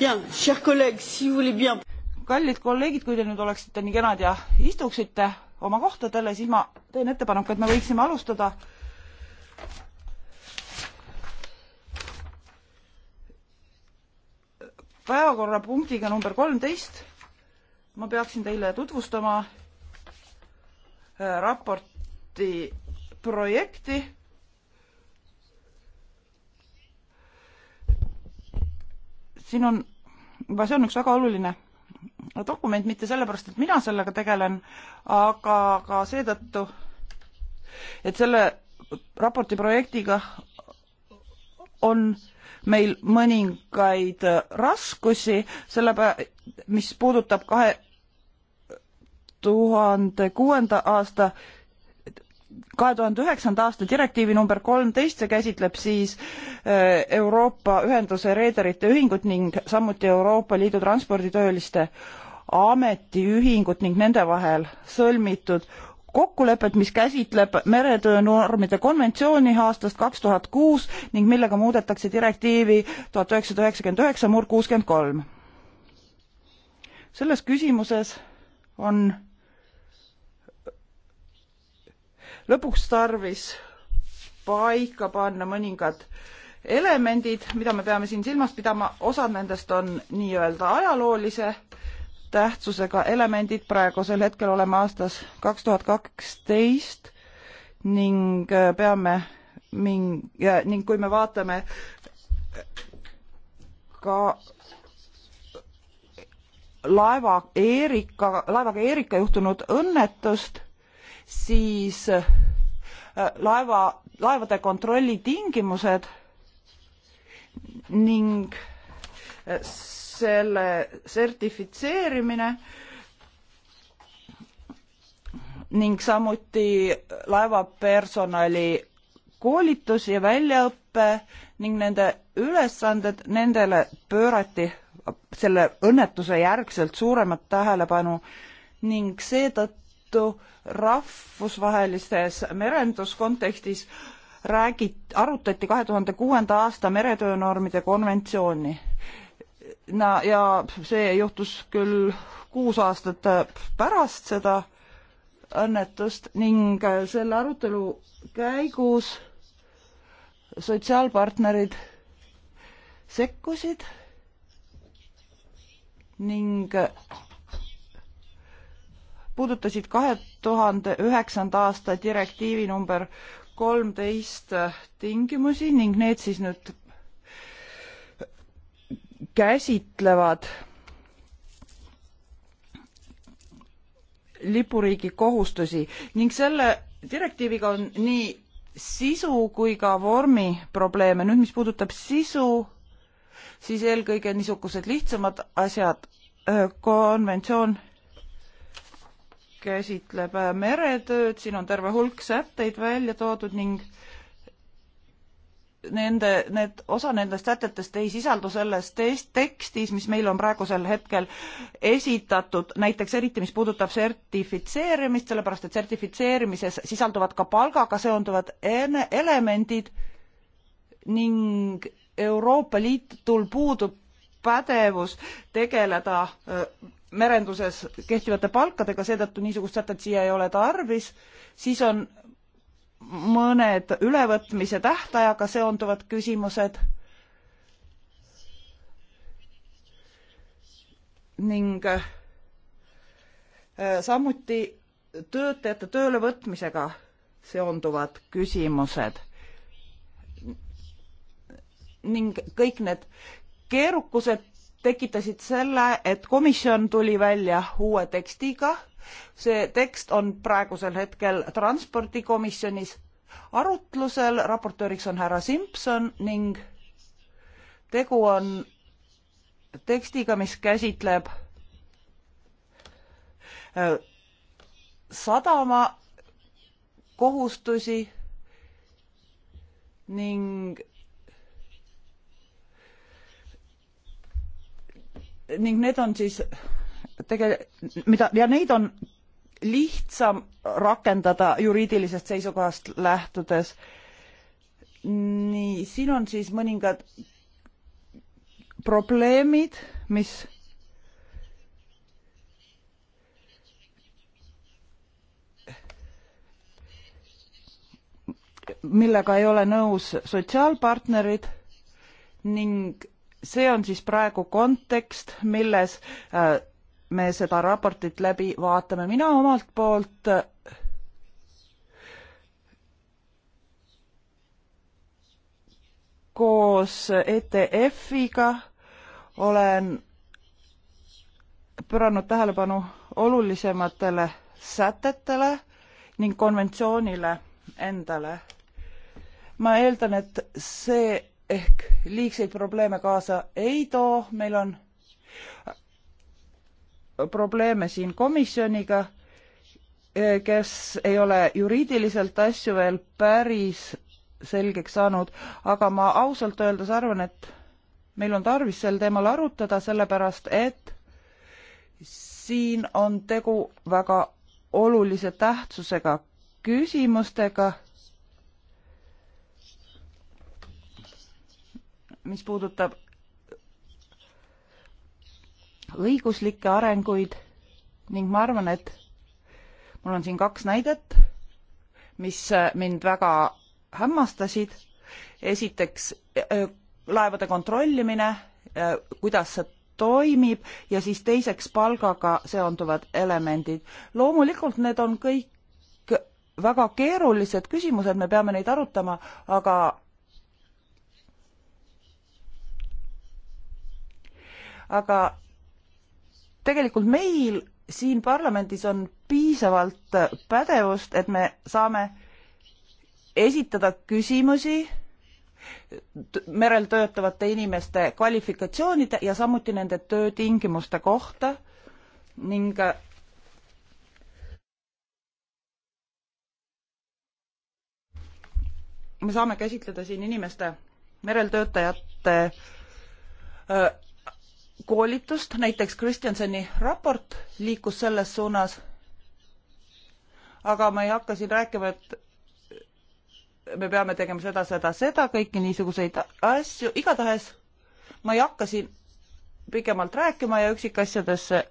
kallid kolleegid, kui te nüüd oleksite nii kenad ja istuksite oma kohtadele, siis ma teen ettepaneku, et me võiksime alustada. päevakorrapunktiga number kolmteist. ma peaksin teile tutvustama äh, raporti projekti siin on, see on üks väga oluline dokument, mitte sellepärast, et mina sellega tegelen, aga ka seetõttu, et selle raporti projektiga on meil mõningaid raskusi, selle pä-, mis puudutab kahe tuhande kuuenda aasta kahe tuhande üheksanda aasta direktiivi number kolmteist, see käsitleb siis äh, Euroopa Ühenduse Reederite Ühingut ning samuti Euroopa Liidu transporditööliste ametiühingut ning nende vahel sõlmitud kokkulepet, mis käsitleb meretöönormide konventsiooni aastast kaks tuhat kuus ning millega muudetakse direktiivi tuhat üheksasada üheksakümmend üheksa murd kuuskümmend kolm. selles küsimuses on lõpuks tarvis paika panna mõningad elemendid, mida me peame siin silmas pidama, osad nendest on nii-öelda ajaloolise tähtsusega elemendid, praegusel hetkel oleme aastas kaks tuhat kaksteist ning äh, peame ming-, ning kui me vaatame äh, ka laeva Erika, laevaga Erika juhtunud õnnetust, siis äh, laeva, laevade kontrolli tingimused ning äh, selle sertifitseerimine ning samuti laevapersonali koolitus ja väljaõpe ning nende ülesanded, nendele pöörati selle õnnetuse järgselt suuremat tähelepanu ning seetõttu tõttu rahvusvahelises merenduskontekstis räägit-, arutati kahe tuhande kuuenda aasta meretöönormide konventsiooni. na ja see juhtus küll kuus aastat pärast seda õnnetust ning selle arutelu käigus sotsiaalpartnerid sekkusid ning puudutasid kahe tuhande üheksanda aasta direktiivi number kolmteist tingimusi ning need siis nüüd käsitlevad lipuriigi kohustusi ning selle direktiiviga on nii sisu kui ka vormi probleeme. nüüd, mis puudutab sisu, siis eelkõige niisugused lihtsamad asjad, konventsioon käsitleb äh, meretööd, siin on terve hulk sätteid välja toodud ning nende, need, osa nendest sätetest ei sisaldu selles teist tekstis, mis meil on praegusel hetkel esitatud, näiteks eriti, mis puudutab sertifitseerimist, sellepärast et sertifitseerimises sisalduvad ka palgaga seonduvad elemendid ning Euroopa Liitul puudub pädevus tegeleda äh, merenduses kehtivate palkadega, seetõttu niisugust sätet siia ei ole tarvis, siis on mõned ülevõtmise tähtajaga seonduvad küsimused ning äh, samuti töötajate töölevõtmisega seonduvad küsimused ning kõik need keerukused tekitasid selle, et komisjon tuli välja uue tekstiga. see tekst on praegusel hetkel transpordikomisjonis arutlusel, raportööriks on härra Simson ning tegu on tekstiga, mis käsitleb äh, sadama kohustusi ning ning need on siis tege-, mida, ja neid on lihtsam rakendada juriidilisest seisukohast lähtudes. nii, siin on siis mõningad probleemid, mis millega ei ole nõus sotsiaalpartnerid ning see on siis praegu kontekst, milles äh, me seda raportit läbi vaatame. mina omalt poolt äh, koos ETF-iga olen pööranud tähelepanu olulisematele sätetele ning konventsioonile endale. ma eeldan, et see ehk liigseid probleeme kaasa ei too, meil on probleeme siin komisjoniga, eh, kes ei ole juriidiliselt asju veel päris selgeks saanud, aga ma ausalt öeldes arvan, et meil on tarvis sel teemal arutada, sellepärast et siin on tegu väga olulise tähtsusega küsimustega mis puudutab õiguslikke arenguid ning ma arvan, et mul on siin kaks näidet, mis äh, mind väga hämmastasid. esiteks äh, laevade kontrollimine, äh, kuidas see toimib ja siis teiseks palgaga seonduvad elemendid. loomulikult need on kõik väga keerulised küsimused, me peame neid arutama, aga aga tegelikult meil siin parlamendis on piisavalt pädevust, et me saame esitada küsimusi merel töötavate inimeste kvalifikatsioonide ja samuti nende töötingimuste kohta ning me saame käsitleda siin inimeste merel töötajate äh, koolitust, näiteks Kristjanseni raport liikus selles suunas. aga ma ei hakka siin rääkima, et me peame tegema seda, seda, seda, kõiki niisuguseid asju, igatahes ma ei hakka siin pikemalt rääkima ja üksikasjadesse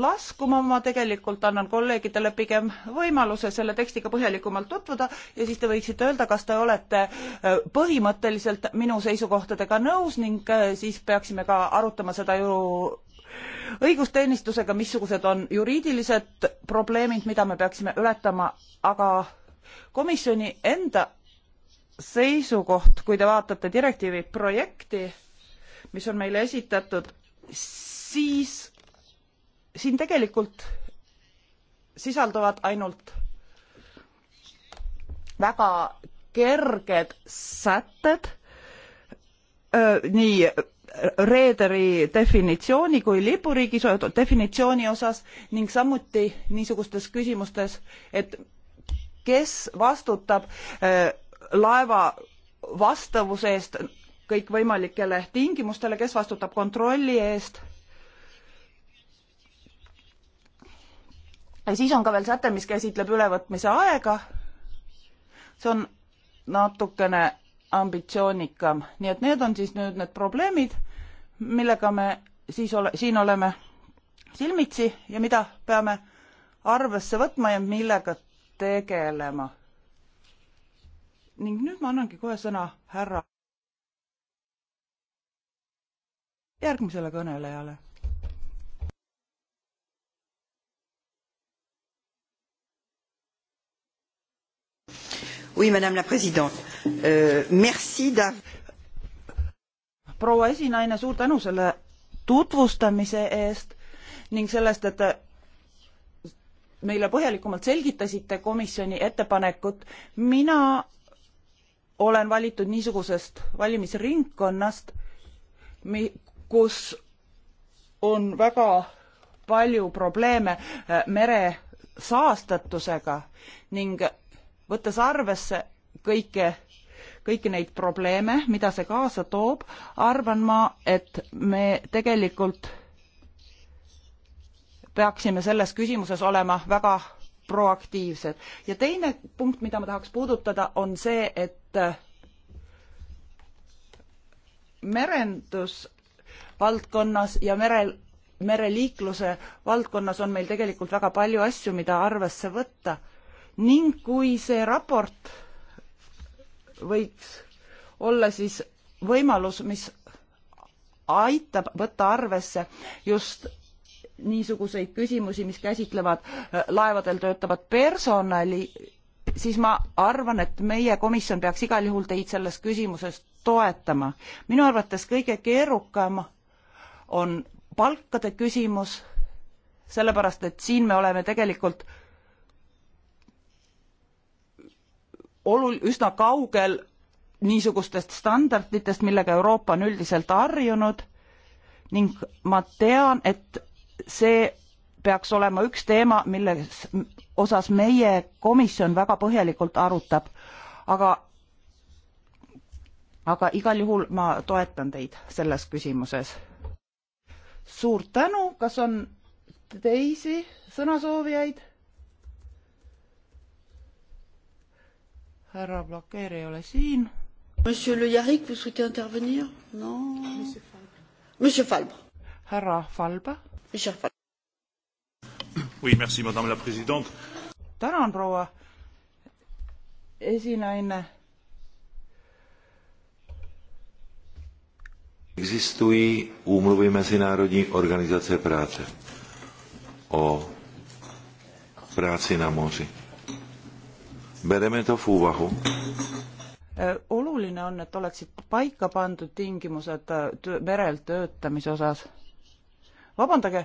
laskuma, ma tegelikult annan kolleegidele pigem võimaluse selle tekstiga põhjalikumalt tutvuda ja siis te võiksite öelda, kas te olete äh, põhimõtteliselt minu seisukohtadega nõus ning äh, siis peaksime ka arutama seda ju õigusteenistusega, missugused on juriidilised probleemid, mida me peaksime ületama, aga komisjoni enda seisukoht, kui te vaatate direktiivi projekti, mis on meile esitatud, siis siin tegelikult sisalduvad ainult väga kerged sätted nii reederi definitsiooni kui lipuriigi definitsiooni osas ning samuti niisugustes küsimustes, et kes vastutab laeva vastavuse eest kõikvõimalikele tingimustele, kes vastutab kontrolli eest siis on ka veel säte, mis käsitleb ülevõtmise aega. see on natukene ambitsioonikam, nii et need on siis nüüd need probleemid, millega me siis ole, siin oleme silmitsi ja mida peame arvesse võtma ja millega tegelema. ning nüüd ma annangi kohe sõna härra järgmisele kõnelejale Oui, madame la présidente euh,. Merci da-. proua esinaine, suur tänu selle tutvustamise eest ning sellest, et te meile põhjalikumalt selgitasite komisjoni ettepanekut. mina olen valitud niisugusest valimisringkonnast, mi-, kus on väga palju probleeme äh, mere saastatusega ning võttes arvesse kõike, kõiki neid probleeme, mida see kaasa toob, arvan ma, et me tegelikult peaksime selles küsimuses olema väga proaktiivsed. ja teine punkt, mida ma tahaks puudutada, on see, et äh, merendusvaldkonnas ja merel, mereliikluse valdkonnas on meil tegelikult väga palju asju, mida arvesse võtta ning kui see raport võiks olla siis võimalus, mis aitab võtta arvesse just niisuguseid küsimusi, mis käsitlevad äh, laevadel töötavat personali, siis ma arvan, et meie komisjon peaks igal juhul teid selles küsimuses toetama. minu arvates kõige keerukam on palkade küsimus, sellepärast et siin me oleme tegelikult olul-, üsna kaugel niisugustest standarditest, millega Euroopa on üldiselt harjunud ning ma tean, et see peaks olema üks teema, milles osas meie komisjon väga põhjalikult arutab. aga, aga igal juhul ma toetan teid selles küsimuses. suur tänu, kas on teisi sõnasoovijaid? härra Blokeer ei ole siin. Monsieur Le Yarrick, vous souhaitez intervenir? non. Monsieur Falbre. härra Falbe. Monsieur Falbe. Oui, merci, madame la présidente. tänan, proua esinaine. Existují úmluvy Mezinárodní organizace práce o práci na moři bereme to v úvahu? Äh, oluline on, et oleksid paika pandud tingimused äh, merel töötamise osas. vabandage,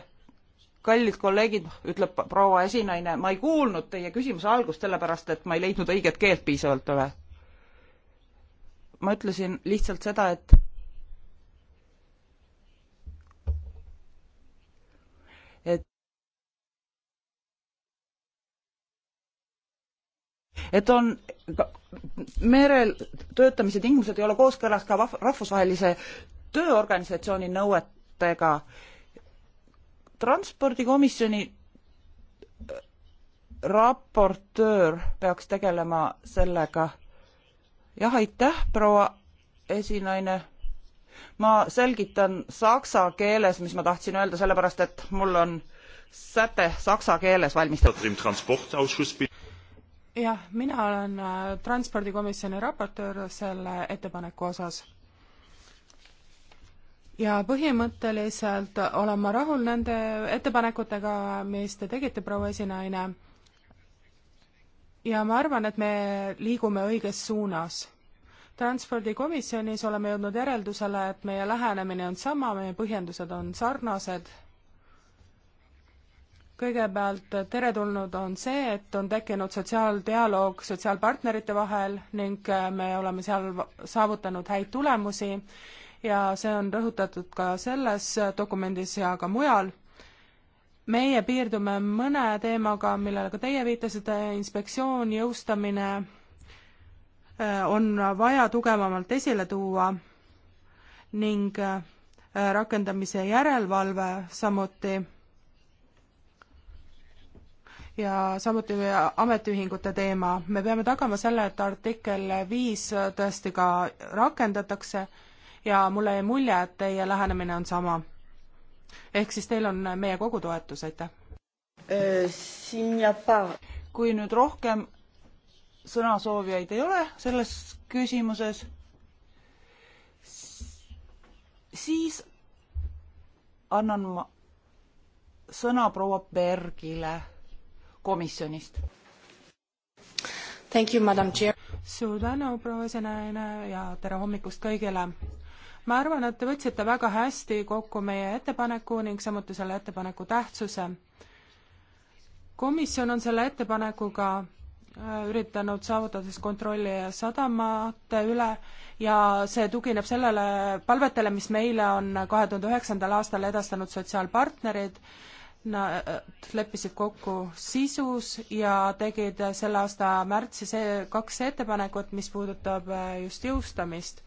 kallid kolleegid, ütleb proua esinaine, ma ei kuulnud teie küsimuse algust, sellepärast et ma ei leidnud õiget keelt piisavalt üle. ma ütlesin lihtsalt seda, et et on merel töötamise tingimused ei ole kooskõlas ka rahvusvahelise tööorganisatsiooni nõuetega. transpordikomisjoni äh, raportöör peaks tegelema sellega. jah, aitäh, proua esinaine. ma selgitan saksa keeles, mis ma tahtsin öelda, sellepärast et mul on säte saksa keeles valmistatud jah, mina olen äh, Transpordikomisjoni raportöör selle ettepaneku osas. ja põhimõtteliselt olen ma rahul nende ettepanekutega, mis te tegite, proua esinaine. ja ma arvan, et me liigume õiges suunas transpordikomisjonis oleme jõudnud järeldusele, et meie lähenemine on sama, meie põhjendused on sarnased kõigepealt teretulnud on see, et on tekkinud sotsiaaldialoog sotsiaalpartnerite vahel ning me oleme seal saavutanud häid tulemusi ja see on rõhutatud ka selles dokumendis ja ka mujal. meie piirdume mõne teemaga, millele ka teie viitasite, inspektsioon, jõustamine äh, on vaja tugevamalt esile tuua ning äh, rakendamise järelevalve samuti ja samuti ametiühingute teema. me peame tagama selle, et artikkel viis tõesti ka rakendatakse ja mulle jäi mulje, et teie lähenemine on sama. ehk siis teil on meie kogu toetus, aitäh äh,! kui nüüd rohkem sõnasoovijaid ei ole selles küsimuses, siis annan ma sõna proua Bergile komisjonist. suur tänu, proua Senaine ja tere hommikust kõigile! ma arvan, et te võtsite väga hästi kokku meie ettepaneku ning samuti selle ettepaneku tähtsuse. komisjon on selle ettepanekuga äh, üritanud saavutada siis kontrolli sadamate üle ja see tugineb sellele palvetele, mis meile on kahe tuhande üheksandal aastal edastanud sotsiaalpartnerid Nad äh, leppisid kokku sisus ja tegid selle aasta märtsis e, kaks ettepanekut, mis puudutab äh, just jõustamist.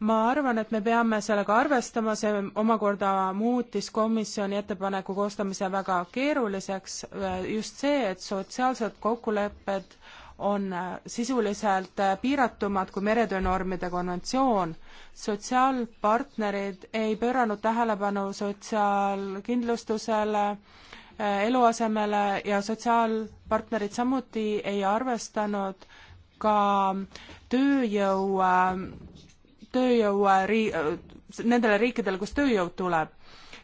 ma arvan, et me peame sellega arvestama, see omakorda muutis komisjoni ettepaneku koostamise väga keeruliseks, äh, just see, et sotsiaalsed kokkulepped on sisuliselt piiratumad kui meretöönormide konventsioon sotsiaalpartnerid ei pööranud tähelepanu sotsiaalkindlustusele, eh, eluasemele ja sotsiaalpartnerid samuti ei arvestanud ka tööjõu, eh, tööjõu eh, rii-, nendele riikidele, kust tööjõud tuleb,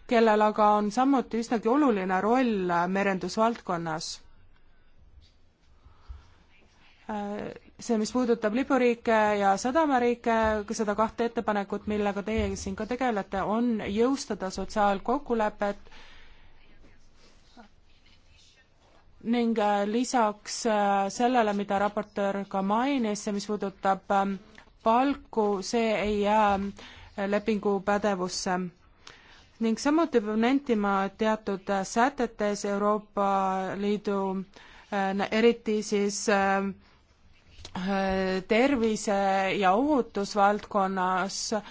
kellel aga on samuti üsnagi oluline roll merendusvaldkonnas see, mis puudutab lipuriike ja sadamariike, seda kahte ettepanekut, millega teie siin ka tegelete, on jõustada sotsiaalkokkulepet ning äh, lisaks äh, sellele, mida raportöör ka mainis, mis puudutab ähm, palku, see ei jää äh, lepingu pädevusse ning samuti peab nentima, et teatud sätetes Euroopa Liidu eriti siis Äh, tervise- ja ohutusvaldkonnas äh,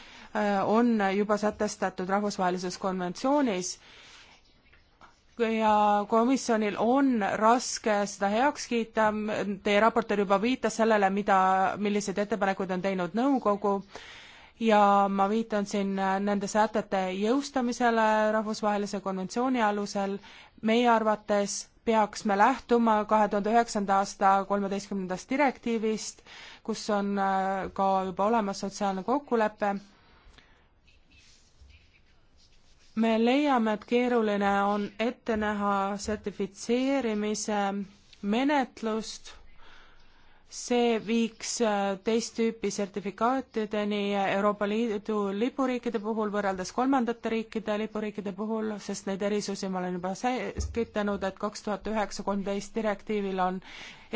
on juba sätestatud rahvusvahelises konventsioonis ja komisjonil on raske seda heaks kiita, teie raportöör juba viitas sellele, mida, milliseid ettepanekuid on teinud nõukogu, ja ma viitan siin nende sätete jõustamisele rahvusvahelise konventsiooni alusel, meie arvates peaks me lähtuma kahe tuhande üheksanda aasta kolmeteistkümnendast direktiivist, kus on äh, ka juba olemas sotsiaalne kokkulepe. me leiame, et keeruline on ette näha sertifitseerimise menetlust see viiks äh, teist tüüpi sertifikaatideni Euroopa Liidu lipuriikide puhul võrreldes kolmandate riikide lipuriikide puhul, sest neid erisusi ma olen juba selgitanud, et kaks tuhat üheksa kolmteist direktiivil on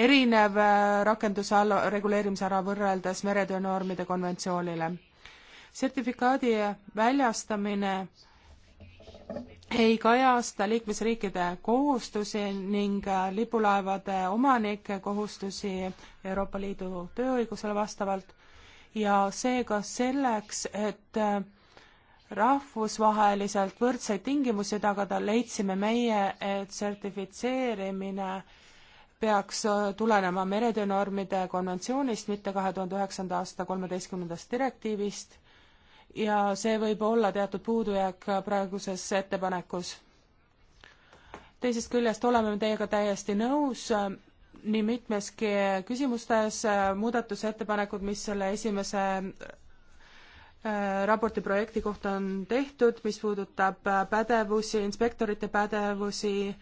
erinev äh, rakenduse alla, reguleerimise ära võrreldes meretöönormide konventsioonile. sertifikaadi väljastamine ei kajasta liikmesriikide kohustusi ning lipulaevade omanike kohustusi Euroopa Liidu tööõigusele vastavalt ja seega selleks, et äh, rahvusvaheliselt võrdseid tingimusi tagada, leidsime meie, et sertifitseerimine peaks äh, tulenema meretöönormide konventsioonist, mitte kahe tuhande üheksanda aasta kolmeteistkümnendast direktiivist ja see võib olla teatud puudujääk praeguses ettepanekus. teisest küljest oleme teiega täiesti nõus nii mitmeski küsimustes, äh, muudatusettepanekud, mis selle esimese äh, raporti projekti kohta on tehtud, mis puudutab äh, pädevusi, inspektorite pädevusi,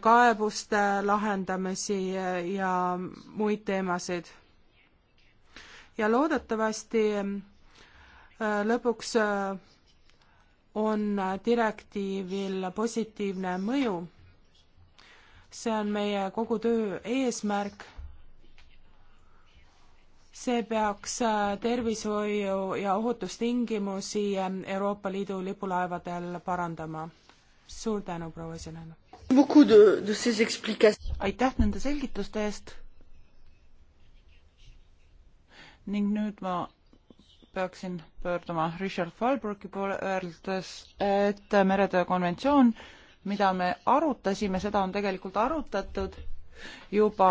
kaebuste lahendamisi ja muid teemasid. ja loodetavasti Äh, lõpuks äh, on direktiivil positiivne mõju. see on meie kogu töö eesmärk. see peaks äh, tervishoiu ja ohutustingimusi Euroopa Liidu lipulaevadel parandama. suur tänu, proua esineja! aitäh nende selgituste eest! ning nüüd ma peaksin pöörduma Richard Falbrooki poole, öeldes, et meretöö konventsioon, mida me arutasime, seda on tegelikult arutatud juba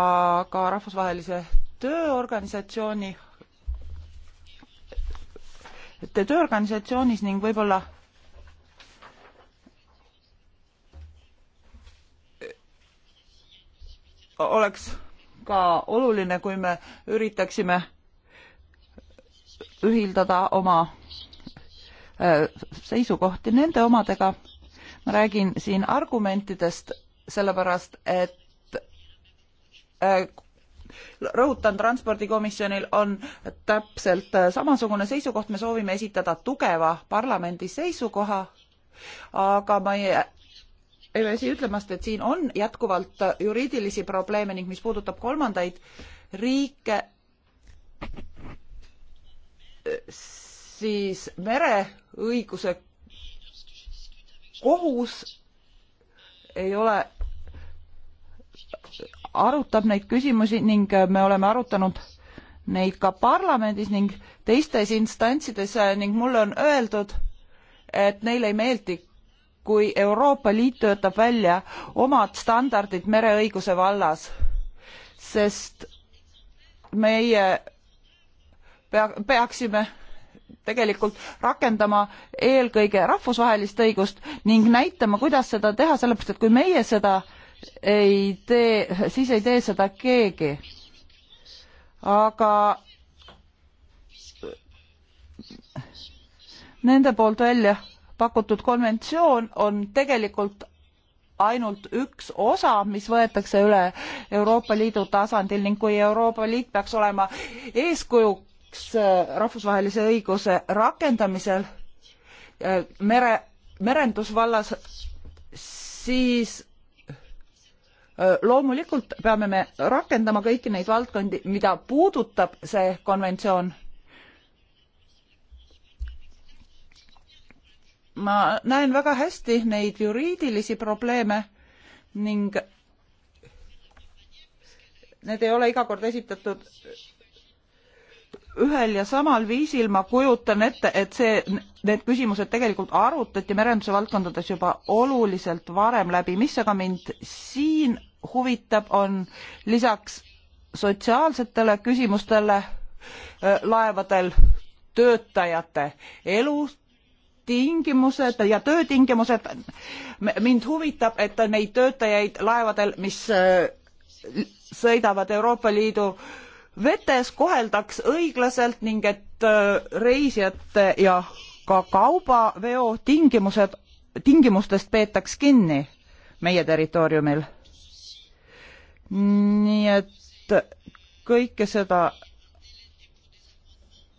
ka rahvusvahelise tööorganisatsiooni, tööorganisatsioonis ning võib-olla oleks ka oluline, kui me üritaksime ühildada oma äh, seisukohti nende omadega. ma räägin siin argumentidest, sellepärast et äh, rõhutan, transpordikomisjonil on täpselt äh, samasugune seisukoht, me soovime esitada tugeva parlamendi seisukoha, aga ma ei ei väsi ütlemast, et siin on jätkuvalt juriidilisi probleeme ning mis puudutab kolmandaid riike, siis mereõiguse kohus ei ole, arutab neid küsimusi ning me oleme arutanud neid ka parlamendis ning teistes instantsides ning mulle on öeldud, et neile ei meeldi, kui Euroopa Liit töötab välja omad standardid mereõiguse vallas, sest meie pea, peaksime tegelikult rakendama eelkõige rahvusvahelist õigust ning näitama, kuidas seda teha, sellepärast et kui meie seda ei tee, siis ei tee seda keegi. aga nende poolt välja pakutud konventsioon on tegelikult ainult üks osa, mis võetakse üle Euroopa Liidu tasandil ning kui Euroopa Liit peaks olema eeskujuks kaks äh, rahvusvahelise õiguse rakendamisel äh, mere, merendusvallas, siis äh, loomulikult peame me rakendama kõiki neid valdkondi, mida puudutab see konventsioon. ma näen väga hästi neid juriidilisi probleeme ning need ei ole iga kord esitatud ühel ja samal viisil ma kujutan ette, et see, need küsimused tegelikult arutati merenduse valdkondades juba oluliselt varem läbi, mis aga mind siin huvitab, on lisaks sotsiaalsetele küsimustele äh, laevadel töötajate elutingimused ja töötingimused. mind huvitab, et neid töötajaid laevadel, mis äh, sõidavad Euroopa Liidu äh, vetes koheldaks õiglaselt ning et äh, reisijate ja ka kaubaveo tingimused, tingimustest peetaks kinni meie territooriumil. nii et kõike seda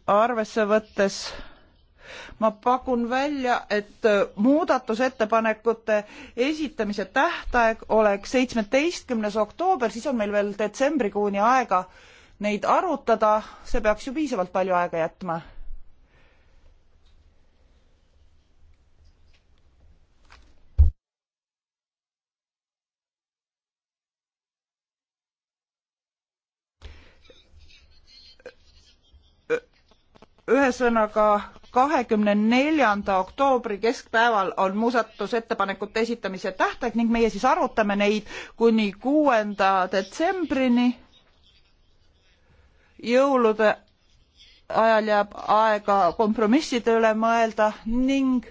arvesse võttes ma pakun välja, et äh, muudatusettepanekute esitamise tähtaeg oleks seitsmeteistkümnes oktoober, siis on meil veel detsembrikuuni aega äh, neid arutada, see peaks ju piisavalt palju aega jätma. ühesõnaga kahekümne neljanda oktoobri keskpäeval on muudatusettepanekute esitamise tähtaeg ning meie siis arutame neid kuni kuuenda detsembrini jõulude ajal jääb aega kompromisside üle mõelda ning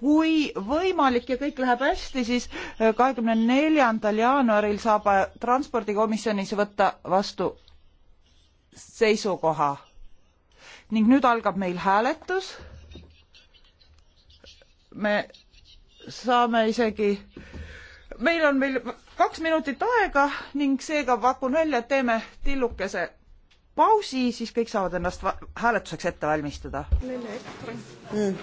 kui võimalik ja kõik läheb hästi, siis kahekümne neljandal jaanuaril saab transpordikomisjonis võtta vastu seisukoha. ning nüüd algab meil hääletus. me saame isegi, meil on veel kaks minutit aega ning seega pakun välja, et teeme tillukese pausi, siis kõik saavad ennast hääletuseks ette valmistada. Mm.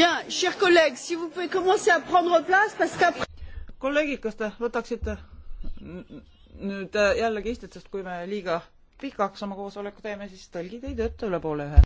Bien, chers collègues, si vous pouvez commencer à prendre place, parce qu'après... kolleegid, kas te võtaksite nüüd jällegi istet, sest kui me liiga pikaks oma koosoleku teeme, siis tõlgid ei tööta üle poole ühe.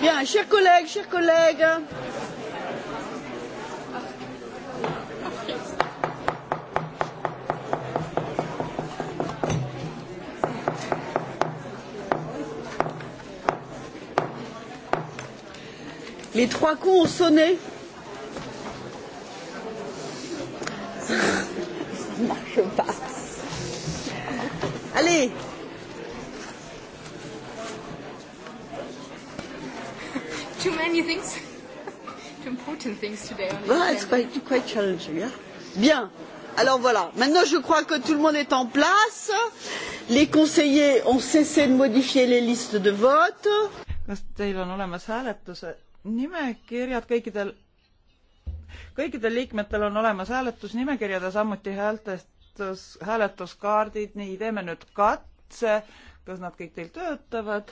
Bien, chers collègues, chers collègues. Les trois coups ont sonné. quite, quite challenging. Hein? Bien. Alors voilà, maintenant je crois que tout le monde est en place. Les conseillers ont cessé de modifier les listes de vote. Kas teil on olemas hääletuse nimekirjad kõikidel, kõikidel liikmetel on olemas hääletusnimekirjad ja samuti häältestus, hääletuskaardid, nii teeme nüüd katse, kas nad kõik teil töötavad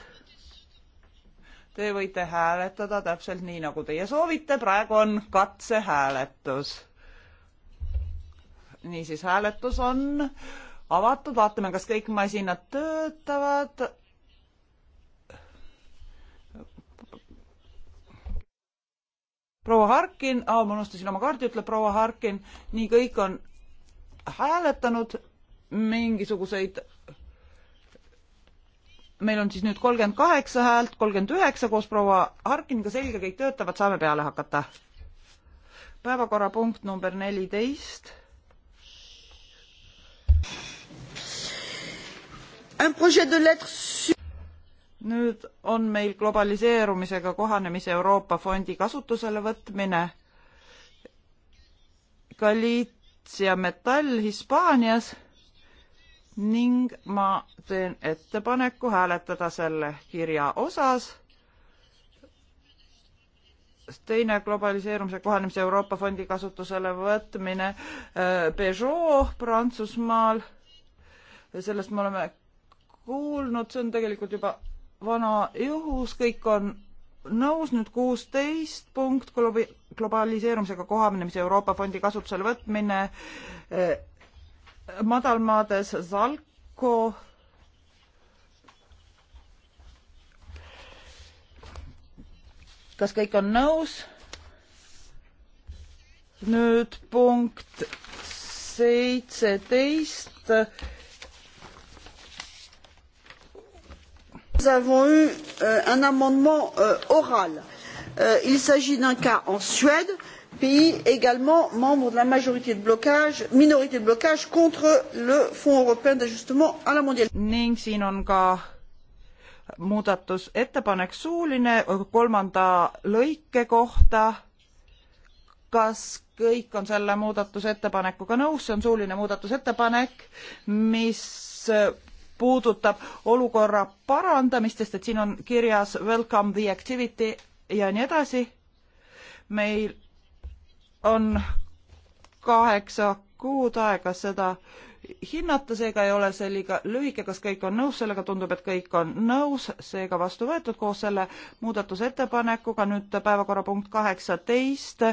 Te võite hääletada täpselt nii, nagu teie soovite, praegu on katsehääletus. niisiis, hääletus on avatud, vaatame, kas kõik masinad töötavad. proua Harkin oh,, ma unustasin oma kaardi, ütleb proua Harkin, nii kõik on hääletanud, mingisuguseid meil on siis nüüd kolmkümmend kaheksa häält, kolmkümmend üheksa koos proua Harkiniga, selge, kõik töötavad, saame peale hakata. päevakorrapunkt number neliteist. nüüd on meil globaliseerumisega kohanemise Euroopa Fondi kasutusele võtmine. Galiitsia metall Hispaanias ning ma teen ettepaneku hääletada selle kirja osas. teine globaliseerumise kohanemise Euroopa Fondi kasutusele võtmine äh, Peugeot Prantsusmaal. sellest me oleme kuulnud, see on tegelikult juba vana juhus, kõik on nõus nüüd kuusteist punkt globaliseerumisega kohanemise Euroopa Fondi kasutusele võtmine äh, madalmaades Zalko kas kõik on nõus? nüüd punkt seitseteist. Nous avons eu euh, un amendement euh, oral. Euh, il s'agit d'un cas en Suède euh, pays également membres de la majorité de blocage, minorité de blocage contre le Fonds européen d'ajustement à la mondialisation. ning siin on ka muudatusettepanek suuline kolmanda lõike kohta. kas kõik on selle muudatusettepanekuga nõus, see on suuline muudatusettepanek, mis puudutab olukorra parandamist, sest et siin on kirjas welcome the activity ja nii edasi. meil on kaheksa kuud aega seda hinnata, seega ei ole see liiga lühike, kas kõik on nõus, sellega tundub, et kõik on nõus, seega vastu võetud koos selle muudatusettepanekuga, nüüd päevakorrapunkt kaheksateist,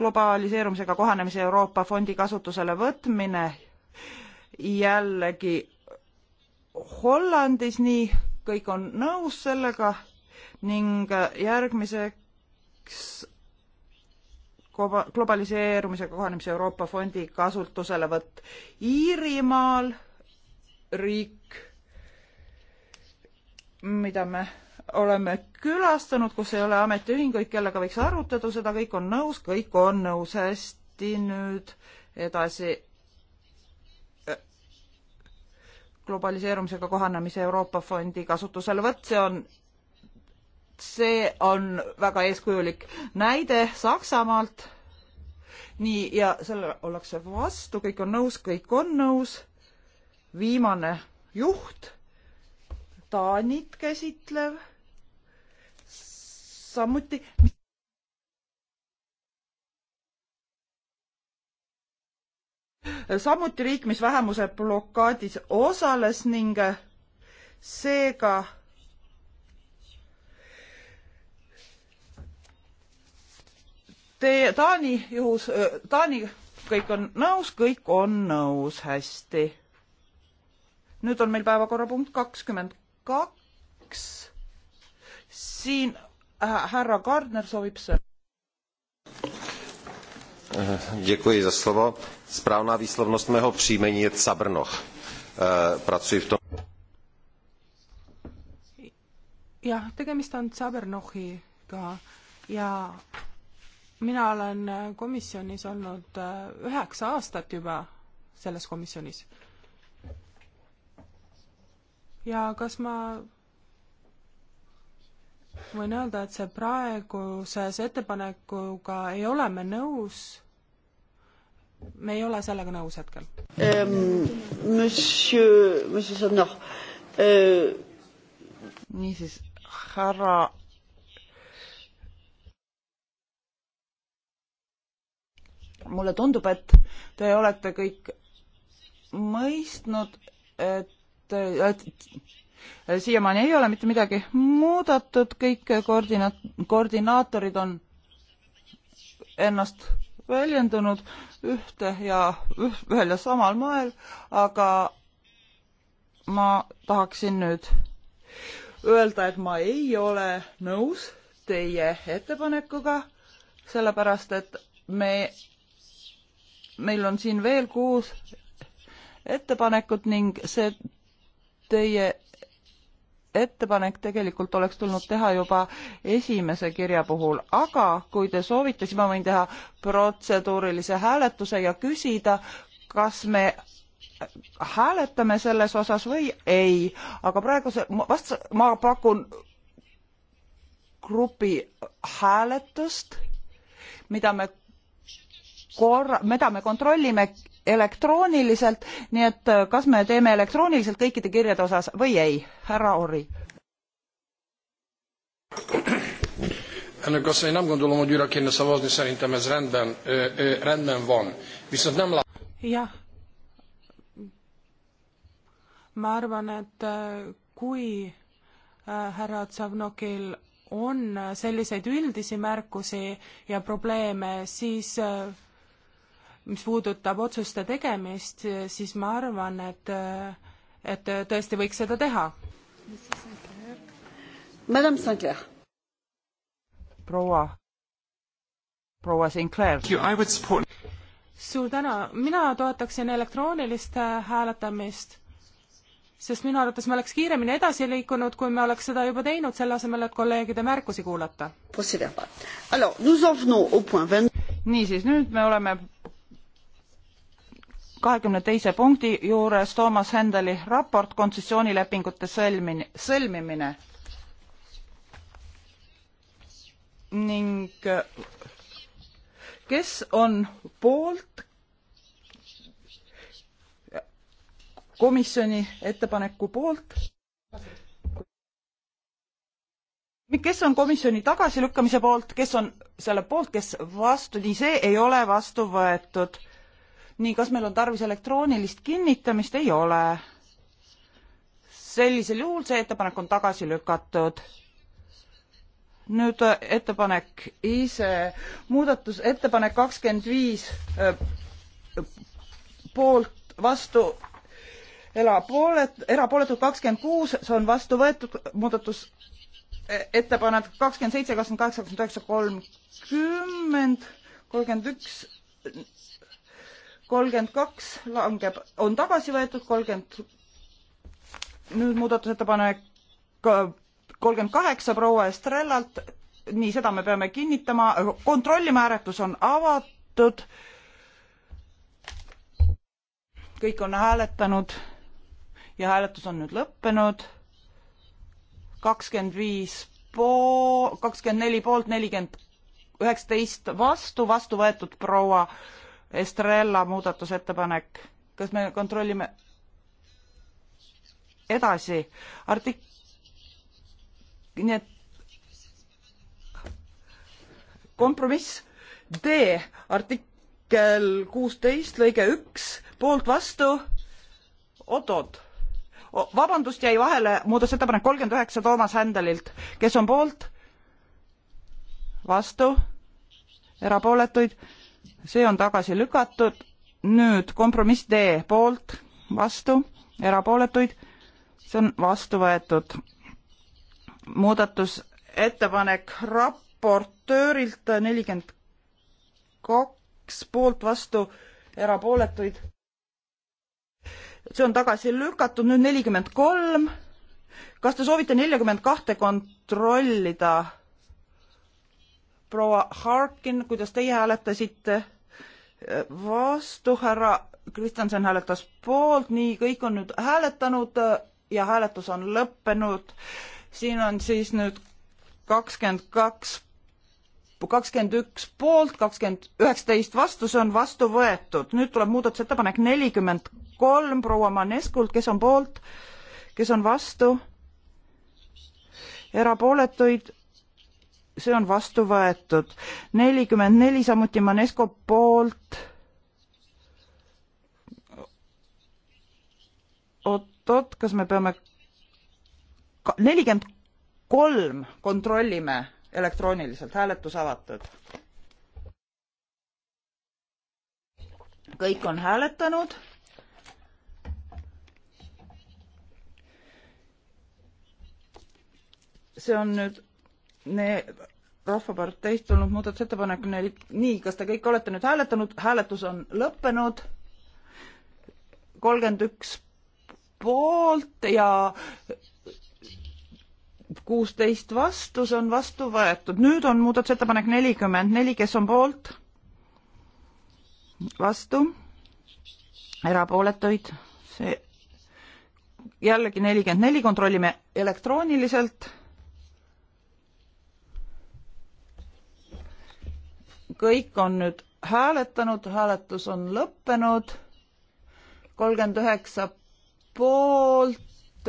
globaliseerumisega kohanemise Euroopa fondi kasutusele võtmine, jällegi Hollandis, nii, kõik on nõus sellega ning järgmiseks globaliseerumisega kohanemise Euroopa Fondi kasutuselevõtt Iirimaal, riik, mida me oleme külastanud, kus ei ole ametiühinguid, kellega võiks arutada, seda kõik on nõus, kõik on nõus, hästi, nüüd edasi. globaliseerumisega kohanemise Euroopa Fondi kasutuselevõtt, see on see on väga eeskujulik näide Saksamaalt. nii, ja sellele ollakse vastu, kõik on nõus, kõik on nõus. viimane juht, Taanit käsitlev, samuti. samuti riik, mis vähemuse blokaadis osales ning seega Teie Taani juhus, Taani kõik on nõus, kõik on nõus, hästi. nüüd on meil päevakorrapunkt kakskümmend kaks. siin äh, härra Gardner soovib sõna. Děkuji za slovo. Správná výslovnost mého příjmení je Cabrnoch. Äh, pracuji v tom. jah, tegemist on Cabernochiga ja mina olen äh, komisjonis olnud äh, üheksa aastat juba selles komisjonis. ja kas ma võin öelda, et see praeguses ettepanekuga ei ole me nõus, me ei ole sellega nõus hetkel ähm,. Monsieur, monsieur Sonnor äh.... niisiis, härra mulle tundub, et te olete kõik mõistnud, et, et siiamaani ei ole mitte midagi muudatud, kõik koordina-, koordinaatorid on ennast väljendunud ühte ja üh, ühel ja samal moel, aga ma tahaksin nüüd öelda, et ma ei ole nõus teie ettepanekuga, sellepärast et me meil on siin veel kuus ettepanekut ning see teie ettepanek tegelikult oleks tulnud teha juba esimese kirja puhul, aga kui te soovite, siis ma võin teha protseduurilise hääletuse ja küsida, kas me hääletame selles osas või ei, aga praegu see, vast ma pakun grupi hääletust, mida me korra, mida me kontrollime elektrooniliselt, nii et äh, kas me teeme elektrooniliselt kõikide kirjade osas või ei, härra Orri? Elnök asszony, nem gondolom, hogy újra kéne szavazni, szerintem ez rendben, ö, ö, rendben van. Viszont nem lát... Ja. Ma arvan, et äh, kui äh, härra Tsavnokil on selliseid üldisi märkusi ja probleeme, siis mis puudutab otsuste tegemist, siis ma arvan, et, et tõesti võiks seda teha. Madame Sinclair. proua, proua Sinclair. suur tänu, mina toetaksin elektroonilist äh, hääletamist, sest minu arvates me oleks kiiremini edasi liikunud, kui me oleks seda juba teinud, selle asemel, et kolleegide märkusi kuulata. niisiis, nüüd me oleme kahekümne teise punkti juures Toomas Händeli raport kontsessioonilepingute sõlmine, sõlmimine ning kes on poolt komisjoni ettepaneku poolt kes on komisjoni tagasilükkamise poolt kes on selle poolt kes vastu nii see ei ole vastu võetud nii, kas meil on tarvis elektroonilist kinnitamist? ei ole. sellisel juhul see ettepanek on tagasi lükatud. nüüd äh, ettepanek ise, muudatusettepanek kakskümmend viis äh, poolt vastu erapoolet-, erapooletud kakskümmend kuus, see on vastu võetud, muudatus e, ettepanek kakskümmend seitse, kakskümmend kaheksa, kakskümmend üheksa, kolmkümmend, kolmkümmend üks, kolmkümmend kaks langeb, on tagasi võetud, kolmkümmend, nüüd muudatusettepanek kolmkümmend kaheksa proua Estrellalt, nii, seda me peame kinnitama, kontrollima, hääletus on avatud. kõik on hääletanud ja hääletus on nüüd lõppenud. kakskümmend viis pool, kakskümmend neli poolt, nelikümmend üheksateist vastu, vastu võetud proua äh, Estrella muudatusettepanek, kas me kontrollime edasi artik-, nii et kompromiss D artikkel kuusteist lõige üks poolt vastu oot-oot vabandust jäi vahele muudatusettepanek kolmkümmend üheksa Toomas Händelilt kes on poolt vastu erapooletuid see on tagasi lükatud. nüüd kompromiss D poolt, vastu, erapooletuid, see on vastu võetud. muudatusettepanek raportöörilt nelikümmend kaks poolt, vastu, erapooletuid. see on tagasi lükatud, nüüd nelikümmend kolm. kas te soovite neljakümmend kahte kontrollida? proua Harkin, kuidas teie hääletasite? vastu, härra Kristjanson hääletas poolt, nii, kõik on nüüd hääletanud äh, ja hääletus on lõppenud. siin on siis nüüd kakskümmend kaks, kakskümmend üks poolt, kakskümmend üheksateist vastu, see on vastu võetud. nüüd tuleb muudatusettepanek nelikümmend kolm proua Maneskult, kes on poolt, kes on vastu, erapooletuid see on vastu võetud. nelikümmend neli samuti Manesco poolt. oot-oot, kas me peame, nelikümmend kolm kontrollime elektrooniliselt, hääletus avatud. kõik on hääletanud see on nüüd Rahvaparteist tulnud muudatusettepanek on nii, kas te kõik olete nüüd hääletanud, hääletus on lõppenud, kolmkümmend üks poolt ja kuusteist vastu, see on vastu võetud. nüüd on muudatusettepanek nelikümmend neli, kes on poolt? vastu? erapooletuid? see jällegi nelikümmend neli, kontrollime elektrooniliselt kõik on nüüd hääletanud, hääletus on lõppenud. kolmkümmend üheksa poolt,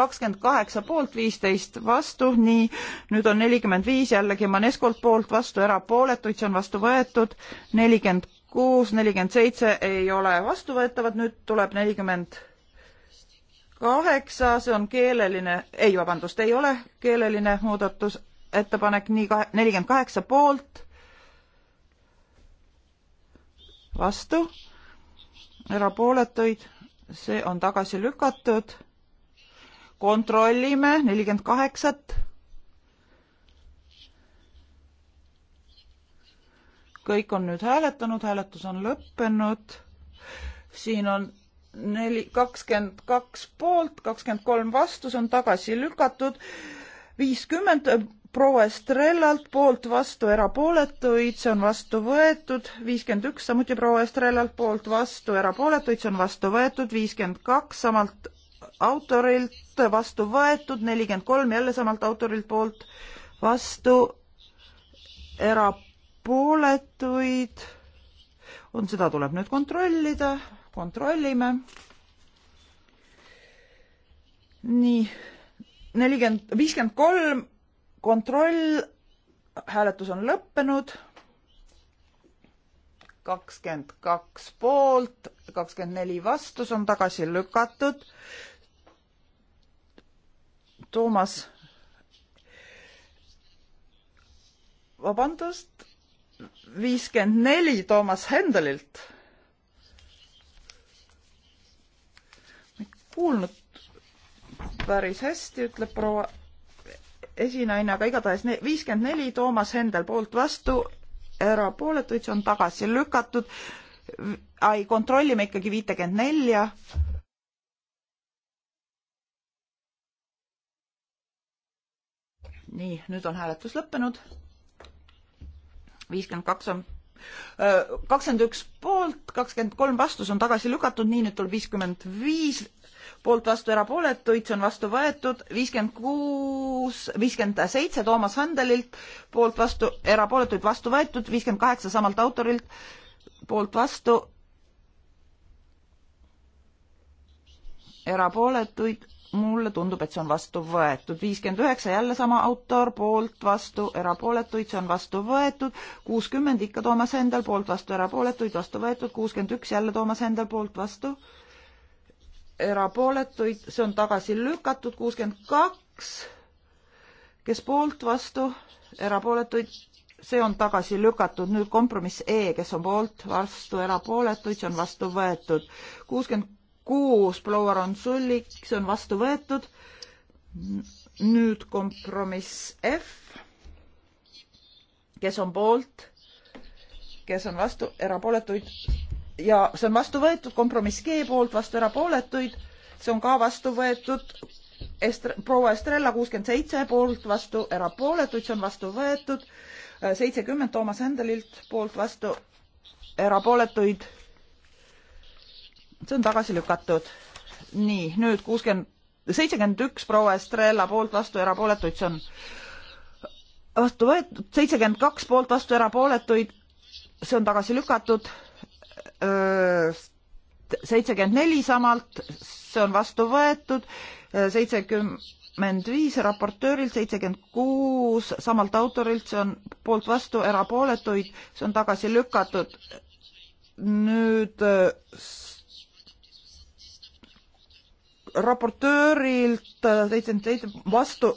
kakskümmend kaheksa poolt, viisteist vastu, nii, nüüd on nelikümmend viis jällegi Maneskolt poolt vastu, erapooletuid, see on vastu võetud, nelikümmend kuus, nelikümmend seitse ei ole vastuvõetavad, nüüd tuleb nelikümmend kaheksa, see on keeleline, ei, vabandust, ei ole keeleline muudatusettepanek, nii nelikümmend kaheksa poolt vastu, erapooletuid, see on tagasi lükatud. kontrollime nelikümmend kaheksat. kõik on nüüd hääletanud, hääletus on lõppenud. siin on neli, kakskümmend kaks poolt, kakskümmend kolm vastu, see on tagasi lükatud. viiskümmend proua Estrellalt poolt vastu, erapooletuid, see on vastu võetud, viiskümmend üks samuti proua Estrellalt poolt vastu, erapooletuid, see on vastu võetud, viiskümmend kaks samalt autorilt vastu võetud, nelikümmend kolm jälle samalt autorilt poolt vastu, erapooletuid on, seda tuleb nüüd kontrollida, kontrollime. nii, nelikümmend, viiskümmend kolm kontroll, hääletus on lõppenud. kakskümmend kaks poolt, kakskümmend neli vastu, see on tagasi lükatud. Toomas, vabandust, viiskümmend neli Toomas Hendelilt. ma ei kuulnud päris hästi, ütleb proua esinaine, aga igatahes viiskümmend neli, Toomas Hendel poolt vastu, erapooletuid, see on tagasi lükatud. ai, kontrollime ikkagi viitekümmet nelja. nii, nüüd on hääletus lõppenud. viiskümmend kaks on äh, kakskümmend üks poolt, kakskümmend kolm vastu, see on tagasi lükatud, nii nüüd tuleb viiskümmend viis poolt vastu erapooletuid, see on vastu võetud, viiskümmend kuus, viiskümmend seitse Toomas Händelilt, poolt vastu erapooletuid vastu võetud, viiskümmend kaheksa samalt autorilt, poolt vastu erapooletuid, mulle tundub, et see on vastu võetud, viiskümmend üheksa jälle sama autor, poolt vastu erapooletuid, see on vastu võetud, kuuskümmend ikka Toomas Hendel, poolt vastu erapooletuid, vastu võetud, kuuskümmend üks jälle Toomas Hendel, poolt vastu erapooletuid, see on tagasi lükatud, kuuskümmend kaks, kes poolt, vastu, erapooletuid, see on tagasi lükatud, nüüd kompromiss E, kes on poolt, vastu, erapooletuid, see on vastu võetud. kuuskümmend kuus, proua Ronsullik, see on vastu võetud. nüüd kompromiss F, kes on poolt, kes on vastu, erapooletuid ja see on vastu võetud kompromiss G poolt, vastu erapooletuid, see on ka vastu võetud Estre, proua Estrella kuuskümmend seitse poolt, vastu erapooletuid, see on vastu võetud seitsekümmend Toomas Händelilt poolt, vastu erapooletuid. see on tagasi lükatud. nii, nüüd kuuskümmend, seitsekümmend üks proua Estrella poolt, vastu erapooletuid, see on vastu võetud, seitsekümmend kaks poolt, vastu erapooletuid, see on tagasi lükatud seitsekümmend neli samalt, see on vastu võetud, seitsekümmend viis raportöörilt, seitsekümmend kuus samalt autorilt, see on poolt vastu, erapooletuid, see on tagasi lükatud. nüüd raportöörilt seitsekümmend seitse vastu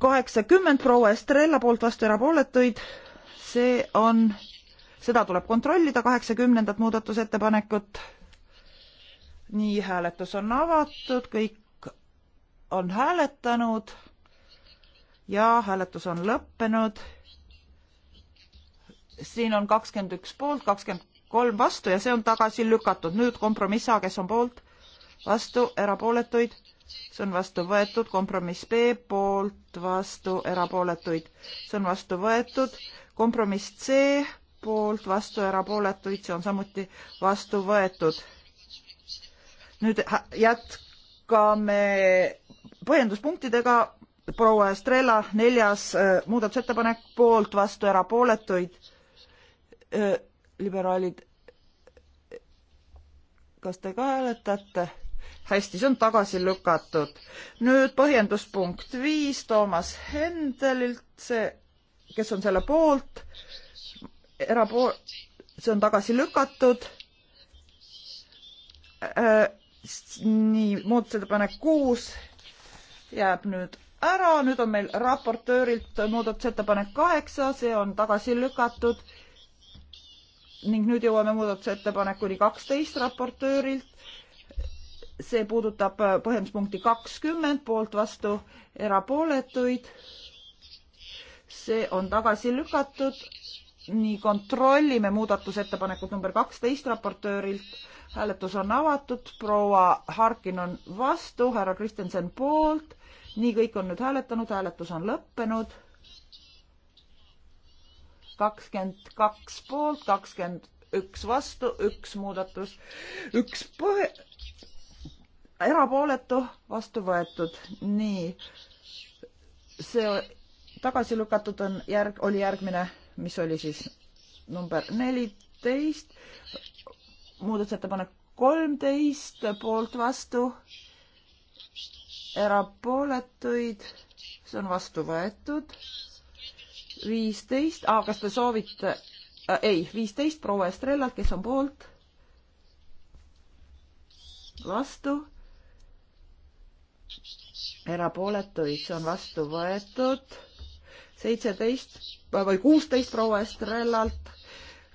kaheksakümmend proua Estrella poolt vastu erapooletuid, see on seda tuleb kontrollida, kaheksakümnendat muudatusettepanekut. nii, hääletus on avatud, kõik on hääletanud ja hääletus on lõppenud. siin on kakskümmend üks poolt, kakskümmend kolm vastu ja see on tagasi lükatud. nüüd kompromiss A, kes on poolt, vastu, erapooletuid, see on vastu võetud. kompromiss B poolt, vastu, erapooletuid, see on vastu võetud. kompromiss C poolt, vastu, erapooletuid, see on samuti vastu võetud. nüüd jätkame põhjenduspunktidega. proua Estrella, neljas äh, muudatusettepanek, poolt, vastu, erapooletuid. Äh, liberaalid, kas te ka hääletate? hästi, see on tagasi lükatud. nüüd põhjenduspunkt viis Toomas Hendelilt, see, kes on selle poolt erapool-, see on tagasi lükatud. Äh, nii, muudatusettepanek kuus jääb nüüd ära, nüüd on meil raportöörilt muudatusettepanek kaheksa, see on tagasi lükatud. ning nüüd jõuame muudatusettepanekuni kaksteist raportöörilt. see puudutab äh, põhjenduspunkti kakskümmend, poolt vastu erapooletuid. see on tagasi lükatud nii kontrollime muudatusettepanekut number kaksteist raportöörilt. hääletus on avatud, proua Harkin on vastu, härra Kristjanson poolt. nii, kõik on nüüd hääletanud, hääletus on lõppenud. kakskümmend kaks poolt, kakskümmend üks vastu, üks muudatus, üks põhe, erapooletu, vastu võetud. nii, see tagasi lükatud on järg, oli järgmine mis oli siis number neliteist, muudatusettepanek kolmteist, poolt vastu, erapooletuid, see on vastu võetud, viisteist, kas te soovite äh,, ei, viisteist proua Estrellalt, kes on poolt, vastu, erapooletuid, see on vastu võetud, seitseteist või kuusteist proua Estrellalt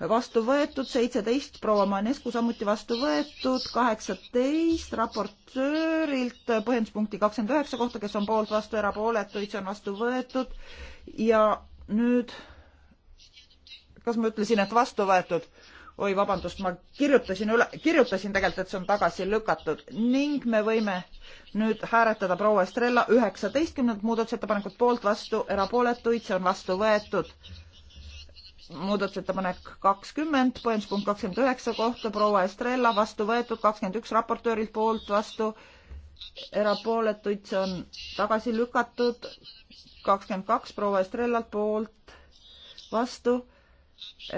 vastu võetud, seitseteist proua Manescu samuti vastu võetud, kaheksateist raportöörilt põhjenduspunkti kakskümmend üheksa kohta, kes on poolt, vastu, erapooletuid, see on vastu võetud ja nüüd kas ma ütlesin, et vastu võetud? oi vabandust, ma kirjutasin üle, kirjutasin tegelikult, et see on tagasi lükatud ning me võime nüüd hääletada proua Estrella üheksateistkümnendat muudatusettepanekut poolt vastu, erapooletuid, see on vastu võetud. muudatusettepanek kakskümmend, põhjenduspunkt kakskümmend üheksa kohta, proua Estrella vastu võetud, kakskümmend üks raportöörilt poolt vastu, erapooletuid, see on tagasi lükatud, kakskümmend kaks proua Estrellalt poolt vastu,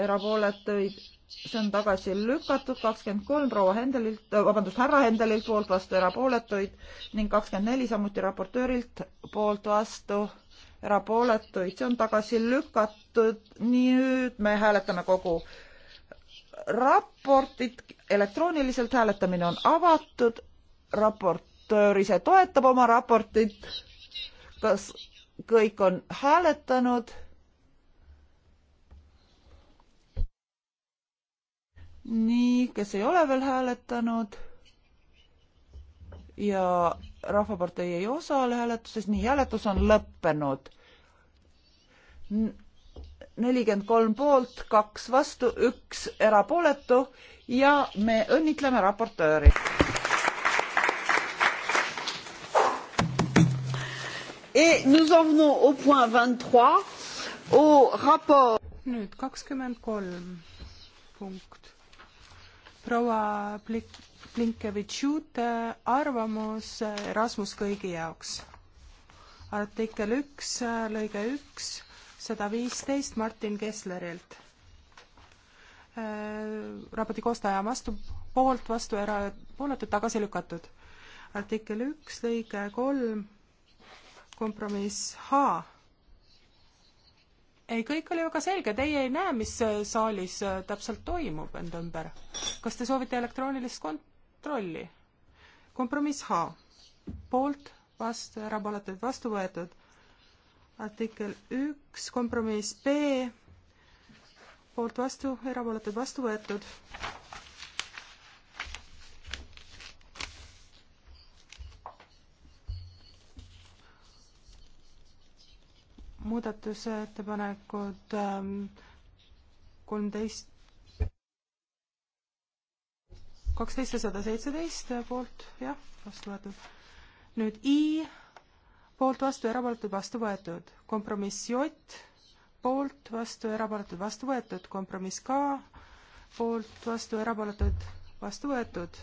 erapooletuid see on tagasi lükatud, kakskümmend kolm proua Hendelilt, äh, vabandust, härra Hendelilt poolt vastu erapooletuid ning kakskümmend neli samuti raportöörilt poolt vastu erapooletuid, see on tagasi lükatud. nüüd me hääletame kogu raportit, elektrooniliselt hääletamine on avatud, raportöör ise toetab oma raportit. kas kõik on hääletanud? nii, kes ei ole veel hääletanud ja Rahvapartei ei osale hääletuses, nii, hääletus on lõppenud. nelikümmend kolm poolt, kaks vastu, üks erapooletu ja me õnnitleme raportööri. Et nous en venons au point 23, au rapport. Nüüd 23 punkt proua Blinkevitšute arvamus Erasmus kõigi jaoks. artikkel üks, lõige üks, sada viisteist Martin Kesslerilt. Äh, raporti koostaja on vastu, poolt, vastu, erapooletud, tagasi lükatud. artikkel üks, lõige kolm, kompromiss H ei, kõik oli väga selge, teie ei näe, mis äh, saalis äh, täpselt toimub enda ümber. kas te soovite elektroonilist kontrolli? kompromiss H, poolt, vastu, erapooletud, vastu võetud. artikkel üks, kompromiss B, poolt, vastu, erapooletud, vastu võetud muudatusettepanekud ähm, kolmteist, kaksteist ja sada seitseteist äh, poolt, jah, vastu võetud. nüüd I poolt, vastu, erapooletud, vastu võetud. kompromiss J poolt, vastu, erapooletud, vastu võetud. kompromiss K poolt, vastu, erapooletud, vastu võetud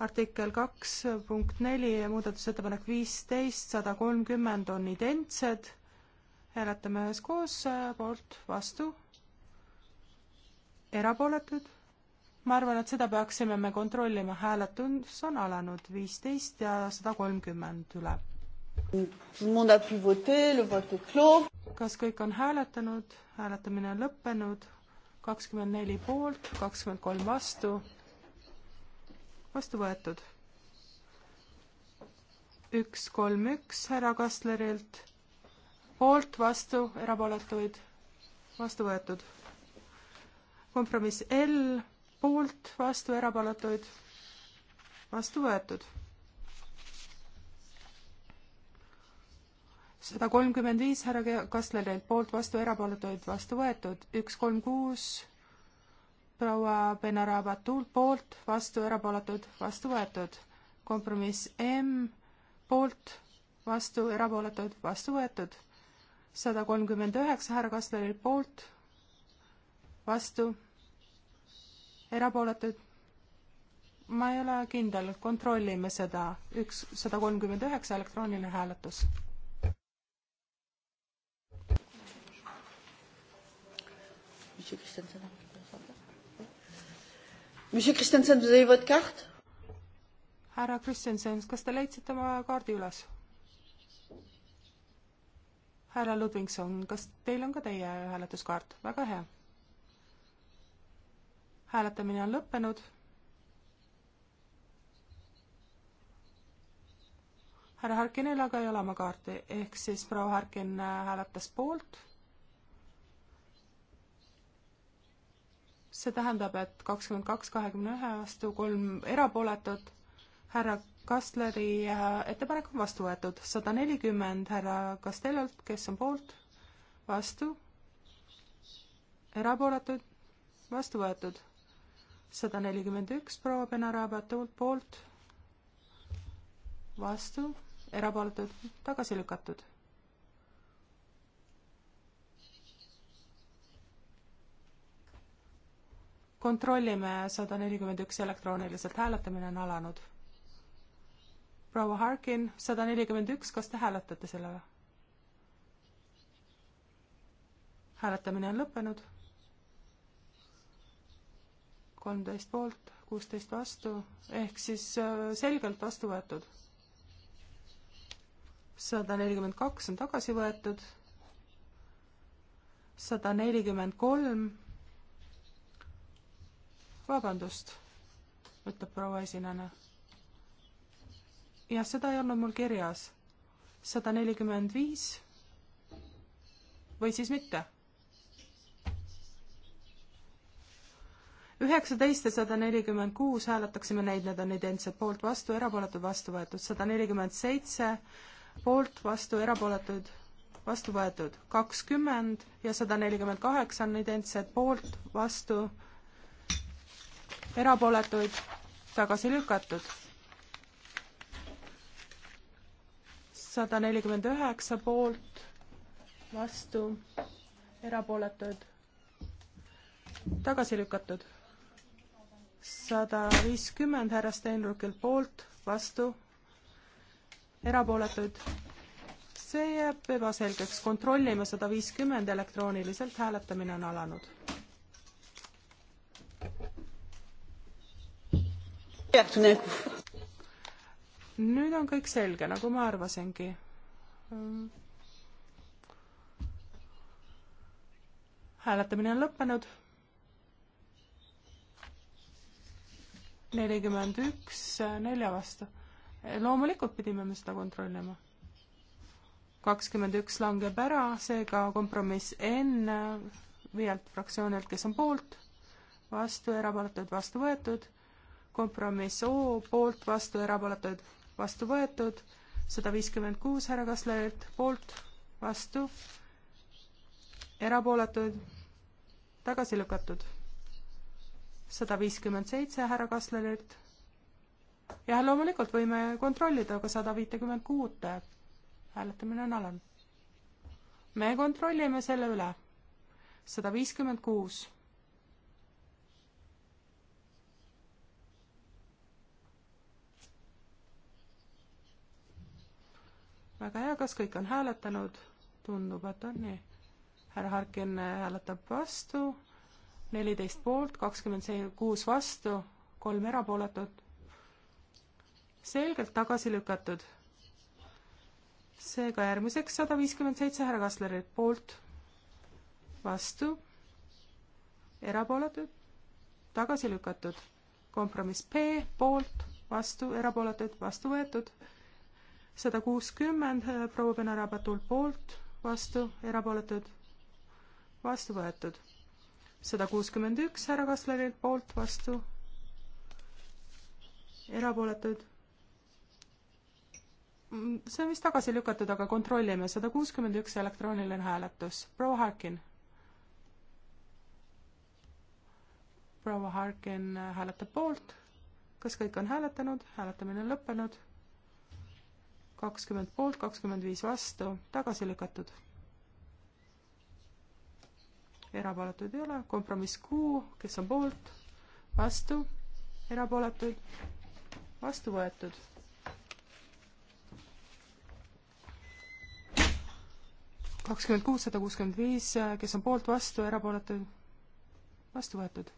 artikkel kaks punkt neli ja muudatusettepanek viisteist, sada kolmkümmend on identsed hääletame üheskoos äh, poolt, vastu, erapooletud ma arvan, et seda peaksime me kontrollima, hääletus on alanud viisteist ja sada kolmkümmend üle. kas kõik on hääletanud, hääletamine on lõppenud, kakskümmend neli poolt, kakskümmend kolm vastu, vastu võetud. üks, kolm, üks härra Kastlerilt poolt, vastu, erapooletuid, vastu võetud. kompromiss L, poolt, vastu, erapooletuid, vastu võetud. sada kolmkümmend viis härra Kastlerilt poolt, vastu, erapooletuid, vastu võetud, üks kolm kuus proua Benarabatult poolt, vastu, erapooletuid, vastu võetud. kompromiss M, poolt, vastu, erapooletuid, vastu võetud sada kolmkümmend üheksa härra Kasslerilt poolt, vastu, erapooletud. ma ei ole kindel, kontrollime seda, üks, sada kolmkümmend üheksa elektrooniline hääletus. Monsieur Christensen. Monsieur Christensen, vous avez votre carte? härra Christensen, kas te leidsite oma kaardi üles? härra Ludvingson, kas teil on ka teie hääletuskaart? väga hea. hääletamine on lõppenud. härra Harkinil aga ei ole oma kaarti, ehk siis proua Harkin hääletas poolt. see tähendab, et kakskümmend kaks kahekümne ühe vastu kolm erapooletut. härra Kastleri äh, ettepanek on vastu võetud. sada nelikümmend härra Kastellolt, kes on poolt, vastu, erapooletud, vastu võetud. sada nelikümmend üks proua Benarabatult poolt, vastu, erapooletud, tagasi lükatud. kontrollime sada nelikümmend üks elektrooniliselt, hääletamine on alanud proua Harkin, sada nelikümmend üks, kas te hääletate selle või? hääletamine on lõppenud. kolmteist poolt, kuusteist vastu, ehk siis äh, selgelt vastu võetud. sada nelikümmend kaks on tagasi võetud, sada nelikümmend kolm, vabandust, ütleb proua esinejana ja seda ei olnud mul kirjas. sada nelikümmend viis või siis mitte. üheksateist ja sada nelikümmend kuus hääletaksime neid, need on identsed, poolt, vastu, erapooletud, vastu võetud, sada nelikümmend seitse, poolt, vastu, erapooletud, vastu võetud, kakskümmend ja sada nelikümmend kaheksa on identsed, poolt, vastu, erapooletuid, tagasi lükatud sada nelikümmend üheksa poolt, vastu, erapooletud, tagasi lükatud. sada viiskümmend härra Stenbrockilt poolt, vastu, erapooletuid. see jääb ebaselgeks, kontrollime sada viiskümmend elektrooniliselt, hääletamine on alanud nüüd on kõik selge, nagu ma arvasingi. hääletamine on lõppenud. nelikümmend üks nelja vastu. loomulikult pidime me seda kontrollima. kakskümmend üks langeb ära, seega kompromiss enne viielt fraktsioonilt, kes on poolt, vastu, erapooletuid, vastu võetud kompromiss O poolt, vastu, erapooletuid vastu võetud, sada viiskümmend kuus härra kanslerilt poolt, vastu, erapooletud, tagasi lükatud. sada viiskümmend seitse härra kanslerilt. jah, loomulikult võime kontrollida ka sada viitekümmet kuute. hääletamine on alanud. me kontrollime selle üle. sada viiskümmend kuus väga hea, kas kõik on hääletanud? tundub, et on nii. härra Harkin hääletab vastu, neliteist poolt, kakskümmend kuus vastu, kolm erapooletut. selgelt tagasi lükatud. seega järgmiseks sada viiskümmend seitse härra Kasslerit poolt, vastu, erapooletud, tagasi lükatud. kompromiss P poolt, vastu, erapooletud, vastu võetud sada kuuskümmend äh, proua Benarabatuult poolt, vastu, erapooletud, vastu võetud. sada kuuskümmend üks härra Kaslerilt poolt, vastu, erapooletud. Mm, see on vist tagasi lükatud, aga kontrollime, sada kuuskümmend üks elektrooniline hääletus, proua Harkin. proua Harkin hääletab poolt. kas kõik on hääletanud, hääletamine on lõppenud kakskümmend poolt, kakskümmend viis vastu, tagasi lükatud. erapooletuid ei ole, kompromiss Q, kes on poolt, vastu, erapooletuid, vastu võetud. kakskümmend kuus, sada kuuskümmend viis, kes on poolt, vastu, erapooletuid, vastu võetud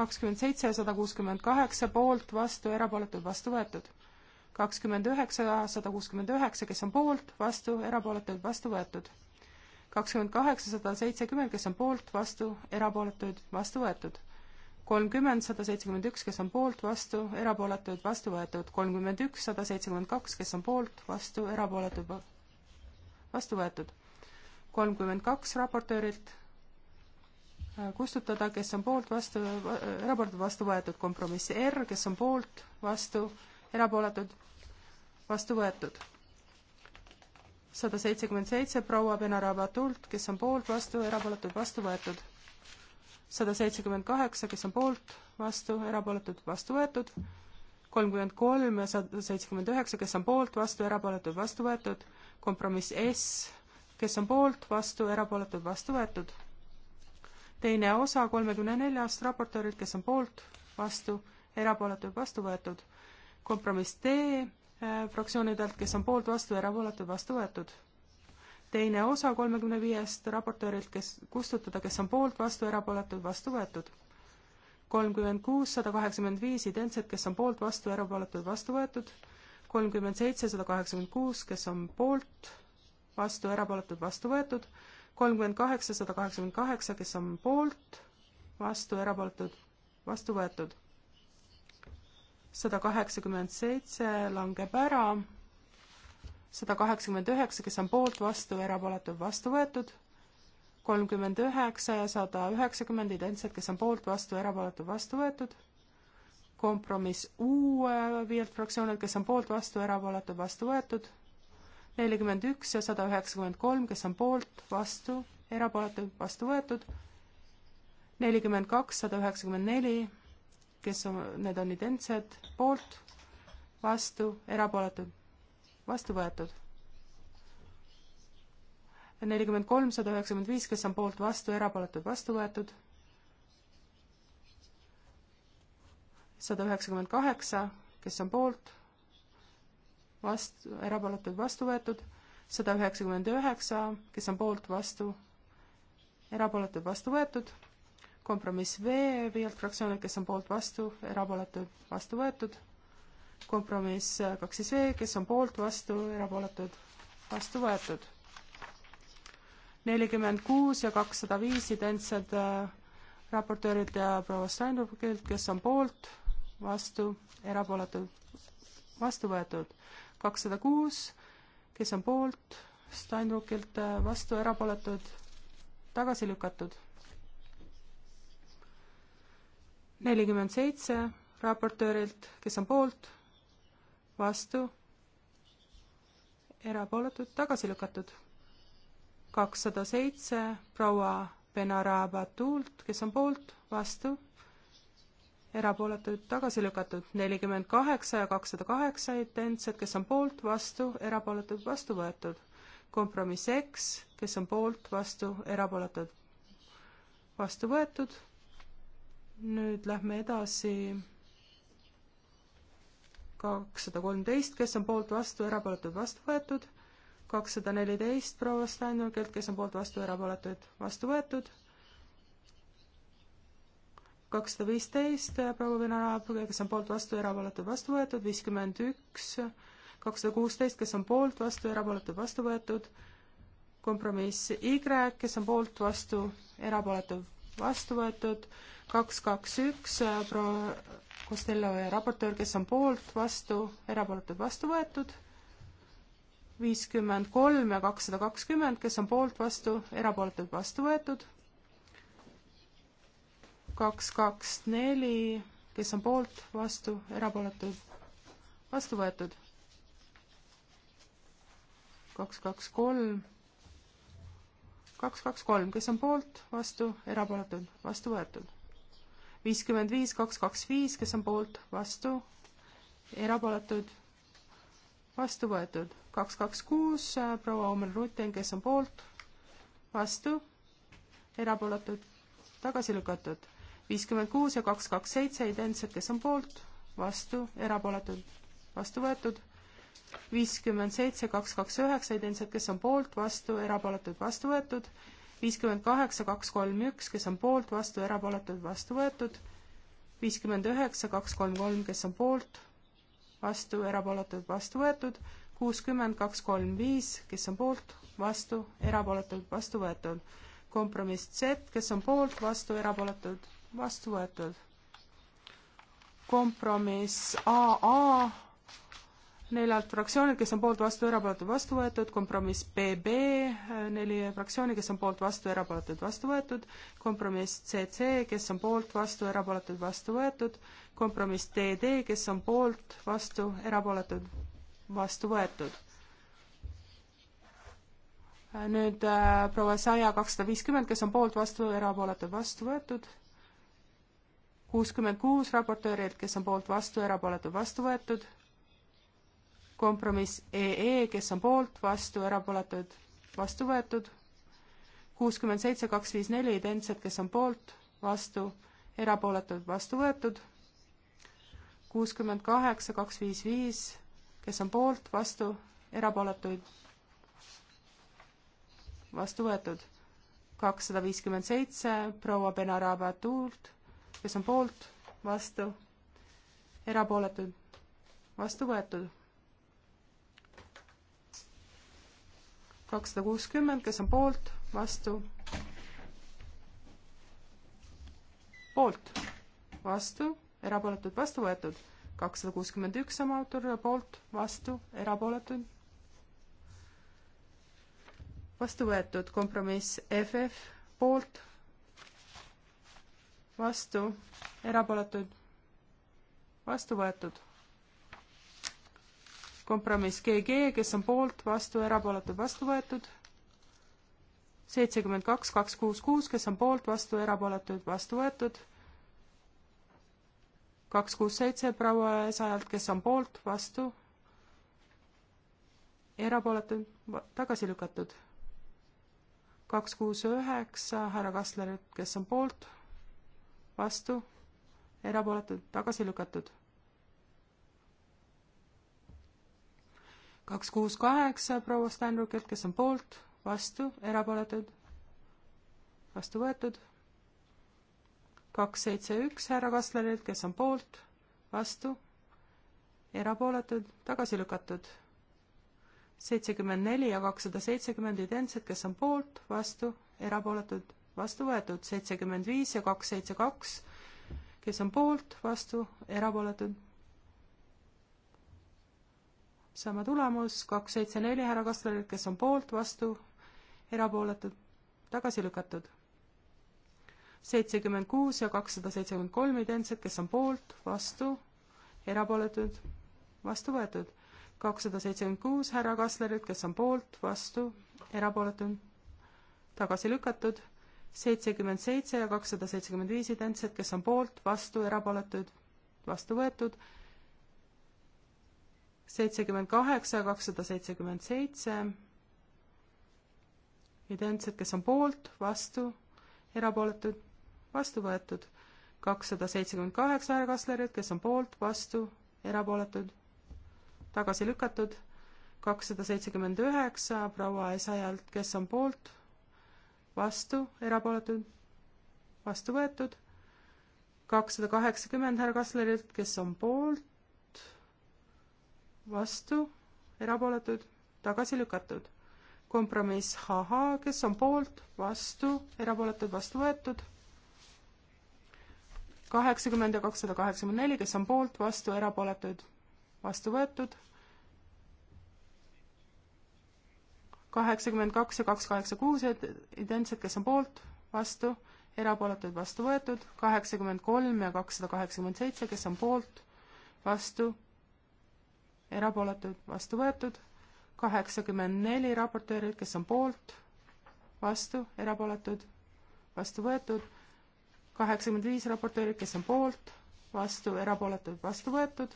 kakskümmend seitse ja sada kuuskümmend kaheksa poolt, vastu, erapooletud, vastu võetud. kakskümmend üheksa ja sada kuuskümmend üheksa, kes on poolt, vastu, erapooletud, vastu võetud. kakskümmend kaheksa, sada seitsekümmend, kes on poolt, vastu, erapooletud, vastu võetud kolmkümmend, sada seitsekümmend üks, kes on poolt, vastu, erapooletuid, vastu võetud, kolmkümmend üks, sada seitsekümmend kaks, kes on poolt, vastu, erapooletuid, vastu võetud. kolmkümmend kaks raportöörilt, kustutada, kes on poolt, vastu, erapooletud, vastu võetud, kompromiss R, kes on poolt, vastu, erapooletud, vastu võetud. sada seitsekümmend seitse proua Benarabatult, kes on poolt, vastu, erapooletud, vastu võetud. sada seitsekümmend kaheksa, kes on poolt, vastu, erapooletud, vastu võetud. kolmkümmend kolm ja sada seitsekümmend üheksa, kes on poolt, vastu, erapooletud, vastu võetud. kompromiss S, kes on poolt, vastu, erapooletud, vastu võetud teine osa kolmekümne neljast raportöörilt, kes on poolt, vastu, erapooletud, vastu võetud. kompromiss D eh, fraktsioonidelt, kes on poolt, vastu, erapooletud, vastu võetud. teine osa kolmekümne viiest raportöörilt, kes kustutada, kes on poolt, vastu, erapooletud, vastu võetud. kolmkümmend kuus, sada kaheksakümmend viis identsed, kes on poolt, vastu, erapooletud, vastu võetud. kolmkümmend seitse, sada kaheksakümmend kuus, kes on poolt, vastu, erapooletud, vastu võetud kolmkümmend kaheksa, sada kaheksakümmend kaheksa, kes on poolt, vastu, erapooletud, vastu võetud. sada kaheksakümmend seitse langeb ära, sada kaheksakümmend üheksa, kes on poolt, vastu, erapooletud, vastu võetud, kolmkümmend üheksa ja sada üheksakümmend identsed, kes on poolt, vastu, erapooletud, vastu võetud kompromiss uue viielt fraktsioonilt, kes on poolt, vastu, erapooletud, vastu võetud nelikümmend üks ja sada üheksakümmend kolm, kes on poolt, vastu, erapooletud, vastu võetud, nelikümmend kaks, sada üheksakümmend neli, kes on, need on identsed, poolt, vastu, erapooletud, vastu võetud. nelikümmend kolm, sada üheksakümmend viis, kes on poolt, vastu, erapooletud, vastu võetud. sada üheksakümmend kaheksa, kes on poolt vastu, erapooletud vastu võetud, sada üheksakümmend üheksa, kes on poolt, vastu, erapooletud vastu võetud, kompromiss V viielt fraktsioonilt, kes on poolt, vastu, erapooletud vastu võetud, kompromiss kaks siis V, kes on poolt, vastu, erapooletud vastu võetud. nelikümmend kuus ja kakssada viis identsed äh, raportöörid ja proua Steinbrückilt, kes on poolt, vastu, erapooletud, vastu võetud kakssada kuus, kes on poolt, Steinruckilt äh, vastu, erapooletud, tagasi lükatud. nelikümmend seitse raportöörilt, kes on poolt, vastu, erapooletud, tagasi lükatud. kakssada seitse proua Benarabatuult, kes on poolt, vastu erapooletuid tagasi lükatud, nelikümmend kaheksa ja kakssada kaheksa identsed, kes on poolt, vastu, erapooletud, vastu võetud. kompromiss X, kes on poolt, vastu, erapooletud, vastu võetud. nüüd lähme edasi kakssada kolmteist, kes on poolt, vastu, erapooletud, vastu võetud. kakssada neliteist proua Steinurgelt, kes on poolt, vastu, erapooletud, vastu võetud kakssada viisteist äh, proua Venelaabriga, kes on poolt, vastu, erapooletud, vastu võetud, viiskümmend üks, kakssada kuusteist, kes on poolt, vastu, erapooletud, vastu võetud, kompromiss Y, kes on poolt, vastu, erapooletud, vastu võetud, kaks, kaks, üks, äh, proua Costello ja raportöör, kes on poolt, vastu, erapooletud, vastu võetud, viiskümmend kolm ja kakssada kakskümmend, kes on poolt, vastu, erapooletud, vastu võetud kaks, kaks, neli, kes on poolt, vastu, erapooletud, vastu võetud. kaks, kaks, kolm, kaks, kaks, kolm, kes on poolt, vastu, erapooletud, vastu võetud. viiskümmend viis, kaks, kaks, viis, kes on poolt, vastu, erapooletud, vastu võetud. kaks, kaks, kuus, proua Omen Rutten, kes on poolt, vastu, erapooletud, tagasi lükatud viiskümmend kuus ja kaks, kaks, seitse identsed, kes on poolt, vastu, erapooletud, vastu võetud. viiskümmend seitse, kaks, kaks, üheksa identsed, kes on poolt, vastu, erapooletud, vastu võetud. viiskümmend kaheksa, kaks, kolm, üks, kes on poolt, vastu, erapooletud, vastu võetud. viiskümmend üheksa, kaks, kolm, kolm, kes on poolt, vastu, erapooletud, vastu võetud. kuuskümmend, kaks, kolm, viis, kes on poolt, vastu, erapooletud, vastu võetud kompromiss Z, kes on poolt, vastu, erapooletud, vastu võetud. kompromiss AA neljalt fraktsioonilt, kes on poolt, vastu, erapooletud, vastu võetud, kompromiss BB, neli fraktsiooni, kes on poolt, vastu, erapooletud, vastu võetud, kompromiss CC, kes on poolt, vastu, erapooletud, vastu võetud, kompromiss DD, kes on poolt, vastu, erapooletud, vastu võetud. nüüd äh, proua Saia kakssada viiskümmend, kes on poolt, vastu, erapooletud, vastu võetud kuuskümmend kuus raportöörilt, kes on poolt vastu, erapooletud vastu võetud. kompromiss EE, e, kes on poolt, vastu, erapooletud vastu võetud. kuuskümmend seitse, kaks, viis, neli identsed, kes on poolt, vastu, erapooletud vastu võetud. kuuskümmend kaheksa, kaks, viis, viis, kes on poolt, vastu, erapooletuid vastu võetud. kakssada viiskümmend seitse proua Benarabatuult kes on poolt, vastu, erapooletud, vastu võetud. kakssada kuuskümmend, kes on poolt, vastu, poolt, vastu, erapooletud, vastu võetud. kakssada kuuskümmend üks sama autori poolt, vastu, erapooletud, vastu võetud. kompromiss FF poolt vastu, erapooletuid, vastu võetud. kompromiss GG, kes on poolt, vastu, erapooletud, vastu võetud. seitsekümmend kaks, kaks, kuus, kuus, kes on poolt, vastu, erapooletud, vastu võetud. kaks, kuus, seitse proua Sajalt, kes on poolt, vastu, erapooletud, tagasi lükatud. kaks, kuus, üheksa härra Kasslerit, kes on poolt vastu, erapooletud, tagasi lükatud. kaks, kuus, kaheksa proua Stenbrockilt, kes on poolt, vastu, erapooletud, vastu võetud. kaks, seitse, üks härra Kasslerilt, kes on poolt, vastu, erapooletud, tagasi lükatud seitsekümmend neli ja kakssada seitsekümmend identsed, kes on poolt, vastu, erapooletud, vastu võetud, seitsekümmend viis ja kaks, seitse, kaks, kes on poolt, vastu, erapooletud. sama tulemus, kaks, seitse, neli härra Kastlerilt, kes on poolt, vastu, erapooletud, tagasi lükatud. seitsekümmend kuus ja kakssada seitsekümmend kolm identsed, kes on poolt, vastu, erapooletud, vastu võetud. kakssada seitsekümmend kuus härra Kastlerilt, kes on poolt, vastu, erapooletud tagasi lükatud, seitsekümmend seitse ja kakssada seitsekümmend viis identsed, kes on poolt, vastu, erapooletud, vastu võetud, seitsekümmend kaheksa ja kakssada seitsekümmend seitse, identsed, kes on poolt, vastu, erapooletud, vastu võetud, kakssada seitsekümmend kaheksa härrakaslerit, kes on poolt, vastu, erapooletud, tagasi lükatud, kakssada seitsekümmend üheksa proua Esajalt, kes on poolt, vastu, erapooletud, vastu võetud. kakssada kaheksakümmend härra Kasslerilt, kes on poolt, vastu, erapooletud, tagasi lükatud. kompromiss HH, kes on poolt, vastu, erapooletud, vastu võetud. kaheksakümmend ja kakssada kaheksakümmend neli, kes on poolt, vastu, erapooletud, vastu võetud kaheksakümmend kaks ja kaks kaheksa kuus identsed, kes on poolt, vastu, erapooletuid vastu võetud, kaheksakümmend kolm ja kakssada kaheksakümmend seitse, kes on poolt, vastu, erapooletuid vastu võetud, kaheksakümmend neli raportöörid, kes on poolt, vastu, erapooletuid vastu võetud, kaheksakümmend viis raportöörid, kes on poolt, vastu, erapooletuid vastu võetud,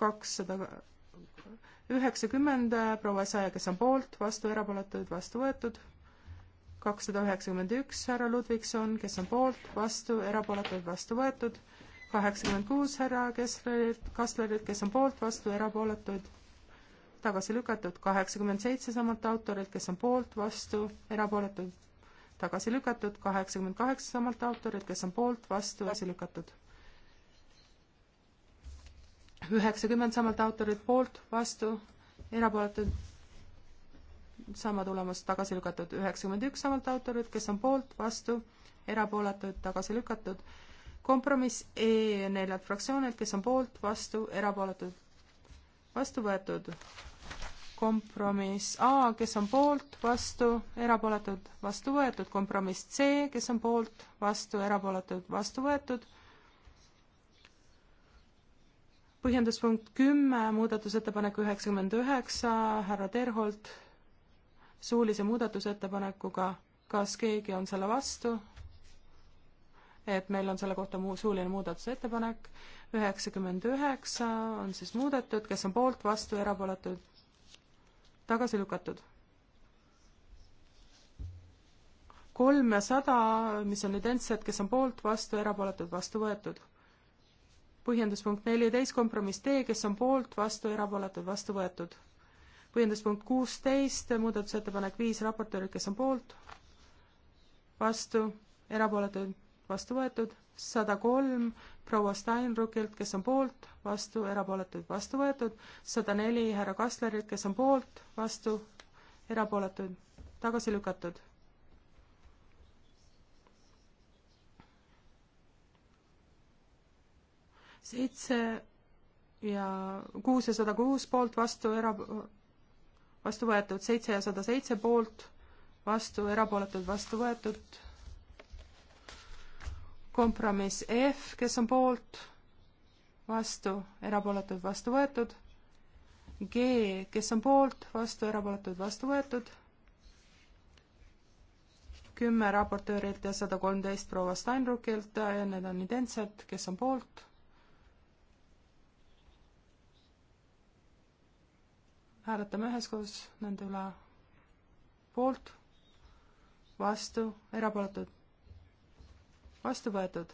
kakssada 200 üheksakümmend proua Saja, kes on poolt, vastu, erapooletuid, vastu võetud. kakssada üheksakümmend üks härra Ludvigson, kes on poolt, vastu, erapooletuid, vastu võetud. kaheksakümmend kuus härra Kesslerilt, Kasslerilt, kes on poolt, vastu, erapooletuid, tagasi lükatud. kaheksakümmend seitse samalt autorilt, kes on poolt, vastu, erapooletuid, tagasi lükatud. kaheksakümmend kaheksa samalt autorilt, kes on poolt, vastu, tagasi lükatud üheksakümmend samalt autorilt poolt, vastu, erapooletud, sama tulemus tagasi lükatud, üheksakümmend üks samalt autorilt, kes on poolt, vastu, erapooletud, tagasi lükatud, kompromiss E neljalt fraktsioonilt, kes on poolt, vastu, erapooletud, vastu võetud, kompromiss A, kes on poolt, vastu, erapooletud, vastu võetud, kompromiss C, kes on poolt, vastu, erapooletud, vastu võetud põhjenduspunkt kümme, muudatusettepanek üheksakümmend üheksa, härra Terholt, suulise muudatusettepanekuga, kas keegi on selle vastu? et meil on selle kohta muu suuline muudatusettepanek, üheksakümmend üheksa on siis muudetud, kes on poolt, vastu, erapooletud, tagasi lükatud. kolm ja sada, mis on identsed, kes on poolt, vastu, erapooletud, vastu võetud põhjenduspunkt neliteist, kompromiss D, kes on poolt, vastu, erapooletud, vastu võetud. põhjenduspunkt kuusteist, muudatusettepanek viis, raportöörid, kes on poolt, vastu, erapooletud, vastu võetud, sada kolm proua Steinbrückilt, kes on poolt, vastu, erapooletud, vastu võetud, sada neli härra Kasslerilt, kes on poolt, vastu, erapooletud, tagasi lükatud seitse ja kuus ja sada kuus poolt, vastu era-, vastu võetud seitse ja sada seitse poolt, vastu erapooletud, vastu võetud. kompromiss F, kes on poolt, vastu, erapooletud, vastu võetud. G, kes on poolt, vastu, erapooletud, vastu võetud. kümme raportöörilt ja sada kolmteist proua Steinruckilt ja need on identsed, kes on poolt hääletame üheskoos nende üle poolt, vastu, erapooletud, vastu võetud.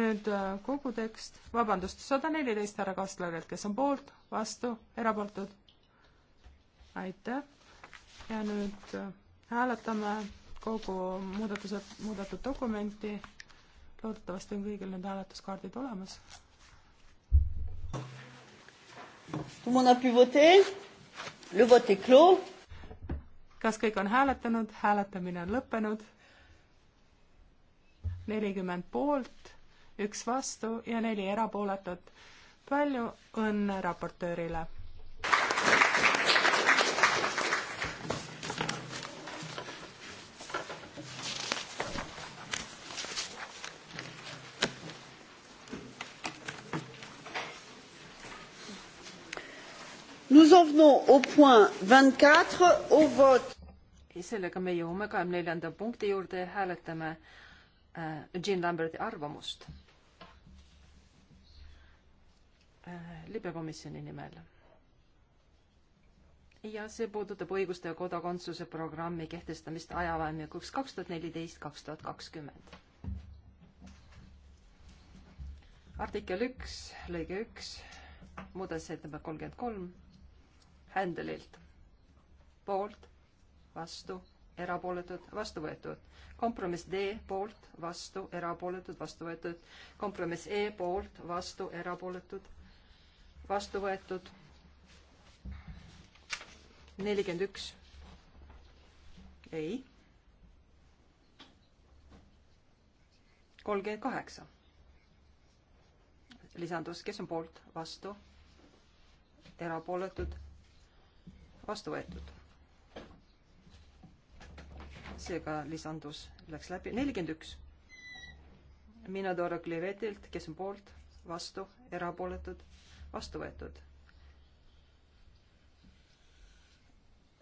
nüüd äh, kogu tekst, vabandust, sada neliteist härra Kastlerilt, kes on poolt, vastu, erapooletud. aitäh. ja nüüd äh, hääletame kogu muudatuse, muudetud dokumenti. loodetavasti on kõigil need hääletuskaardid olemas Tout le monde a pu voter. Le vote est clos. kas kõik on hääletanud, hääletamine on lõppenud. nelikümmend poolt, üks vastu ja neli erapooletut. palju õnne raportöörile venons au point 24 au vote. sellega me jõuame kahekümne neljanda punkti juurde ja hääletame äh, Jean Lamberti arvamust äh, libekomisjoni nimel. ja see puudutab õiguste ja kodakondsuse programmi kehtestamist ajavahemikuks kaks tuhat neliteist, kaks tuhat kakskümmend. artikkel üks, lõige üks, muudatusettepanek kolmkümmend kolm Händelilt. poolt, vastu, erapooletud, vastu võetud. kompromiss D poolt, vastu, erapooletud, vastu võetud. kompromiss E poolt, vastu, erapooletud, vastu võetud. nelikümmend üks. ei. kolmkümmend kaheksa. lisandus, kes on poolt, vastu, erapooletud vastu võetud. seega lisandus läks läbi nelikümmend üks. Minadoro Klevetilt, kes on poolt, vastu, erapooletud, vastu võetud.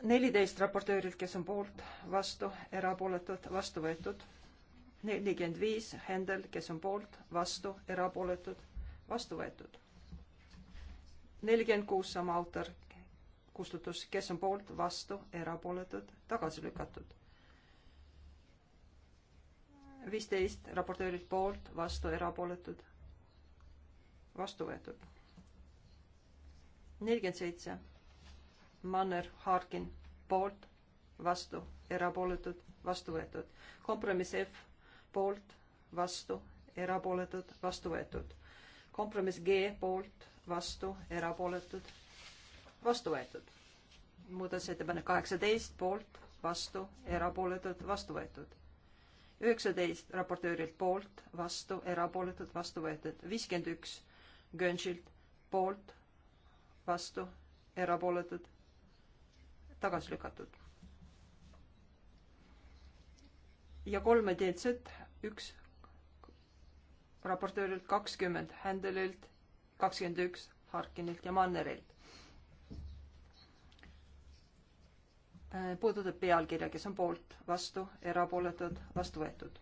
neliteist raportöörilt, kes on poolt, vastu, erapooletud, vastu võetud. nelikümmend viis Händel, kes on poolt, vastu, erapooletud, vastu võetud. nelikümmend kuus sama autor kustutus, kes on poolt, vastu, erapooletud, tagasi lükatud. viisteist raportöörid poolt, vastu, erapooletud, vastu võetud. nelikümmend seitse, Manner, Harkin, poolt, vastu, erapooletud, vastu võetud. kompromiss F, poolt, vastu, erapooletud, vastu võetud. kompromiss G, poolt, vastu, erapooletud, vastu võetud. muudatusettepanek kaheksateist poolt, vastu, erapooletud, vastu võetud. üheksateist raportöörilt poolt, vastu, erapooletud, vastu võetud. viiskümmend üks Gönšilt poolt, vastu, erapooletud, tagasi lükatud. ja kolm identset, üks raportöörilt kakskümmend, Händelilt kakskümmend üks, Harkinilt ja Mannerilt Äh, puudutab pealkirja, kes on poolt, vastu, erapooletud, vastu võetud.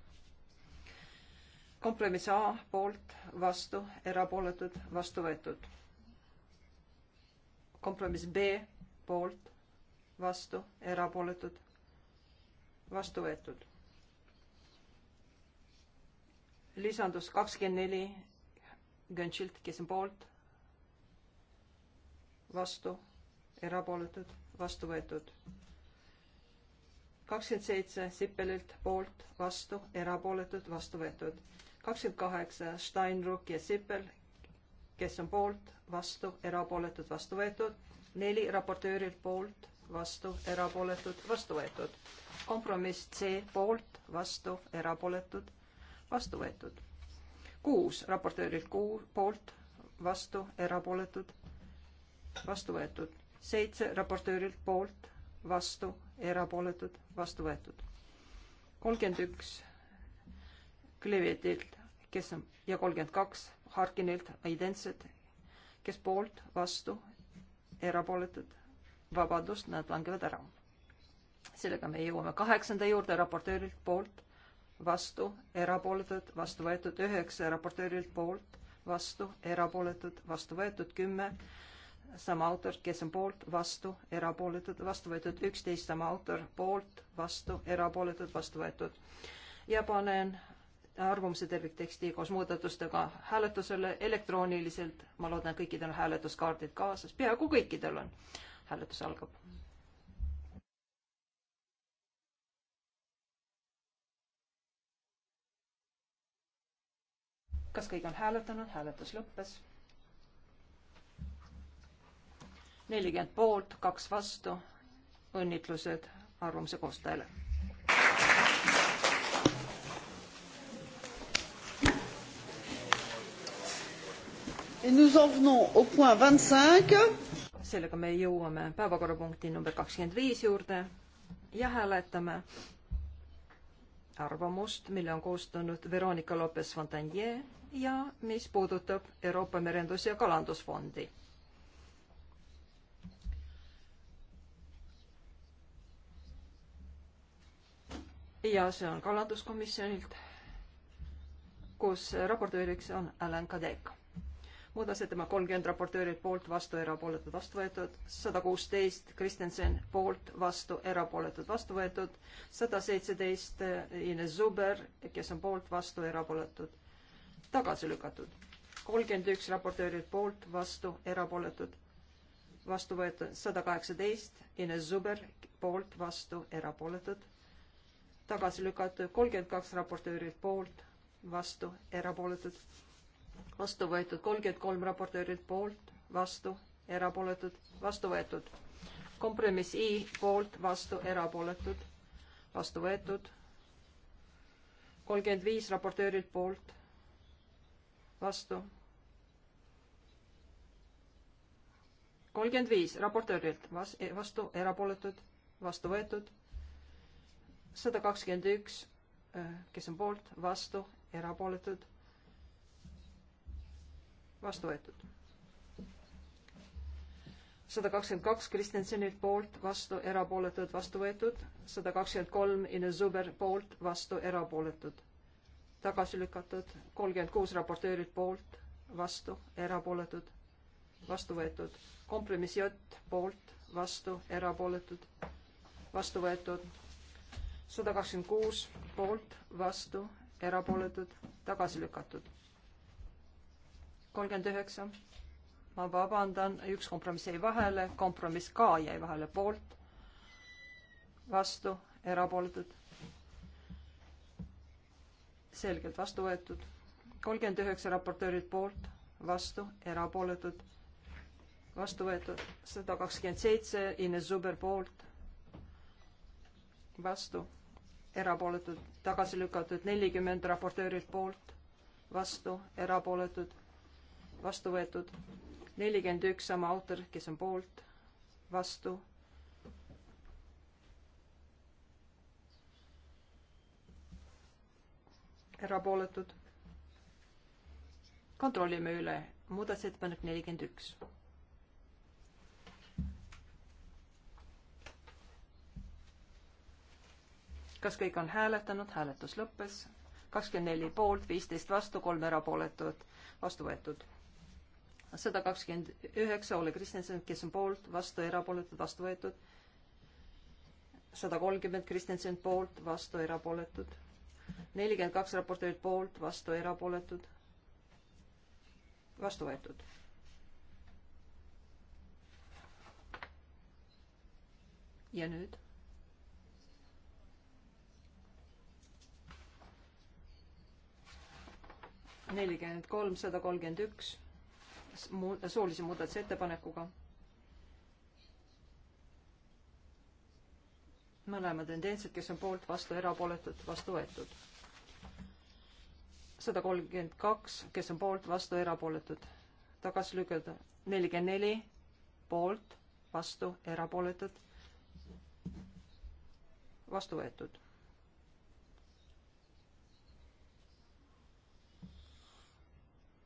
kompromiss A poolt, vastu, erapooletud, vastu võetud. kompromiss B poolt, vastu, erapooletud, vastu võetud. lisandus kakskümmend neli Gönšilt, kes on poolt, vastu, erapooletud, vastu võetud kakskümmend seitse Sippelilt poolt, vastu, erapooletud, vastu võetud. kakskümmend kaheksa Steinruck ja Sippel, kes on poolt, vastu, erapooletud, vastu võetud. neli raportöörilt poolt, vastu, erapooletud, vastu võetud. kompromiss C poolt, vastu, erapooletud, vastu võetud. kuus raportöörilt kuu poolt, vastu, erapooletud, vastu võetud. seitse raportöörilt poolt vastu, erapooletud, vastu võetud. kolmkümmend üks Klevetilt, kes on, ja kolmkümmend kaks Harkinilt, identsed, kes poolt, vastu, erapooletud, vabadust, nad langevad ära. sellega me jõuame kaheksanda juurde raportöörilt poolt, vastu, erapooletud, vastu võetud üheksa raportöörilt poolt, vastu, erapooletud, vastu võetud kümme sama autor, kes on poolt, vastu, erapooletud, vastu võetud, üksteist sama autor, poolt, vastu, erapooletud, vastu võetud. ja panen arvamuse tervikteksti koos muudatustega hääletusele elektrooniliselt. ma loodan, kõikidel on hääletuskaardid kaasas, peaaegu kõikidel on. hääletus algab. kas kõik on hääletanud, hääletus lõppes nelikümmend poolt, kaks vastu. õnnitlused arvamuse koostajale. sellega me jõuame päevakorrapunkti number kakskümmend viis juurde ja hääletame arvamust, mille on koostanud Veronika Lopez-Fontanier ja mis puudutab Euroopa Merendus- ja Kalandusfondi ja see on kalanduskomisjonilt, kus raportööriks on Alan Kadek. muudatusettepanek kolmkümmend raportöörilt poolt, vastu, erapooletud, vastu võetud, sada kuusteist Kristensen poolt, vastu, erapooletud, vastu võetud, sada seitseteist Ines Zuber, kes on poolt, vastu, erapooletud, tagasi lükatud. kolmkümmend üks raportöörilt poolt, vastu, erapooletud, vastu võetud, sada kaheksateist Ines Zuber poolt, vastu, erapooletud tagasi lükatud, kolmkümmend kaks raportöörilt poolt, vastu, erapooletud. vastu võetud kolmkümmend kolm raportöörilt poolt, vastu, erapooletud, vastu võetud. kompromiss I poolt, vastu, erapooletud, vastu võetud. kolmkümmend viis raportöörilt poolt, vastu. kolmkümmend viis raportöörilt vastu, erapooletud, vastu võetud sada kakskümmend üks, äh, kes on poolt, vastu, erapooletud, vastu võetud. sada kakskümmend kaks Kristjansenilt poolt, vastu, erapooletud, vastu võetud, sada kakskümmend kolm Ine Zuber poolt, vastu, erapooletud, tagasi lükatud, kolmkümmend kuus raportöörid poolt, vastu, erapooletud, vastu võetud, kompromiss J poolt, vastu, erapooletud, vastu võetud sada kakskümmend kuus poolt, vastu, erapooletud, tagasi lükatud. kolmkümmend üheksa. ma vabandan, üks kompromiss jäi vahele, kompromiss ka jäi vahele, poolt, vastu, erapooletud. selgelt vastu võetud. kolmkümmend üheksa raportöörid poolt, vastu, erapooletud, vastu võetud. sada kakskümmend seitse, Ines Zuber poolt, vastu, erapooletud, tagasi lükatud nelikümmend raportöörilt poolt, vastu, erapooletud, vastu võetud nelikümmend üks sama autor, kes on poolt, vastu. erapooletud. kontrollime üle, muudatusettepanek nelikümmend üks kas kõik on hääletanud, hääletus lõppes, kakskümmend neli poolt, viisteist vastu, kolm erapooletut, vastu võetud. sada kakskümmend üheksa Olle Kristjanson, kes on poolt, vastu, erapooletud, vastu võetud. sada kolmkümmend Kristjanson poolt, vastu, erapooletud. nelikümmend kaks raportööd poolt, vastu, erapooletud, vastu võetud ja nüüd nelikümmend kolm, sada kolmkümmend üks soolise muudatusettepanekuga. mõlemad on teensed, kes on poolt, vastu, erapooletud, vastu võetud. sada kolmkümmend kaks, kes on poolt, vastu, erapooletud, tagasi lükatud. nelikümmend neli, poolt, vastu, erapooletud, vastu võetud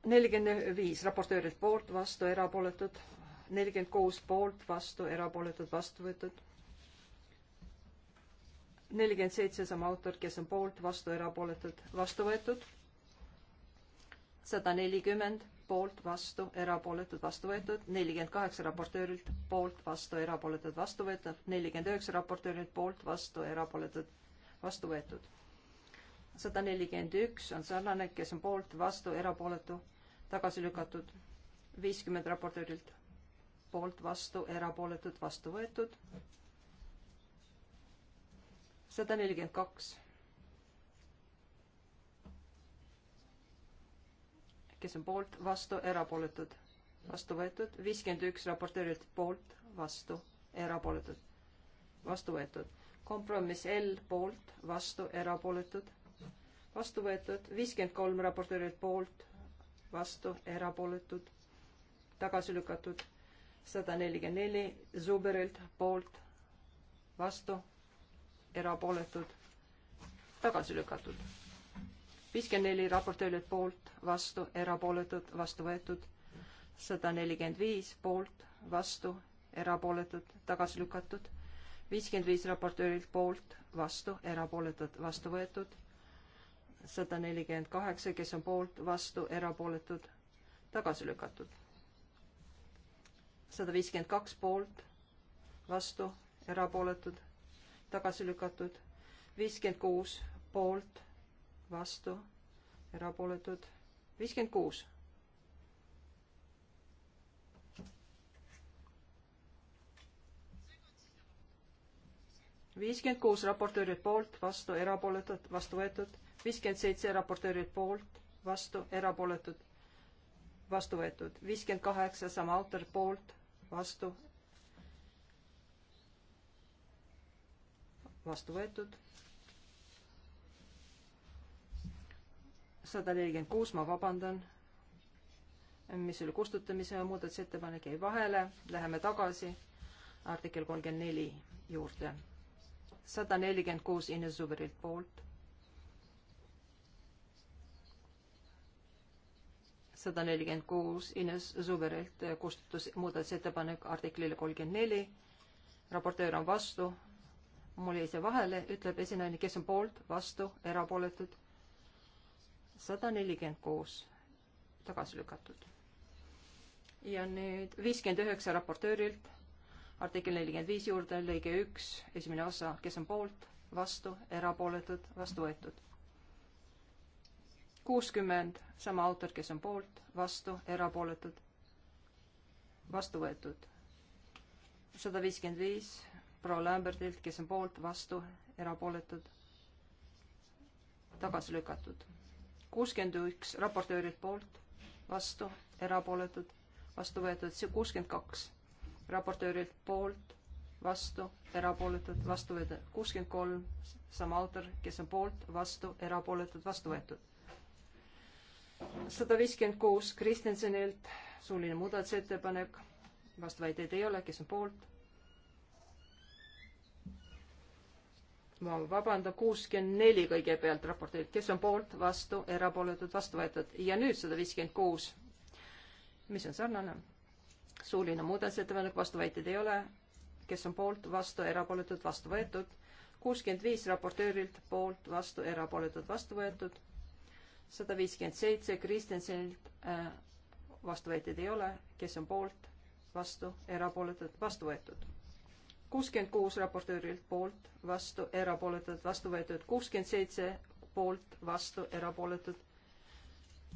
nelikümmend viis raportöörilt poolt, vastu, erapooletud, nelikümmend kuus poolt, vastu, erapooletud, vastu võetud. nelikümmend seitse sama autor, kes on poolt, vastu, erapooletud, vastu võetud. sada nelikümmend poolt, vastu, erapooletud, vastu võetud, nelikümmend kaheksa raportöörilt poolt, vastu, erapooletud, vastu võetud, nelikümmend üheksa raportöörilt poolt, vastu, erapooletud, vastu võetud sada nelikümmend üks on sarnane, kes on poolt, vastu, erapooletu, tagasi lükatud. viiskümmend raportöörilt poolt, vastu, erapooletud, vastu võetud. sada nelikümmend kaks. kes on poolt, vastu, erapooletud, vastu võetud. viiskümmend üks raportöörilt poolt, vastu, erapooletud, vastu võetud. kompromiss L poolt, vastu, erapooletud vastu võetud, viiskümmend kolm raportöörilt poolt, vastu, erapooletud, tagasi lükatud, sada nelikümmend neli Zuberilt poolt, vastu, erapooletud, tagasi lükatud. viiskümmend neli raportöörilt poolt, vastu, erapooletud, vastu võetud, sada nelikümmend viis poolt, vastu, erapooletud, tagasi lükatud, viiskümmend viis raportöörilt poolt, vastu, erapooletud, vastu võetud sada nelikümmend kaheksa, kes on poolt, vastu, erapooletud, tagasi lükatud. sada viiskümmend kaks poolt, vastu, erapooletud, tagasi lükatud. viiskümmend kuus poolt, vastu, erapooletud, viiskümmend kuus. viiskümmend kuus raportöörid poolt, vastu, erapooletud, vastu võetud viiskümmend seitse raportöörilt poolt, vastu, erapooletud, vastu võetud. viiskümmend kaheksa sama autor poolt, vastu, vastu võetud. sada nelikümmend kuus, ma vabandan, mis oli kustutamise muudatusettepanek jäi vahele, läheme tagasi artikkel kolmkümmend neli juurde. sada nelikümmend kuus Ines Suverilt poolt sada nelikümmend kuus Ines Zuberilt kustutus muudatusettepanek artiklile kolmkümmend neli. raportöör on vastu, mul jäi see vahele, ütleb esinaine, kes on poolt, vastu, erapooletud. sada nelikümmend kuus tagasi lükatud. ja nüüd viiskümmend üheksa raportöörilt artikkel nelikümmend viis juurde lõige üks, esimene osa, kes on poolt, vastu, erapooletud, vastu võetud kuuskümmend, sama autor, kes on poolt, vastu, erapooletud, vastu võetud. sada viiskümmend viis proua Lambertilt, kes on poolt, vastu, erapooletud, tagasi lükatud. kuuskümmend üks raportöörilt poolt, vastu, erapooletud, vastu võetud, kuuskümmend kaks raportöörilt poolt, vastu, erapooletud, vastu võetud, kuuskümmend kolm, sama autor, kes on poolt, vastu, erapooletud, vastu võetud sada viiskümmend kuus Kristjansenilt, suuline muudatusettepanek, vastuväiteid ei ole, kes on poolt? ma vabandan, kuuskümmend neli kõigepealt raporteerib, kes on poolt, vastu, erapooletud, vastu võetud ja nüüd sada viiskümmend kuus, mis on sarnane. suuline muudatusettepanek, vastuväiteid ei ole, kes on poolt, vastu, erapooletud, vastu võetud, kuuskümmend viis raportöörilt poolt, vastu, erapooletud, vastu võetud sada viiskümmend seitse Kristjansenilt äh, vastuväiteid ei ole, kes on poolt, vastu, erapooletud, vastu võetud. kuuskümmend kuus raportöörilt poolt, vastu, erapooletud, vastu võetud, kuuskümmend seitse poolt, vastu, erapooletud,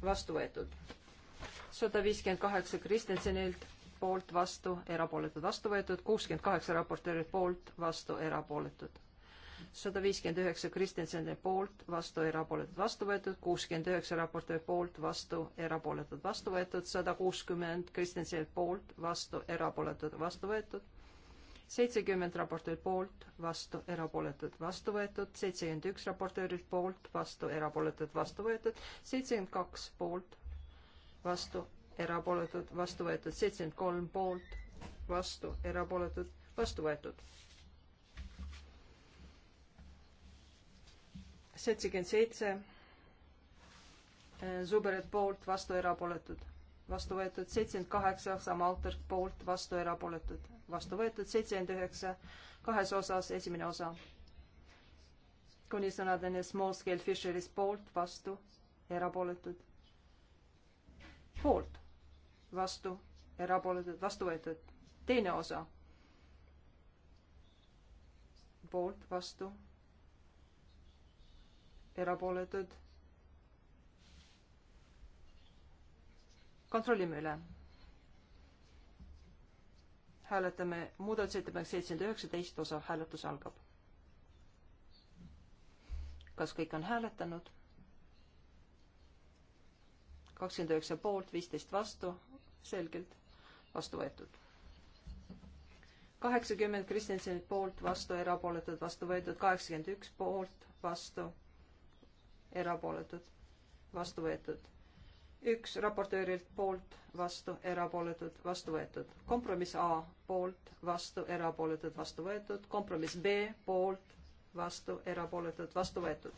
vastu võetud. sada viiskümmend kaheksa Kristjansenilt poolt, vastu, erapooletud, vastu võetud, kuuskümmend kaheksa raportöörilt poolt, vastu, erapooletud sada viiskümmend üheksa Kristjanseni poolt, vastu, erapooletud, vastu võetud, kuuskümmend üheksa raportööri poolt, vastu, erapooletud, vastu võetud, sada kuuskümmend Kristjanseni poolt, vastu, erapooletud, vastu võetud, seitsekümmend raportööri poolt, vastu, erapooletud, vastu võetud, seitsekümmend üks raportöörilt poolt, vastu, erapooletud, vastu võetud, seitsekümmend kaks poolt, vastu, erapooletud, vastu võetud, seitsekümmend kolm poolt, vastu, erapooletud, vastu võetud seitsekümmend seitse, äh, Zuberet poolt, vastu erapooletud, vastu võetud seitsekümmend kaheksa, sama autor poolt, vastu erapooletud, vastu võetud seitsekümmend üheksa, kahes osas, esimene osa. kuni sõnadeni small scale fisheries poolt, vastu, erapooletud. poolt, vastu, erapooletud, vastu võetud, teine osa. poolt, vastu erapooletud. kontrollime üle. hääletame muudatusettepanek seitsekümmend üheksa, teist osa, hääletus algab. kas kõik on hääletanud? kakskümmend üheksa poolt, viisteist vastu, selgelt vastu võetud kaheksakümmend Kristjansenilt poolt, vastu erapooletud, vastu võetud kaheksakümmend üks poolt, vastu erapooletud, vastu võetud. üks raportöörilt poolt, vastu, erapooletud, vastu võetud. kompromiss A poolt, vastu, erapooletud, vastu võetud. kompromiss B poolt, vastu, erapooletud, vastu võetud.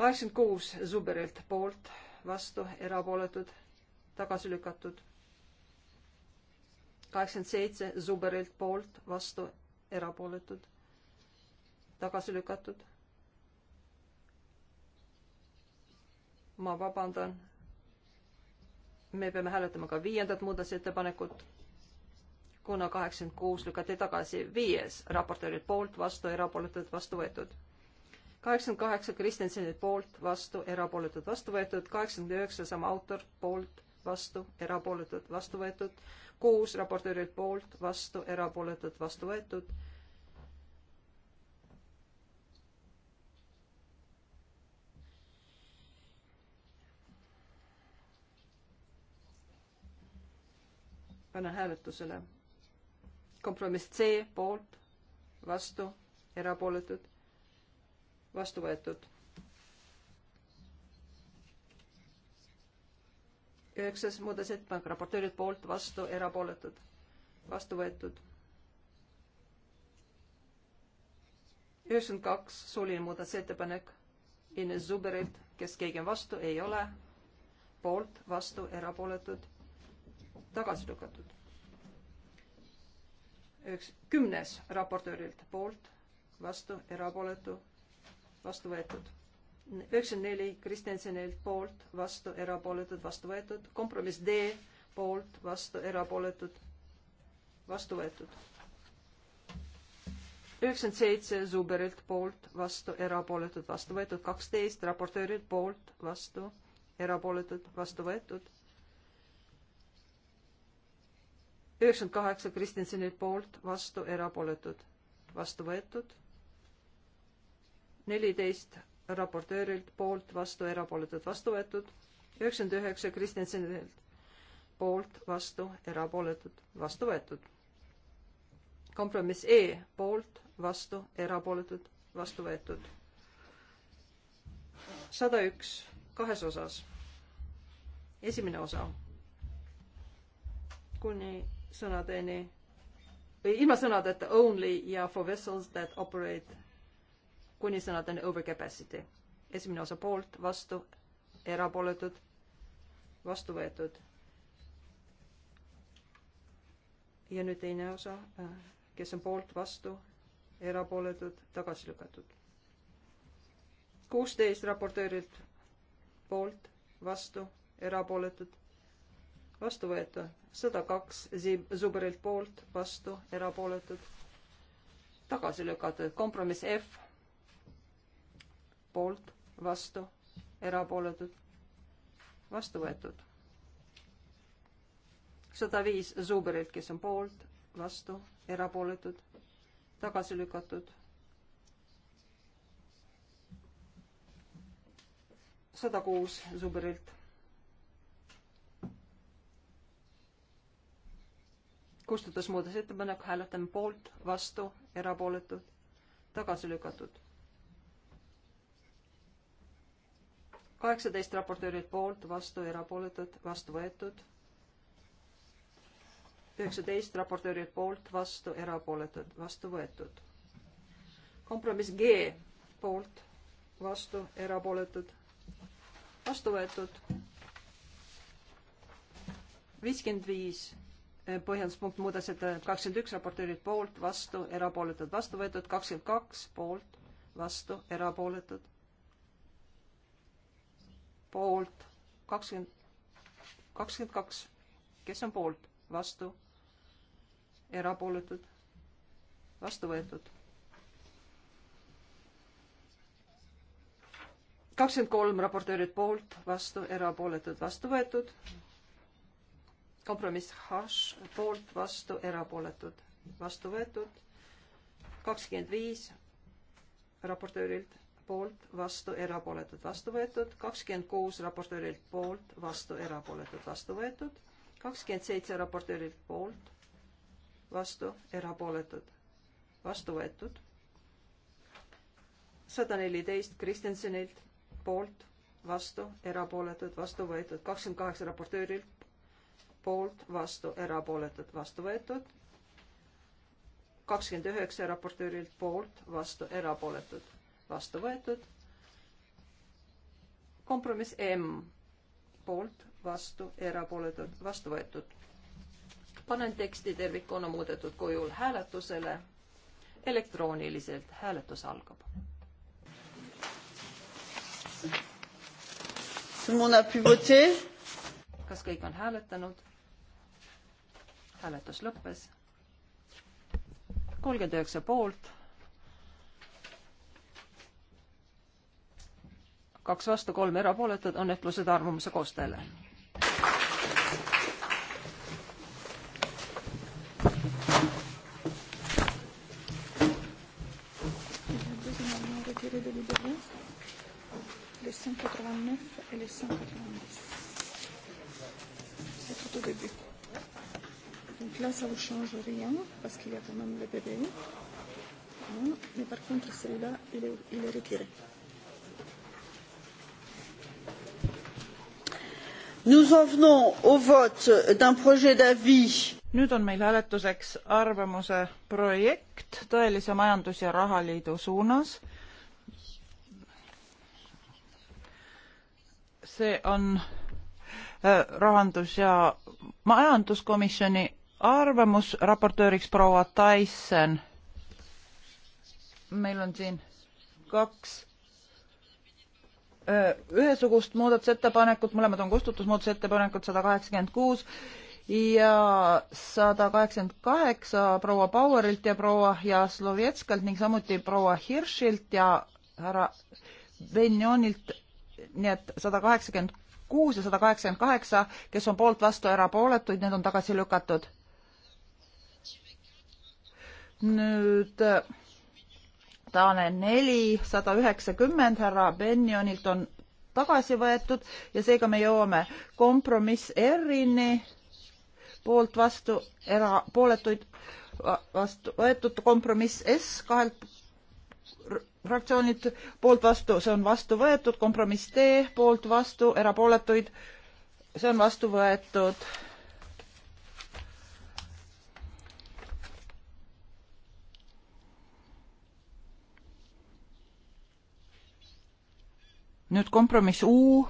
kaheksakümmend kuus Zuberilt poolt, vastu, erapooletud, tagasi lükatud. kaheksakümmend seitse Zuberilt poolt, vastu, erapooletud tagasi lükatud. ma vabandan. me peame hääletama ka viiendat muudatusettepanekut, kuna kaheksakümmend kuus lükati tagasi, viies raportöörid poolt, vastu, erapooletud, vastu võetud. kaheksakümmend kaheksa Kristjansenilt poolt, vastu, erapooletud, vastu võetud, kaheksakümmend üheksa sama autor poolt, vastu, erapooletud, vastu võetud, kuus raportöörilt poolt, vastu, erapooletud, vastu võetud panna hääletusele. kompromiss C poolt, vastu, erapooletud, vastu võetud. üheksas muudatusettepanek, raportöörid poolt, vastu, erapooletud, vastu võetud. üheksakümmend kaks, suuline muudatusettepanek Ines Zuberilt, kes keegi on vastu, ei ole, poolt, vastu, erapooletud tagasi lükatud. üks kümnes raportöörilt poolt, vastu, erapooletu, vastu võetud. üheksakümmend neli Kristjansenilt poolt, vastu, erapooletud, vastu võetud. kompromiss D poolt, vastu, erapooletud, vastu võetud üheksakümmend seitse Zuberilt poolt, vastu, erapooletud, vastu võetud, kaksteist raportöörilt poolt, vastu, erapooletud, vastu võetud, üheksakümmend kaheksa Kristjanseni poolt, vastu erapooletud, vastu võetud. neliteist raportöörilt poolt, vastu erapooletud, vastu võetud. üheksakümmend üheksa Kristjansenilt poolt, vastu erapooletud, vastu võetud. kompromiss E poolt, vastu erapooletud, vastu võetud. sada üks kahes osas. esimene osa kuni sõnadeni, või ilma sõnadeta only ja for vessels that operate kuni sõnadeni over capacity. esimene osa poolt, vastu, erapooletud, vastu võetud. ja nüüd teine osa, kes on poolt, vastu, erapooletud, tagasi lükatud. kuusteist raportöörilt poolt, vastu, erapooletud vastu võetud, sada kaks Zuberilt poolt, vastu, erapooletud, tagasi lükatud, kompromiss F, poolt, vastu, erapooletud, vastu võetud. sada viis Zuberilt, kes on poolt, vastu, erapooletud, tagasi lükatud. sada kuus Zuberilt kustutas muudatusettepanek, hääletame poolt, vastu, erapooletud, tagasi lükatud. kaheksateist raportöörid poolt, vastu, erapooletud, vastu võetud. üheksateist raportöörid poolt, vastu, erapooletud, vastu võetud. kompromiss G poolt, vastu, erapooletud, vastu võetud. viiskümmend viis põhjenduspunkt muudatusettepanek kakskümmend üks, raportöörid poolt, vastu, erapooletud, vastu võetud, kakskümmend kaks poolt, vastu, erapooletud, poolt, kakskümmend, kakskümmend kaks, kes on poolt, vastu, erapooletud, vastu võetud. kakskümmend kolm raportöörid poolt, vastu, erapooletud, vastu võetud kompromiss hash poolt, vastu, erapooletud, vastu võetud. kakskümmend viis raportöörilt poolt, vastu, erapooletud, vastu võetud. kakskümmend kuus raportöörilt poolt, vastu, erapooletud, vastu võetud. kakskümmend seitse raportöörilt poolt, vastu, erapooletud, vastu võetud. sada neliteist Kristjansenilt poolt, vastu, erapooletud, vastu võetud. kakskümmend kaheksa raportöörilt poolt, vastu, erapooletud, vastu võetud. kakskümmend üheksa raportöörilt poolt, vastu, erapooletud, vastu võetud. kompromiss M poolt, vastu, erapooletud, vastu võetud. panen teksti tervikuna muudetud kujul hääletusele. elektrooniliselt hääletus algab. kas kõik on hääletanud? hääletus lõppes. kolmkümmend üheksa poolt. kaks vastu, kolm erapooletut, õnnetlused arvamuse koostajale. Les 189 et les 190. ça ne change rien parce qu'il y a quand même le bébé. Hein, mais par contre, celui-là, il est, il est retiré. Nous en venons au vote d'un projet d'avis. nüüd on meil hääletuseks arvamuse projekt tõelise majandus- ja rahaliidu suunas. see on äh, rahandus- ja majanduskomisjoni arvamusraportööriks proua Tyson. meil on siin kaks ühesugust muudatusettepanekut, mõlemad on kustutusmuudatusettepanekud sada kaheksakümmend kuus ja sada kaheksakümmend kaheksa proua Bauerilt ja proua Jaslovetskalt ning samuti proua Hirschilt ja härra Benjonilt, nii et sada kaheksakümmend kuus ja sada kaheksakümmend kaheksa, kes on poolt, vastu, erapooletuid, need on tagasi lükatud nüüd äh, Taane neli, sada üheksakümmend härra Benjonilt on tagasi võetud ja seega me jõuame kompromiss R-ini, poolt vastu, erapooletuid vastu võetud, kompromiss S kahelt fraktsioonilt poolt vastu, see on vastu võetud, kompromiss D poolt vastu, erapooletuid, see on vastu võetud nüüd kompromiss U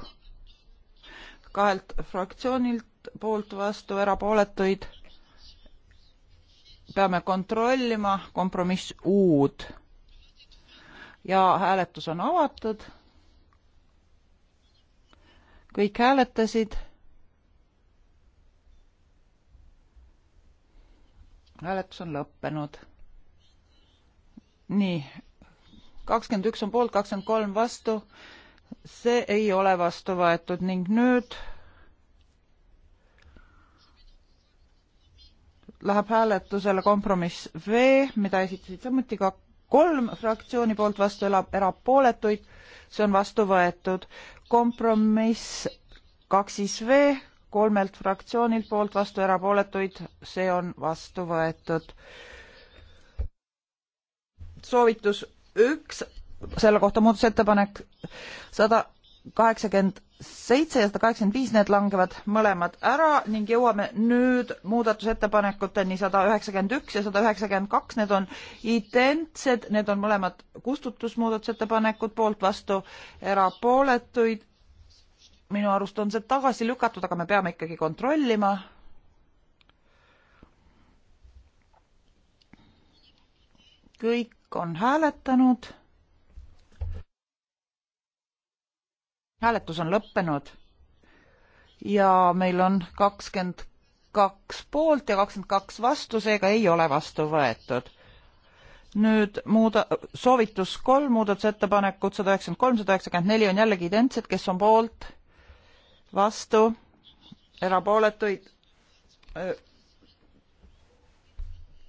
kahelt fraktsioonilt poolt vastu erapooletuid. peame kontrollima kompromiss U-d. ja hääletus on avatud. kõik hääletasid. hääletus on lõppenud. nii, kakskümmend üks on poolt, kakskümmend kolm vastu see ei ole vastu võetud ning nüüd läheb hääletusele kompromiss V, mida esitasid samuti ka kolm fraktsiooni poolt vastu elab erapooletuid, see on vastu võetud. kompromiss kaks siis V kolmelt fraktsioonilt poolt vastu erapooletuid, see on vastu võetud. soovitus üks selle kohta muudatusettepanek sada kaheksakümmend seitse ja sada kaheksakümmend viis, need langevad mõlemad ära ning jõuame nüüd muudatusettepanekuteni sada üheksakümmend üks ja sada üheksakümmend kaks, need on identsed, need on mõlemad kustutusmuudatusettepanekud, poolt vastu erapooletuid. minu arust on see tagasi lükatud, aga me peame ikkagi kontrollima. kõik on hääletanud hääletus on lõppenud ja meil on kakskümmend kaks poolt ja kakskümmend kaks vastu, seega ei ole vastu võetud. nüüd muuda-, soovitus kolm muudatusettepanekut, sada üheksakümmend kolm, sada üheksakümmend neli on jällegi identsed, kes on poolt, vastu, erapooletuid.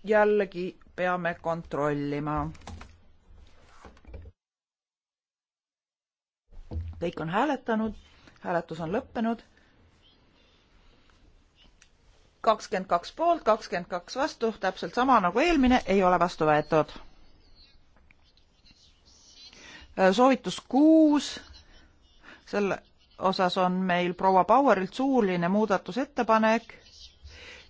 jällegi peame kontrollima. kõik on hääletanud, hääletus on lõppenud. kakskümmend kaks poolt, kakskümmend kaks vastu, täpselt sama nagu eelmine, ei ole vastu võetud. soovitus kuus, selle osas on meil proua Bauerilt suuline muudatusettepanek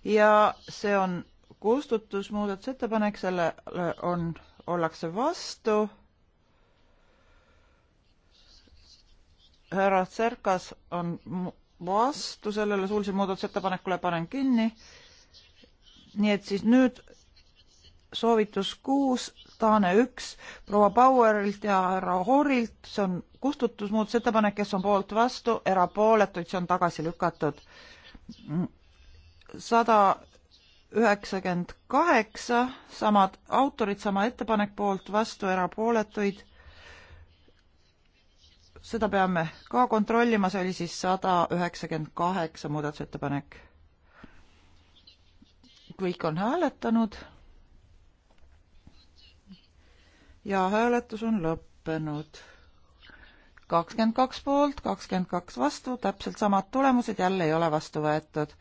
ja see on kustutusmuudatusettepanek, sellele on, ollakse vastu härra Tserkas on vastu sellele suulise muudatusettepanekule, panen kinni. nii et siis nüüd soovitus kuus, Taane üks, proua Bauerilt ja härra Horilt, see on kustutusmuudusettepanek, kes on poolt vastu, erapooletuid, see on tagasi lükatud. sada üheksakümmend kaheksa, samad autorid, sama ettepanek poolt vastu, erapooletuid seda peame ka kontrollima, see oli siis sada üheksakümmend kaheksa muudatusettepanek. kõik on hääletanud. ja hääletus on lõppenud. kakskümmend kaks poolt, kakskümmend kaks vastu, täpselt samad tulemused, jälle ei ole vastu võetud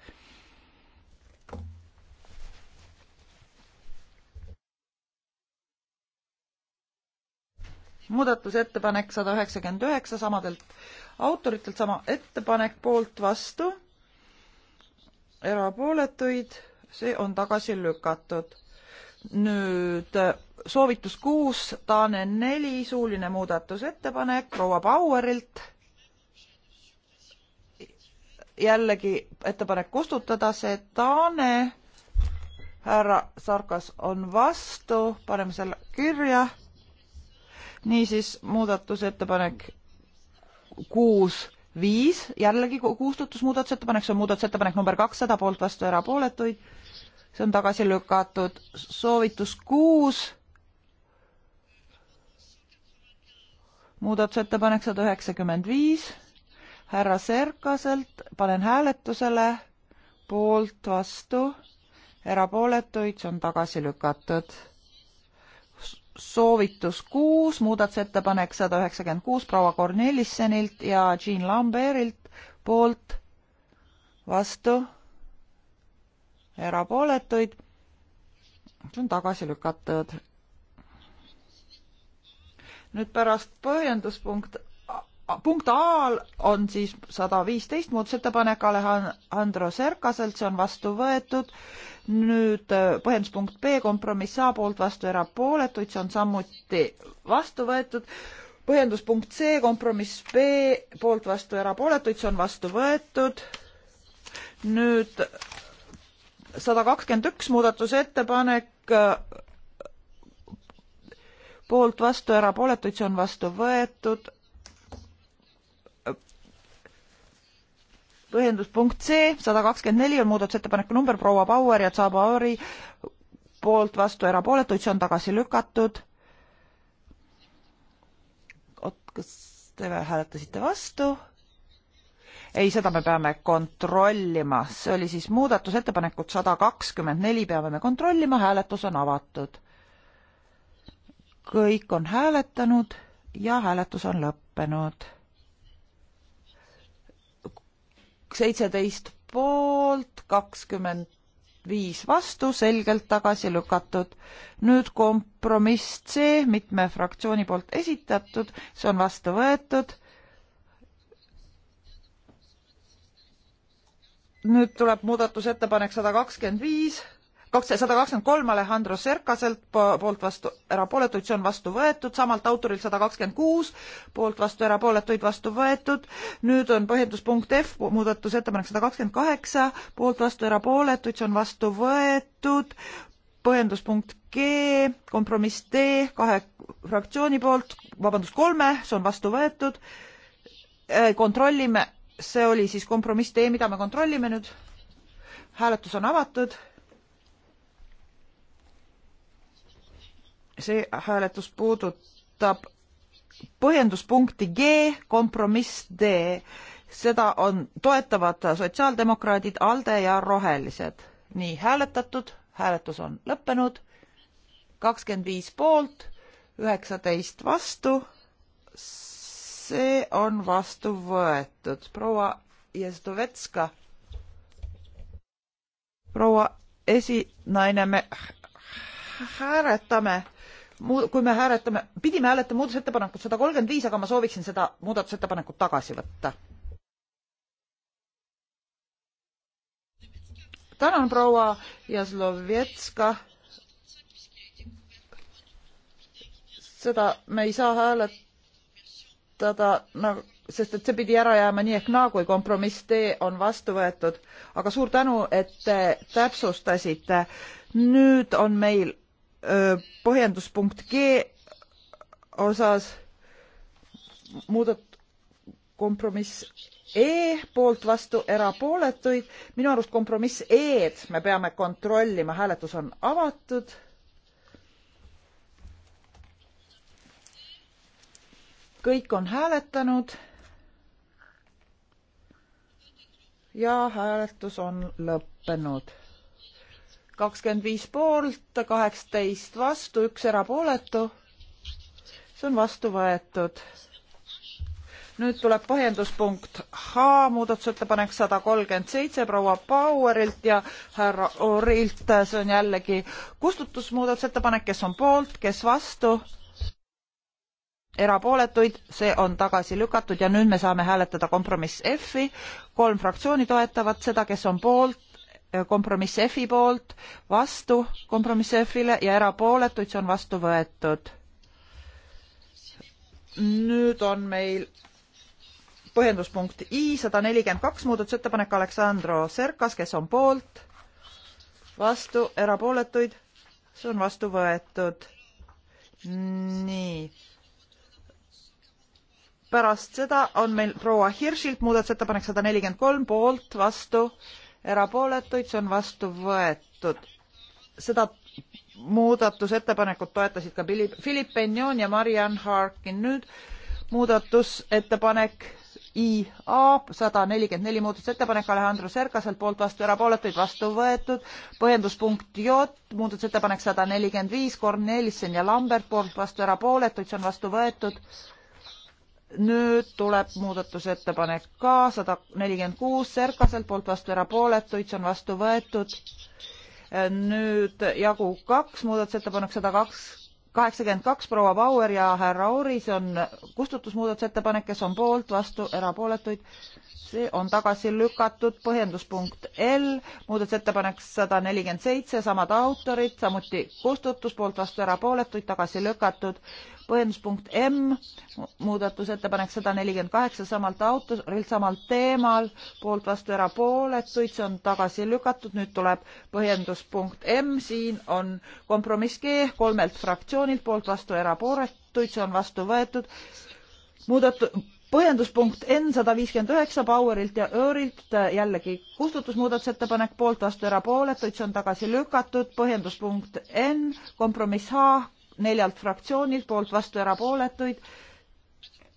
muudatusettepanek sada üheksakümmend üheksa samadelt autoritelt, sama ettepanek poolt vastu, erapooletuid, see on tagasi lükatud. nüüd soovitus kuus, Taane neli, suuline muudatusettepanek proua Bauerilt. jällegi ettepanek kustutada see Taane härra Sarkas on vastu, paneme selle kirja niisiis muudatusettepanek kuus, viis, jällegi kustutus muudatusettepanek, see on muudatusettepanek number kakssada, poolt, vastu, erapooletuid. see on tagasi lükatud. soovitus kuus. muudatusettepanek sada üheksakümmend viis. härra Serkaselt panen hääletusele poolt, vastu, erapooletuid, see on tagasi lükatud soovitus kuus, muudatusettepanek sada üheksakümmend kuus proua Cornelissenilt ja Jean Lamberilt poolt, vastu, erapooletuid. see on tagasi lükatud. nüüd pärast põhjenduspunkt punkt A-l on siis sada viisteist muudatusettepanek Alejandro Serkaselt, see on vastu võetud. nüüd äh, põhjenduspunkt B, kompromiss A poolt vastu erapooletuid, see on samuti vastu võetud. põhjenduspunkt C, kompromiss B poolt vastu erapooletuid, see on vastu võetud. nüüd sada kakskümmend üks muudatusettepanek äh, poolt vastu erapooletuid, see on vastu võetud põhjenduspunkt C, sada kakskümmend neli on muudatusettepaneku number, proua Bauer ja Zabari poolt vastu erapooletuid, see on tagasi lükatud. oot, kas te hääletasite vastu? ei, seda me peame kontrollima, see oli siis muudatusettepanekut sada kakskümmend neli peame me kontrollima, hääletus on avatud. kõik on hääletanud ja hääletus on lõppenud seitseteist poolt, kakskümmend viis vastu, selgelt tagasi lükatud. nüüd kompromiss C, mitme fraktsiooni poolt esitatud, see on vastu võetud. nüüd tuleb muudatusettepanek sada kakskümmend viis kaks, sada kakskümmend kolm Alejandro Cercaselt poolt vastu, erapooletuid, see on vastu võetud, samalt autorilt sada kakskümmend kuus poolt vastu, erapooletuid vastu võetud. nüüd on põhjenduspunkt F, muudatusettepanek sada kakskümmend kaheksa, poolt vastu, erapooletuid, see on vastu võetud. põhjenduspunkt G, kompromiss D kahe fraktsiooni poolt, vabandust, kolme, see on vastu võetud. Äh, kontrollime, see oli siis kompromiss D, mida me kontrollime nüüd. hääletus on avatud see hääletus puudutab põhjenduspunkti G, kompromiss D. seda on, toetavad sotsiaaldemokraadid, ALDE ja rohelised. nii, hääletatud, hääletus on lõppenud, kakskümmend viis poolt, üheksateist vastu, see on vastu võetud. proua Jezdovetska, proua esinaine, me hääletame kui me hääletame, pidime hääletama muudatusettepanekut sada kolmkümmend viis, aga ma sooviksin seda muudatusettepanekut tagasi võtta. tänan, proua Jaslovetska. seda me ei saa hääletada nagu no, sest et see pidi ära jääma nii ehk naa, kui kompromiss tee on vastu võetud. aga suur tänu, et te täpsustasite. nüüd on meil põhjenduspunkt G osas muudat-, kompromiss E poolt vastu erapooletuid, minu arust kompromiss E-d me peame kontrollima, hääletus on avatud. kõik on hääletanud. ja hääletus on lõppenud kakskümmend viis poolt, kaheksateist vastu, üks erapooletu. see on vastu võetud. nüüd tuleb põhjenduspunkt H, muudatusettepanek sada kolmkümmend seitse proua Bauerilt ja härra Orilt, see on jällegi kustutusmuudatusettepanek, kes on poolt, kes vastu erapooletuid, see on tagasi lükatud ja nüüd me saame hääletada kompromiss F-i. kolm fraktsiooni toetavad seda, kes on poolt, kompromiss F-i poolt, vastu kompromiss F-ile ja erapooletuid, see on vastu võetud. nüüd on meil põhjenduspunkt I sada nelikümmend kaks muudatusettepanek Aleksandro Serkas, kes on poolt, vastu, erapooletuid, see on vastu võetud. nii pärast seda on meil proua Hirschilt muudatusettepanek sada nelikümmend kolm poolt, vastu, erapooletuid, see on vastu võetud. seda muudatusettepanekut toetasid ka Philipp Benjon ja Marianne Harkin. nüüd muudatusettepanek IA sada nelikümmend neli muudatusettepanek Alejandro Serkaselt poolt vastu erapooletuid vastu võetud. põhjenduspunkt J muudatusettepanek sada nelikümmend viis Kornelsen ja Lambert poolt vastu erapooletuid, see on vastu võetud nüüd tuleb muudatusettepanek ka sada nelikümmend kuus Serkaselt poolt vastu erapooletuid, see on vastu võetud. nüüd jagu kaks muudatusettepanek sada kaks kaheksakümmend kaks proua Bauer ja härra Oris on kustutusmuudatusettepanek, kes on poolt, vastu, erapooletuid. see on tagasi lükatud, põhjenduspunkt L, muudatusettepanek sada nelikümmend seitse, samad autorid, samuti kustutus, poolt, vastu, erapooletuid, tagasi lükatud. põhjenduspunkt M, muudatusettepanek sada nelikümmend kaheksa, samalt autorilt, samal teemal, poolt, vastu, erapooletuid, see on tagasi lükatud, nüüd tuleb põhjenduspunkt M, siin on kompromiss G kolmelt fraktsioonilt fraktsioonilt, poolt vastu erapooletuid, see on vastu võetud. muudat-, põhjenduspunkt N sada viiskümmend üheksa Bauerilt ja Öörilt jällegi kustutusmuudatusettepanek poolt vastu erapooletuid, see on tagasi lükatud, põhjenduspunkt N, kompromiss H neljalt fraktsioonilt poolt vastu erapooletuid,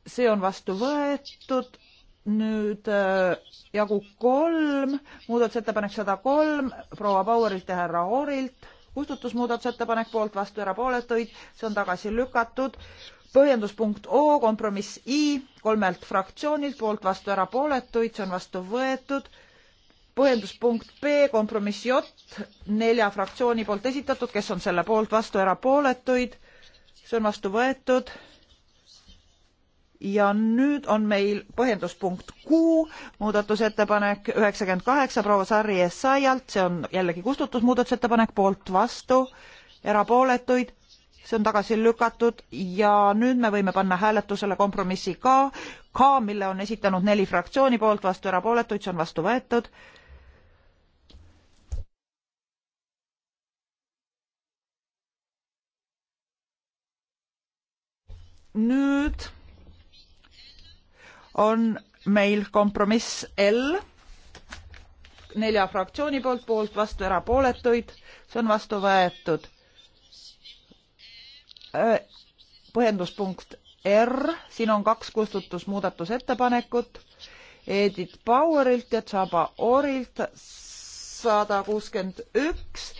see on vastu võetud, nüüd äh, jagu kolm, muudatusettepanek sada kolm proua Bauerilt ja härra Oorilt kustutusmuudatusettepanek poolt, vastu, erapooletuid, see on tagasi lükatud. põhjenduspunkt O, kompromiss I kolmelt fraktsioonilt, poolt, vastu, erapooletuid, see on vastu võetud. põhjenduspunkt B, kompromiss J nelja fraktsiooni poolt esitatud, kes on selle poolt, vastu, erapooletuid, see on vastu võetud ja nüüd on meil põhjenduspunkt Q, muudatusettepanek üheksakümmend kaheksa proua Sarri Essayalt, see on jällegi kustutusmuudatusettepanek, poolt vastu, erapooletuid, see on tagasi lükatud ja nüüd me võime panna hääletusele kompromissi K, K, mille on esitanud neli fraktsiooni poolt, vastu erapooletuid, see on vastu võetud. nüüd on meil kompromiss L nelja fraktsiooni poolt, poolt, vastu, erapooletuid, see on vastu võetud. põhjenduspunkt R, siin on kaks kustutusmuudatusettepanekut Edith Bauerilt ja Tšaba Orilt sada kuuskümmend üks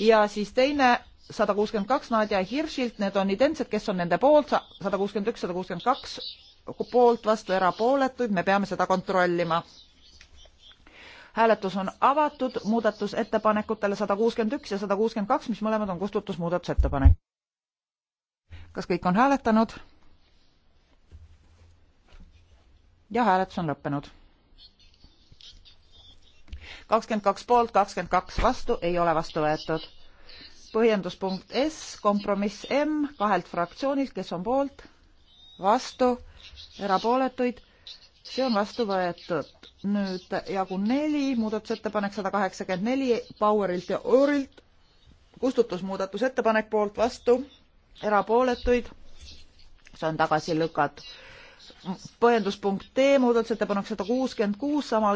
ja siis teine sada kuuskümmend kaks Nadja Hirschilt, need on identsed, kes on nende poolt, sada kuuskümmend üks, sada kuuskümmend kaks poolt, vastu erapooletuid, me peame seda kontrollima. hääletus on avatud muudatusettepanekutele sada kuuskümmend üks ja sada kuuskümmend kaks, mis mõlemad on kustutusmuudatusettepanek. kas kõik on hääletanud? ja hääletus on lõppenud. kakskümmend kaks poolt, kakskümmend kaks vastu, ei ole vastu võetud. põhjenduspunkt S, kompromiss M kahelt fraktsioonilt, kes on poolt, vastu erapooletuid, see on vastu võetud. nüüd jagu neli, muudatusettepanek sada kaheksakümmend neli Powerilt ja Orilt, kustutusmuudatusettepanek poolt vastu, erapooletuid, see on tagasi lükatud. põhjenduspunkt D, muudatusettepanek sada kuuskümmend kuus, sama,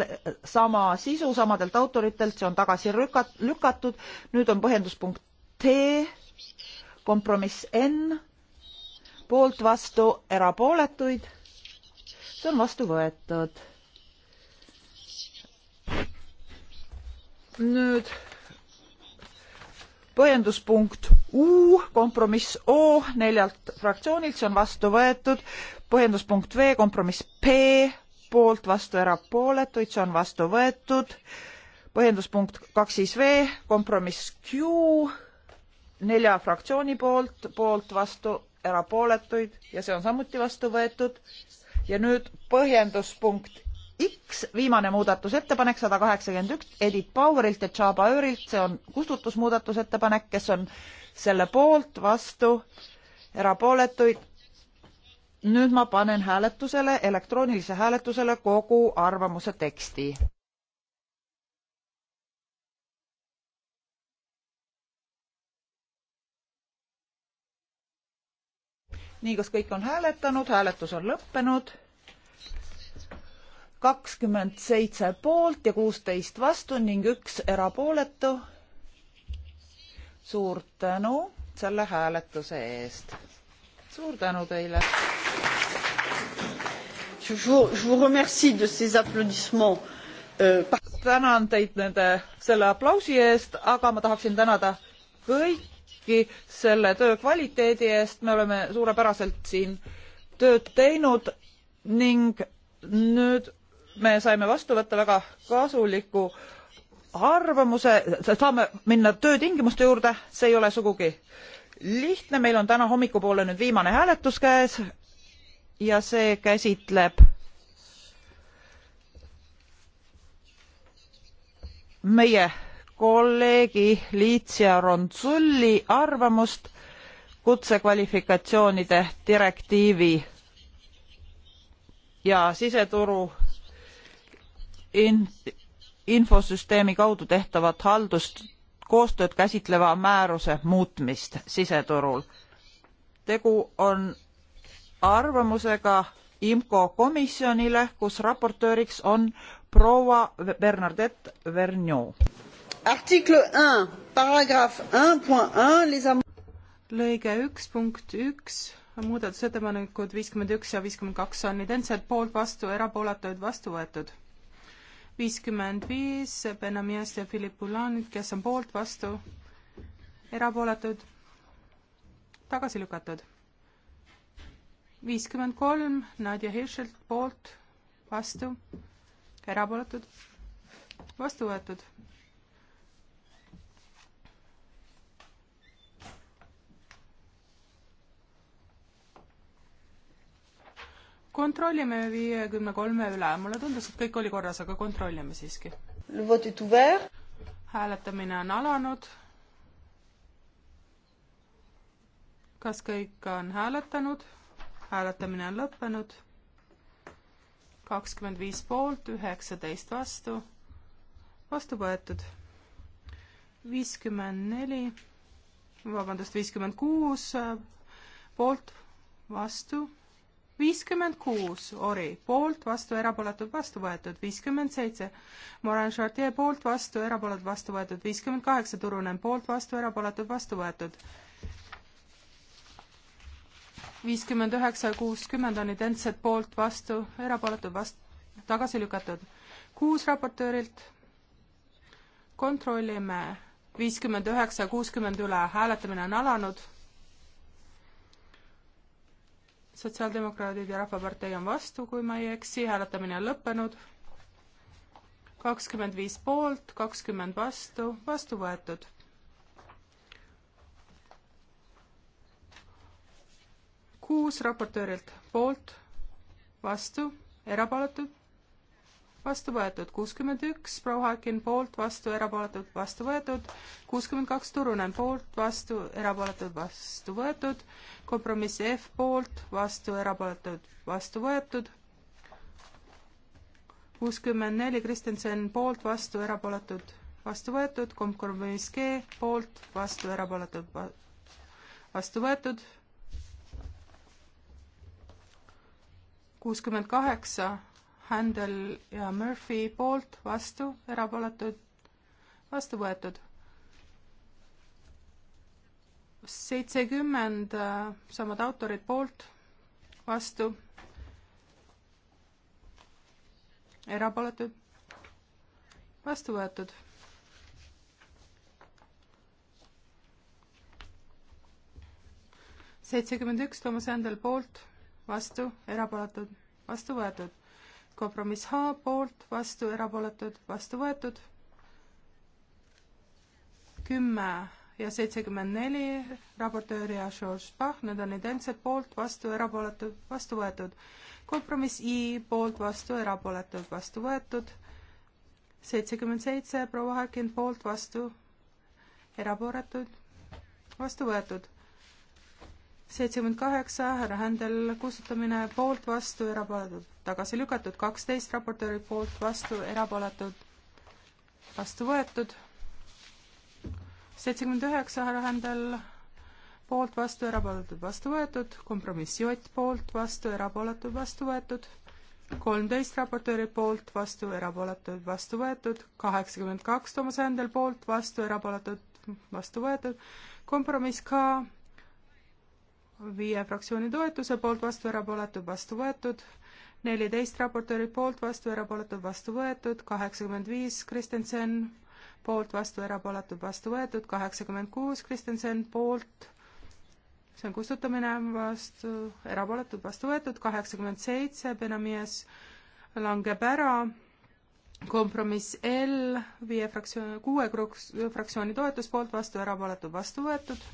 sama sisu samadelt autoritelt, see on tagasi rükat-, lükatud. nüüd on põhjenduspunkt T, kompromiss N, poolt vastu, erapooletuid see on vastu võetud. nüüd põhjenduspunkt U, kompromiss O neljalt fraktsioonilt, see on vastu võetud. põhjenduspunkt V, kompromiss P, poolt, vastu, erapooletuid, see on vastu võetud. põhjenduspunkt kaks siis V, kompromiss Q, nelja fraktsiooni poolt, poolt, vastu, erapooletuid ja see on samuti vastu võetud ja nüüd põhjenduspunkt X, viimane muudatusettepanek sada kaheksakümmend üks Edith Powerilt ja Chaba Öörilt, see on kustutusmuudatusettepanek, kes on selle poolt, vastu, erapooletuid. nüüd ma panen hääletusele, elektroonilise hääletusele kogu arvamuse teksti. nii, kas kõik on hääletanud, hääletus on lõppenud. kakskümmend seitse poolt ja kuusteist vastu ning üks erapooletu. suur tänu selle hääletuse eest. suur tänu teile. Euh, tänan teid nende, selle aplausi eest, aga ma tahaksin tänada kõiki kõiki selle töö kvaliteedi eest, me oleme suurepäraselt siin tööd teinud ning nüüd me saime vastu võtta väga kasuliku arvamuse, saame minna töötingimuste juurde, see ei ole sugugi lihtne, meil on täna hommikupoole nüüd viimane hääletus käes ja see käsitleb meie kolleegi Liitsia Ronsulli arvamust kutsekvalifikatsioonide direktiivi ja siseturu in infosüsteemi kaudu tehtavat haldust koostööd käsitleva määruse muutmist siseturul. tegu on arvamusega IMCO komisjonile, kus raportööriks on proua Bernadette Vergniaud article 1, paragrahv 1.1, les am-. lõige üks punkt üks, muudatusettepanekud viiskümmend üks ja viiskümmend kaks on identsed, poolt, vastu, erapooletuid, vastu võetud. viiskümmend viis, Benamias ja Philipp Ulan, kes on poolt, vastu, erapooletuid, tagasi lükatud viiskümmend kolm, Nadja Hirschelt poolt, vastu, erapooletud, vastu võetud. kontrollime viiekümne kolme üle, mulle tundus, et kõik oli korras, aga kontrollime siiski. hääletamine on alanud. kas kõik on hääletanud? hääletamine on lõppenud. kakskümmend viis poolt, üheksateist vastu. vastu võetud. viiskümmend neli, vabandust, viiskümmend kuus poolt, vastu viiskümmend kuus ori poolt, vastu, erapooletud, vastu võetud, viiskümmend seitse Moran Chartier poolt, vastu, erapooletud, vastu võetud, viiskümmend kaheksa Turunen poolt, vastu, erapooletud, vastu võetud. viiskümmend üheksa ja kuuskümmend on identsed poolt, vastu, erapooletud, vastu, tagasi lükatud. kuus raportöörilt. kontrollime viiskümmend üheksa ja kuuskümmend üle, hääletamine on alanud sotsiaaldemokraadid ja Rahvapartei on vastu, kui ma ei eksi, hääletamine on lõppenud. kakskümmend viis poolt, kakskümmend vastu, vastu võetud. kuus raportöörilt poolt, vastu, erapooletud vastu võetud, kuuskümmend üks proua Harkin poolt, vastu, erapooletud, vastu võetud, kuuskümmend kaks Turunen poolt, vastu, erapooletud, vastu võetud, kompromiss F poolt, vastu, erapooletud, vastu võetud, kuuskümmend neli Kristensen poolt, vastu, erapooletud, vastu võetud, kompromiss G poolt, vastu, erapooletud, vastu võetud, kuuskümmend kaheksa Händel ja Murphy poolt, vastu, erapooletud, vastu võetud. seitsekümmend äh, samad autorid poolt, vastu, erapooletud, vastu võetud. seitsekümmend üks Toomas Händel poolt, vastu, erapooletud, vastu võetud kompromiss H poolt, vastu, erapooletud, vastu võetud. kümme ja seitsekümmend neli, raportöör ja George Bach, need on identsed poolt, vastu, erapooletud, vastu võetud. kompromiss I poolt, vastu, erapooletud, vastu võetud. seitsekümmend seitse, proua Harkin poolt, vastu, erapooletud, vastu võetud. seitsekümmend kaheksa, härra Händel, kustutamine poolt, vastu, erapooletud, tagasi lükatud, kaksteist raportööri poolt vastu, erapooletud vastu võetud, seitsekümmend üheksa härra Händel poolt vastu, erapooletud vastu võetud, kompromiss J poolt vastu, erapooletud vastu võetud, kolmteist raportööri poolt vastu, erapooletud vastu võetud, kaheksakümmend kaks Toomas Händel poolt vastu, erapooletud vastu võetud, kompromiss K viie fraktsiooni toetuse poolt vastu, erapooletud vastu võetud, neliteist raportööri poolt, vastu, erapooletud, vastu võetud, kaheksakümmend viis Kristensen poolt, vastu, erapooletud, vastu võetud, kaheksakümmend kuus Kristensen poolt, see on kustutamine, vastu, erapooletud, vastu võetud, kaheksakümmend seitse Benamies langeb ära kompromiss L, viie fraktsioon, kuue fraktsiooni toetus poolt, vastu erapooletud, vastu võetud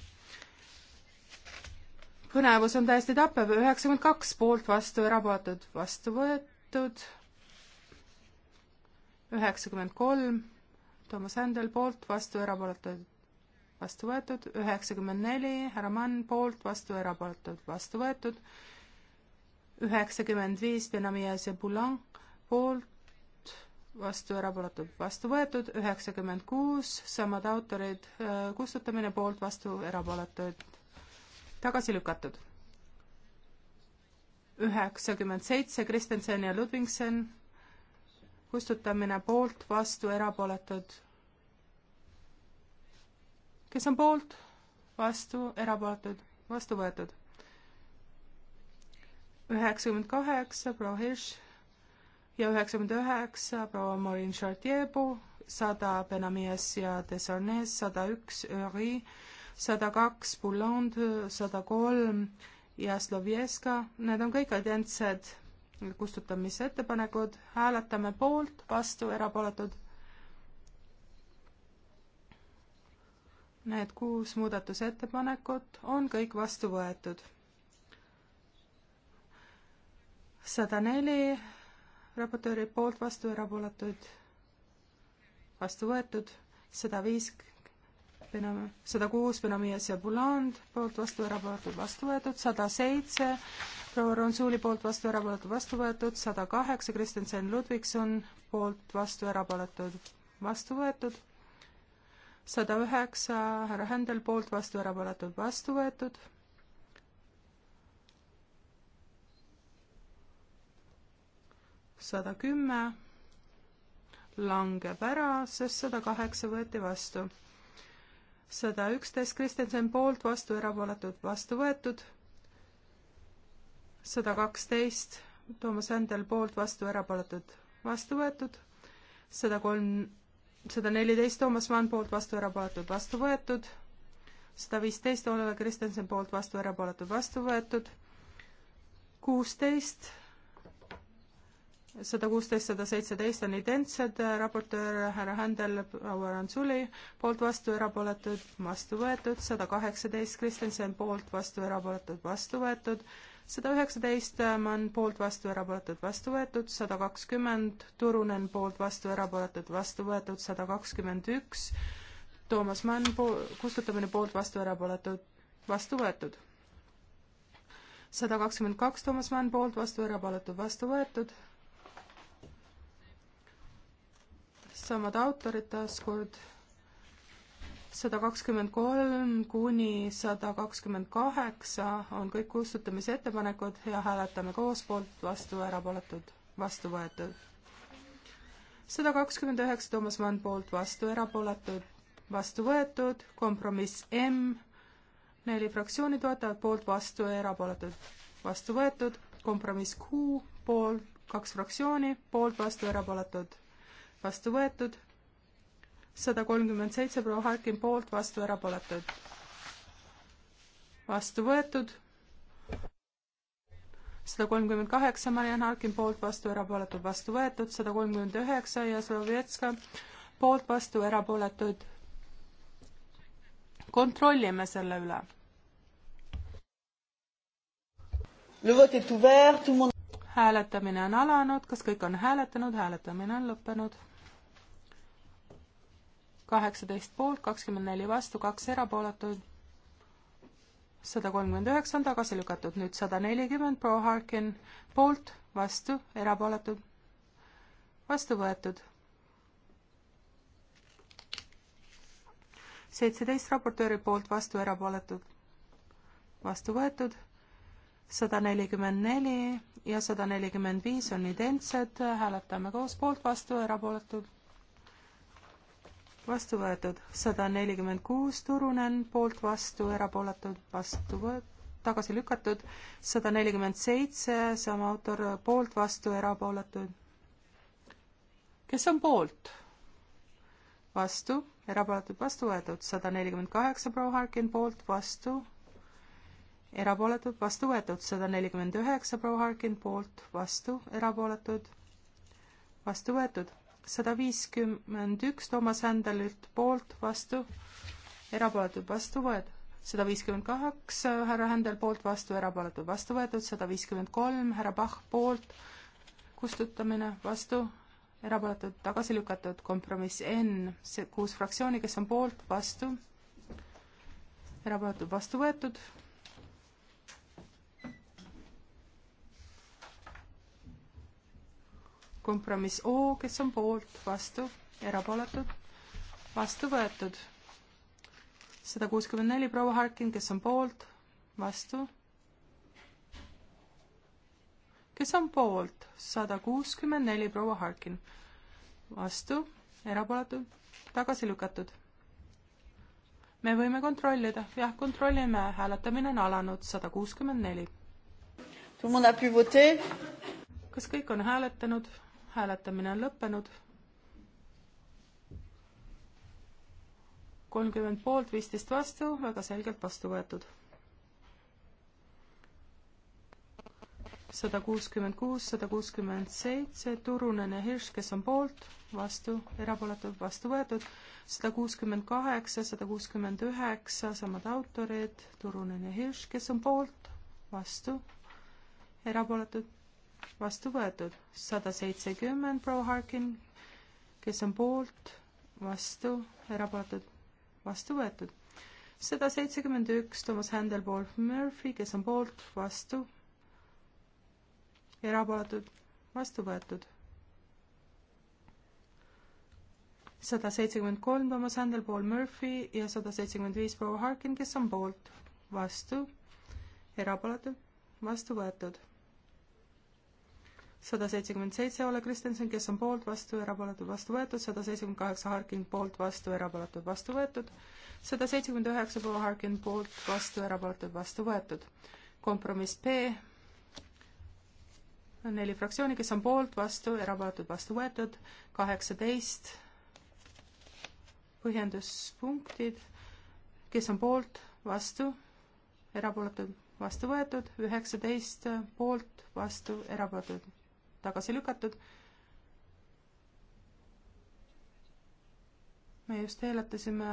kõneavus on täiesti tappev, üheksakümmend kaks poolt vastu, erapooletud vastu võetud, üheksakümmend kolm, Toomas Händel poolt vastu, erapooletud vastu võetud, üheksakümmend neli, härra Mann poolt vastu, erapooletud vastu võetud, üheksakümmend viis, Benamias ja Boulan poolt vastu, erapooletud vastu võetud, üheksakümmend kuus, samad autorid, äh, kustutamine poolt vastu, erapooletuid tagasi lükatud. üheksakümmend seitse Kristensen ja Ludvigsen, kustutamine poolt, vastu, erapooletud. kes on poolt, vastu, erapooletud, vastu võetud? üheksakümmend kaheksa proua Hirš ja üheksakümmend üheksa proua Maureen Chartier, sada Benamias ja Desarnes, sada üks Uri sada kaks Bouland, sada kolm ja Slovjeska, need on kõik identsed kustutamisettepanekud, hääletame poolt, vastu, erapooletud. Need kuus muudatusettepanekut on kõik vastu võetud. sada neli raportööri poolt vastu, erapooletuid vastu võetud, sada viis Benami, sada kuus Benamias ja Bouland poolt vastu, erapooletud vastu võetud, sada seitse proua Ronsuuli poolt vastu, erapooletud vastu võetud, sada kaheksa Kristjansen Ludvikson poolt vastu, erapooletud vastu võetud, sada üheksa härra Händel poolt vastu, erapooletud vastu võetud, sada kümme langeb ära, sest sada kaheksa võeti vastu sada üksteist Kristensen poolt, vastu erapooletud, vastu võetud. sada kaksteist Toomas Händel poolt, vastu erapooletud, vastu võetud. sada kolm, sada neliteist Toomas Mann poolt, vastu erapooletud, vastu võetud sada viisteist Oliver Kristensen poolt vastu, erapooletud vastu võetud, kuusteist sada kuusteist, sada seitseteist on identsed, raportöör härra Händel, proua Randsuli, poolt vastu, erapooletud, vastu võetud, sada kaheksateist Kristjansen, poolt vastu, erapooletud, vastu võetud, sada üheksateist Mann, poolt vastu, erapooletud, vastu võetud, sada kakskümmend Turunen, poolt vastu, erapooletud, vastu võetud, sada kakskümmend üks Toomas Mann, kustutamine poolt vastu, erapooletud, vastu võetud sada kakskümmend kaks Toomas Mann poolt, vastu erapooletud, vastu võetud, samad autorid taaskord sada kakskümmend kolm kuni sada kakskümmend kaheksa on kõik kustutamise ettepanekud ja hääletame koos poolt, vastu, erapooletud, vastu võetud. sada kakskümmend üheksa Toomas Mann poolt, vastu, erapooletud, vastu võetud, kompromiss M, neli fraktsiooni toetavad, poolt, vastu, erapooletud, vastu võetud, kompromiss Q, poolt, kaks fraktsiooni, poolt, vastu, erapooletud vastu võetud, sada kolmkümmend seitse proua Harkin poolt, vastu erapooletud, vastu võetud, sada kolmkümmend kaheksa Mariann Harkin poolt, vastu erapooletud, vastu võetud, sada kolmkümmend üheksa ja Slovetska poolt, vastu erapooletud. kontrollime selle üle. hääletamine on alanud, kas kõik on hääletanud, hääletamine on lõppenud kaheksateist poolt, kakskümmend neli vastu, kaks erapooletut, sada kolmkümmend üheksa on tagasi lükatud, nüüd sada nelikümmend proua Harkin poolt, vastu, erapooletud, vastu võetud. seitseteist raportööri poolt, vastu, erapooletud, vastu võetud, sada nelikümmend neli ja sada nelikümmend viis on identsed, hääletame koos poolt, vastu, erapooletud vastu võetud sada nelikümmend kuus, Turunen poolt vastu, erapooletud vastu võet-, tagasi lükatud, sada nelikümmend seitse, sama autor poolt vastu, erapooletud. kes on poolt? vastu, erapooletud vastu võetud, sada nelikümmend kaheksa, proua Harkin poolt vastu, erapooletud vastu võetud, sada nelikümmend üheksa, proua Harkin poolt vastu, erapooletud vastu võetud sada viiskümmend üks Toomas Händelilt poolt, vastu, erapooletud, vastu võetud. sada viiskümmend kaks härra Händel poolt, vastu, erapooletud, vastu võetud. sada viiskümmend kolm härra Pahh poolt, kustutamine, vastu, erapooletud, tagasi lükatud. kompromiss N, see kuus fraktsiooni, kes on poolt, vastu, erapooletud, vastu võetud kompromiss O, kes on poolt, vastu, erapooletud, vastu võetud. sada kuuskümmend neli proua Harkin, kes on poolt, vastu. kes on poolt, sada kuuskümmend neli proua Harkin, vastu, erapooletud, tagasi lükatud. me võime kontrollida, jah, kontrollime, hääletamine on alanud, sada kuuskümmend neli. kas kõik on hääletanud? hääletamine on lõppenud. kolmkümmend poolt, viisteist vastu, väga selgelt vastu võetud. sada kuuskümmend kuus, sada kuuskümmend seitse, Turunen ja Hirš, kes on poolt, vastu, erapooletud, vastu võetud, sada kuuskümmend kaheksa, sada kuuskümmend üheksa, samad autorid, Turunen ja Hirš, kes on poolt, vastu, erapooletud, vastu võetud. sada seitsekümmend proua Harkin, kes on poolt, vastu, erapooletud, vastu võetud. sada seitsekümmend üks Toomas Händel poolt Murphy, kes on poolt, vastu, erapooletud, vastu võetud. sada seitsekümmend kolm Toomas Händel pool Murphy ja sada seitsekümmend viis proua Harkin, kes on poolt, vastu, erapooletud, vastu võetud sada seitsekümmend seitse Ole Kristensen, kes on poolt, vastu, erapooletud, vastu võetud, sada seitsekümmend kaheksa Harkin poolt, vastu, erapooletud, vastu võetud, sada seitsekümmend üheksa proua Harkin poolt, vastu, erapooletud, vastu võetud. kompromiss B, neli fraktsiooni, kes on poolt, vastu, erapooletud, vastu võetud, kaheksateist põhjenduspunktid, kes on poolt, vastu, erapooletud, vastu võetud, üheksateist poolt, vastu, erapooletud tagasi lükatud. me just hääletasime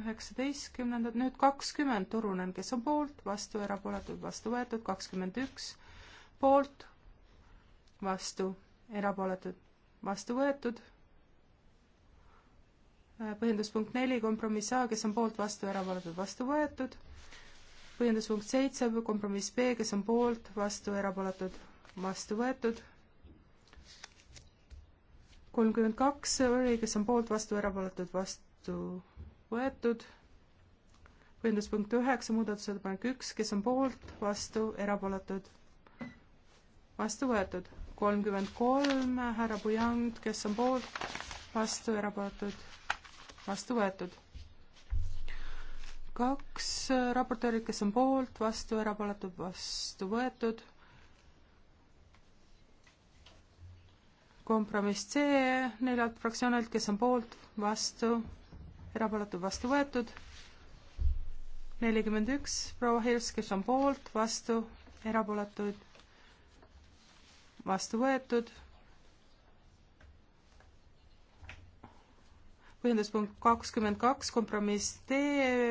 üheksateistkümnendat, nüüd kakskümmend, Turunen, kes on poolt, vastu, erapooletud, vastu võetud, kakskümmend üks, poolt, vastu, erapooletud, vastu võetud. põhjenduspunkt neli, kompromiss A, kes on poolt, vastu, erapooletud, vastu võetud põhjenduspunkt seitse, kompromiss B, kes on poolt, vastu, erapooletud, vastu võetud kolmkümmend kaks oli, kes on poolt, vastu, erapooletud, vastu võetud. põhjenduspunkt üheksa, muudatusettepanek üks, kes on poolt, vastu, erapooletud, vastu võetud. kolmkümmend kolm, härra Pujand, kes on poolt, vastu, erapooletud, vastu võetud. kaks raportööri, kes on poolt, vastu, erapooletud, vastu võetud kompromiss C neljalt fraktsioonilt, kes on poolt, vastu, erapooletud, vastu võetud. nelikümmend üks proua Hirs, kes on poolt, vastu, erapooletuid, vastu võetud. põhjenduspunkt kakskümmend kaks, kompromiss D,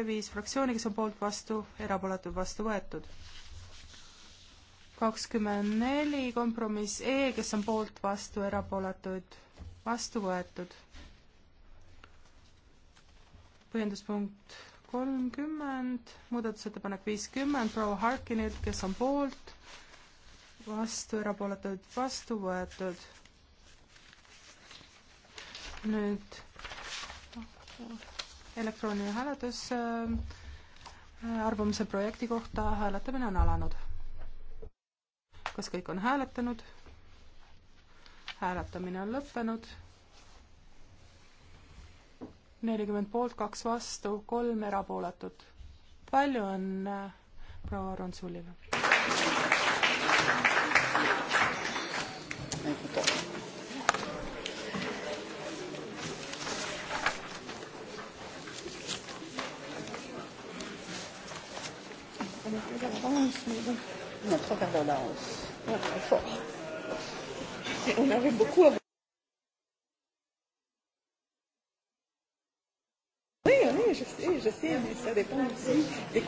viis fraktsiooni, kes on poolt, vastu, erapooletud, vastu võetud kakskümmend neli, kompromiss E, kes on poolt, vastu, erapooletuid, vastu võetud. põhjenduspunkt kolmkümmend, muudatusettepanek viiskümmend, proua Harkinilt, kes on poolt, vastu, erapooletuid, vastu võetud. nüüd elektrooniline hääletus äh, arvamuse projekti kohta, hääletamine on alanud kas kõik on hääletanud? hääletamine on lõppenud. nelikümmend poolt, kaks vastu, kolm erapooletut. palju õnne proua Ronsulile! Vamos, vamos. No, só perdão da onça. Ah, très fort. Et on arrive beaucoup à... Oui, oui, je sais, je sais, mais ça dépend aussi des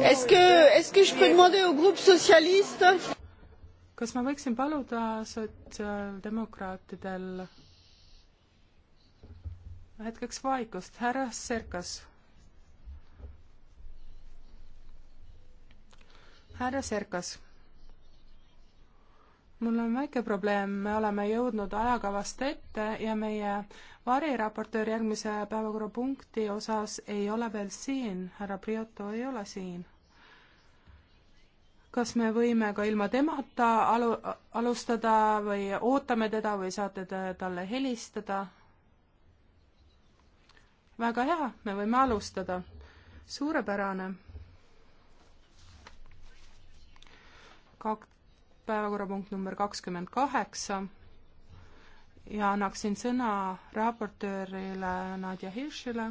Est-ce que, est que je peux demander au groupe socialiste kas ma võiksin paluda sotsiaaldemokraatidel hetkeks vaikust, härra Serkas. härra Serkas mul on väike probleem, me oleme jõudnud ajakavast ette ja meie variraportöör järgmise päevakorrapunkti osas ei ole veel siin, härra Prioto ei ole siin. kas me võime ka ilma temata alu-, alustada või ootame teda või saate te talle helistada? väga hea, me võime alustada. suurepärane kak-, päevakorrapunkt number kakskümmend kaheksa ja annaksin sõna raportöörile Nadja Hirschile.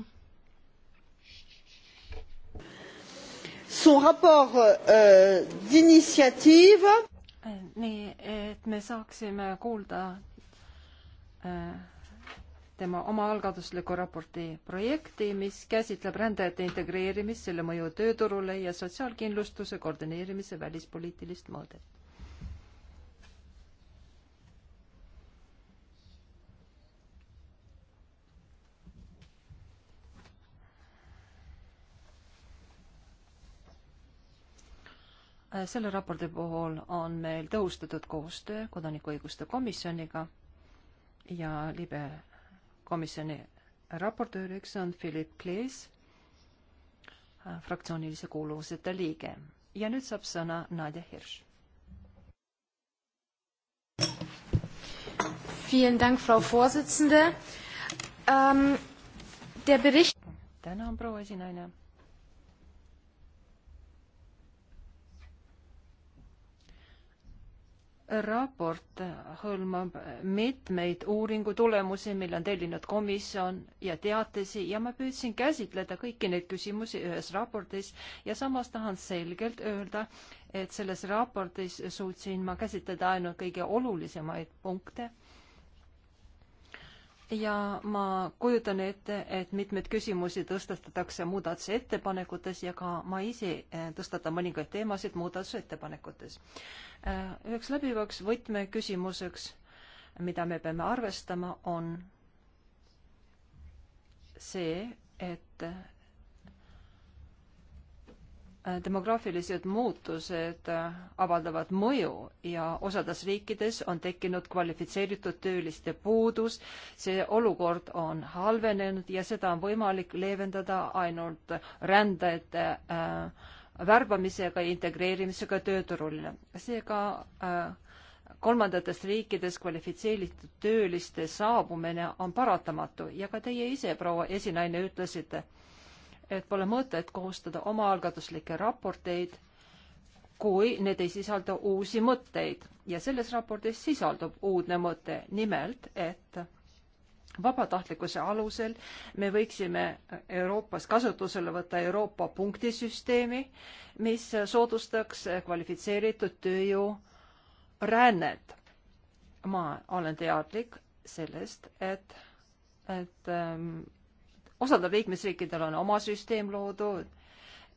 Son rapport euh, d'initiative. nii, et me saaksime kuulda äh, tema omaalgatusliku raporti projekti, mis käsitleb rändajate integreerimist, selle mõju tööturule ja sotsiaalkindlustuse koordineerimise välispoliitilist mõõdet Äh, selle raporti puhul on meil tõhustatud koostöö kodanikuõiguste komisjoniga ja libe komisjoni raportööriks on Philip Klees, äh, fraktsioonilise kuuluvuseta liige. ja nüüd saab sõna Nadja Hirš. Vielen Dank, Frau Vorsitzende ähm,. Der Bericht. tänan, proua esinaine raport hõlmab mitmeid uuringu tulemusi, mille on tellinud komisjon ja teatisi ja ma püüdsin käsitleda kõiki neid küsimusi ühes raportis ja samas tahan selgelt öelda, et selles raportis suutsin ma käsitleda ainult kõige olulisemaid punkte. ja ma kujutan ette, et mitmeid küsimusi tõstatatakse muudatusettepanekutes ja ka ma ise tõstatan mõningaid teemasid muudatusettepanekutes Äh, üheks läbivaks võtmeküsimuseks, mida me peame arvestama, on see, et äh, demograafilised muutused äh, avaldavad mõju ja osades riikides on tekkinud kvalifitseeritud tööliste puudus. see olukord on halvenenud ja seda on võimalik leevendada ainult rändajate äh, värbamisega ja integreerimisega tööturul. seega äh, kolmandatest riikidest kvalifitseeritud tööliste saabumine on paratamatu ja ka teie ise, proua esinaine, ütlesite, et pole mõtet kohustada omaalgatuslikke raporteid, kui need ei sisalda uusi mõtteid ja selles raportis sisaldub uudne mõte, nimelt et vabatahtlikkuse alusel me võiksime Euroopas kasutusele võtta Euroopa punktisüsteemi, mis soodustaks kvalifitseeritud tööjõu rännet. ma olen teadlik sellest, et, et ähm, osadel liikmesriikidel on oma süsteem loodud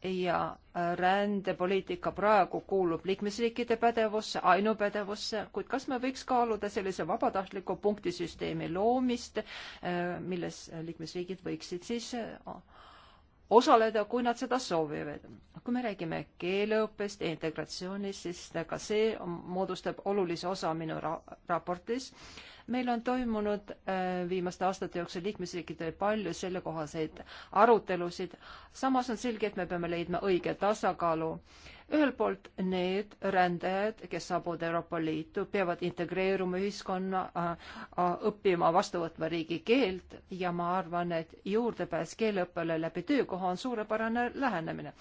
ja äh, rändepoliitika praegu kuulub liikmesriikide pädevusse, ainupädevusse, kuid kas me võiks kaaluda sellise vabatahtliku punktisüsteemi loomist, äh, milles liikmesriigid võiksid siis äh, osaleda, kui nad seda soovivad. kui me räägime keeleõppest ja integratsioonist, siis ka see moodustab olulise osa minu ra raportis. meil on toimunud äh, viimaste aastate jooksul liikmesriikidel palju sellekohaseid arutelusid. samas on selge, et me peame leidma õige tasakaalu äh, ühelt poolt need rändajad, kes saabuvad Euroopa Liitu, peavad integreeruma ühiskonna, õppima, vastu võtma riigi keelt ja ma arvan, et juurdepääs keeleõppele läbi töökoha on suurepärane lähenemine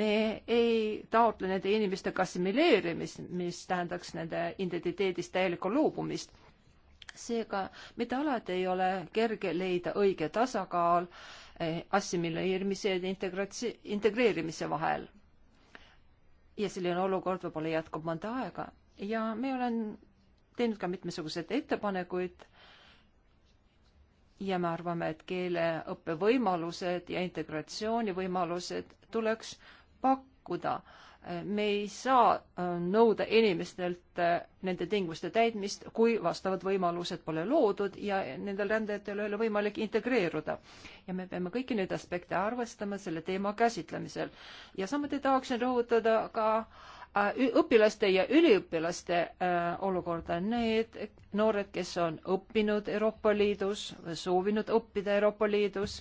me ei taotle nende inimeste assimileerimist, mis tähendaks nende identiteedist täielikku loobumist. seega mitte alati ei ole kerge leida õige tasakaal eh, assimileerimise ja integratsi-, integreerimise vahel ja selline olukord võib-olla jätkub mõnda aega ja me olen teinud ka mitmesuguseid ettepanekuid ja me arvame, et keeleõppe võimalused ja integratsiooni võimalused tuleks pakkuda äh, me ei saa äh, nõuda inimestelt äh, nende tingimuste täitmist, kui vastavad võimalused pole loodud ja nendel rändajatel ei ole võimalik integreeruda. ja me peame kõiki neid aspekte arvestama selle teema käsitlemisel. ja samuti tahaksin rõhutada ka äh, õpilaste ja üliõpilaste olukorda. Need noored, kes on õppinud Euroopa Liidus, soovinud õppida Euroopa Liidus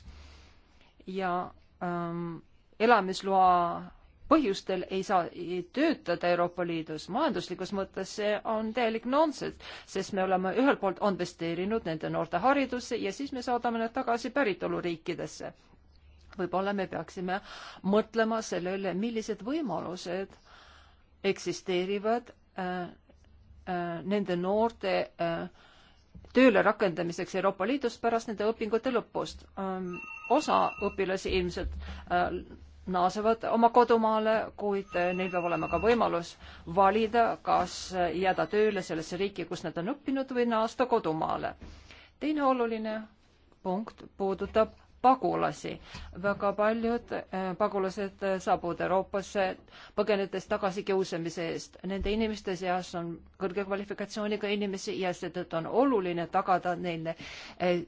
ja ähm, elamisloa põhjustel ei saa töötada Euroopa Liidus. majanduslikus mõttes see on täielik nonsenss, sest me oleme ühelt poolt investeerinud nende noorte haridusse ja siis me saadame nad tagasi päritoluriikidesse. võib-olla me peaksime mõtlema selle üle, millised võimalused eksisteerivad äh, äh, nende noorte äh, tööle rakendamiseks Euroopa Liidus pärast nende õpingute lõpust ähm,. osa õpilasi ilmselt äh, naasevad oma kodumaale, kuid eh, neil peab olema ka võimalus valida, kas jääda tööle sellesse riiki, kus nad on õppinud või naasta kodumaale. teine oluline punkt puudutab pagulasi. väga paljud eh, pagulased saabuvad Euroopasse põgenedes tagasikiusamise eest. Nende inimeste seas on kõrge kvalifikatsiooniga inimesi ja seetõttu on oluline tagada neile eh,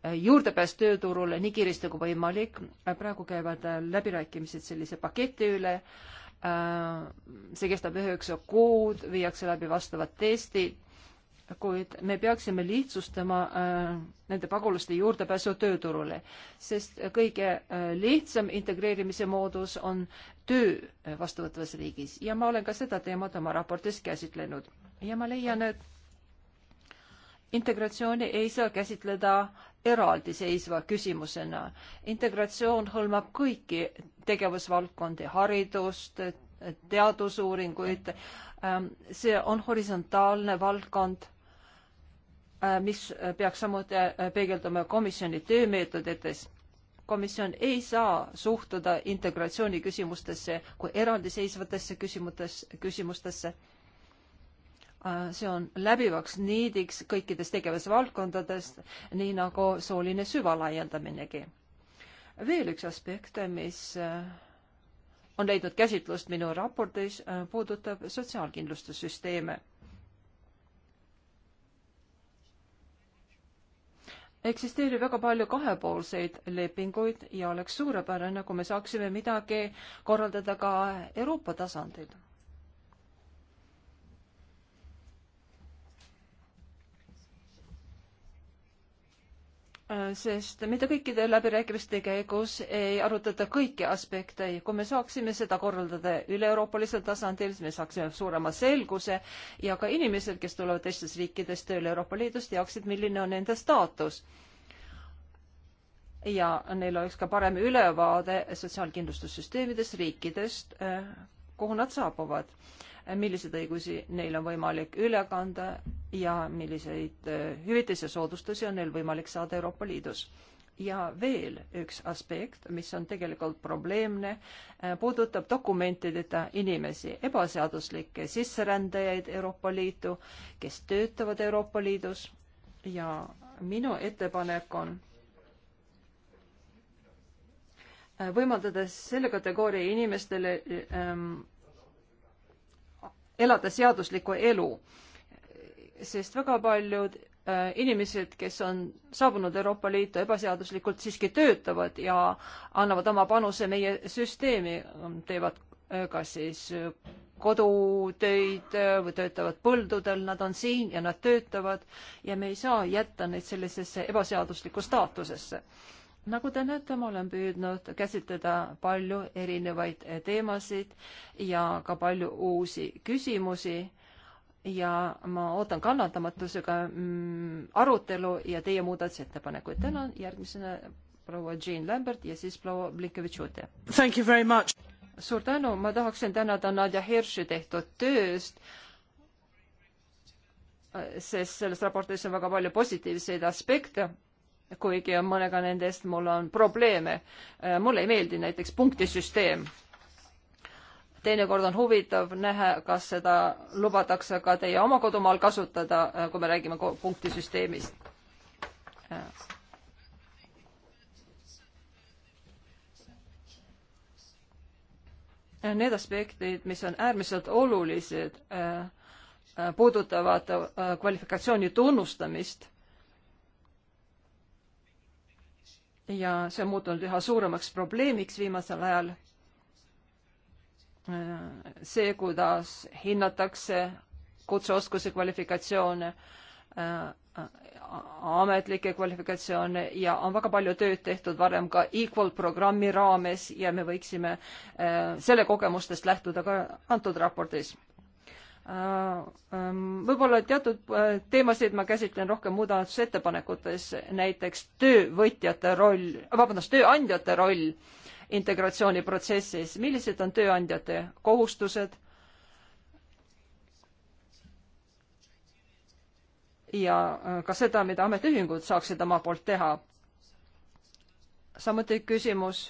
Äh, juurdepääs tööturule nii kiiresti kui võimalik. Äh, praegu käivad äh, läbirääkimised sellise paketi üle. see kestab üheksa kuud, viiakse läbi vastavad testid, kuid me peaksime lihtsustama nende pagulaste juurdepääsu tööturule, sest kõige lihtsam integreerimise moodus on töö vastuvõtvas riigis ja ma olen ka seda teemat oma raportis käsitlenud ja ma leian, et integratsiooni ei saa käsitleda äh, eraldiseisva küsimusena. integratsioon hõlmab kõiki tegevusvaldkondi, haridust, teadusuuringuid. Ähm, see on horisontaalne valdkond, äh, mis peaks samuti äh, peegelduma komisjoni töömeetodites. komisjon ei saa suhtuda integratsiooni küsimustesse kui eraldiseisvatesse küsimustes, küsimustesse, küsimustesse Äh, see on läbivaks niidiks kõikides tegevusvaldkondades, nii nagu sooline süvalaiendaminegi. veel üks aspekt, mis äh, on leidnud käsitlust minu raportis, äh, puudutab sotsiaalkindlustussüsteeme. eksisteerib väga palju kahepoolseid lepinguid ja oleks suurepärane, kui me saaksime midagi korraldada ka Euroopa tasandil sest mitte kõikide läbirääkimiste käigus ei arutata kõiki aspekte ja kui me saaksime seda korraldada üle-euroopalisel tasandil, siis me saaksime suurema selguse ja ka inimesed, kes tulevad teistest riikidest tööle Euroopa Liidust, teaksid, milline on nende staatus. ja neil oleks ka parem ülevaade sotsiaalkindlustussüsteemidest, riikidest, kuhu nad saabuvad milliseid õigusi neil on võimalik üle kanda ja milliseid äh, hüvitisi ja soodustusi on neil võimalik saada Euroopa Liidus. ja veel üks aspekt, mis on tegelikult probleemne, äh, puudutab dokumentideta inimesi, ebaseaduslikke sisserändajaid Euroopa Liitu, kes töötavad Euroopa Liidus ja minu ettepanek on äh, võimaldada selle kategooria inimestele ähm, elada seaduslikku elu. sest väga paljud äh, inimesed, kes on saabunud Euroopa Liitu ebaseaduslikult, siiski töötavad ja annavad oma panuse meie süsteemi, teevad äh, kas siis äh, kodutöid äh, või töötavad põldudel, nad on siin ja nad töötavad ja me ei saa jätta neid sellisesse ebaseaduslikku staatusesse nagu te näete, ma olen püüdnud käsitleda palju erinevaid teemasid ja ka palju uusi küsimusi ja ma ootan kannatamatusega mm, arutelu ja teie muudatusettepanekuid. tänan, järgmisena proua Jean Lambert ja siis proua Blinkevitšute. suur tänu, ma tahaksin tänada Nadja Hirši tehtud tööst sest selles raportis on väga palju positiivseid aspekte kuigi mõnega nendest mul on probleeme. Äh, mulle ei meeldi näiteks punktisüsteem. teinekord on huvitav näha, kas seda lubatakse ka teie oma kodumaal kasutada, äh, kui me räägime punktisüsteemist. Äh, need aspektid, mis on äärmiselt olulised, puudutavad kvalifikatsiooni tunnustamist ja see on muutunud üha suuremaks probleemiks viimasel ajal. see, kuidas hinnatakse kutseoskuse kvalifikatsioone, ametlikke kvalifikatsioone ja on väga palju tööd tehtud varem ka Equal programmi raames ja me võiksime eh, selle kogemustest lähtuda ka antud raportis Äh, ähm, võib-olla teatud äh, teemasid ma käsitlen rohkem muudatusettepanekutes, näiteks töövõtjate roll, vabandust, tööandjate roll integratsiooniprotsessis, millised on tööandjate kohustused ja äh, ka seda, mida ametiühingud saaksid oma poolt teha. samuti küsimus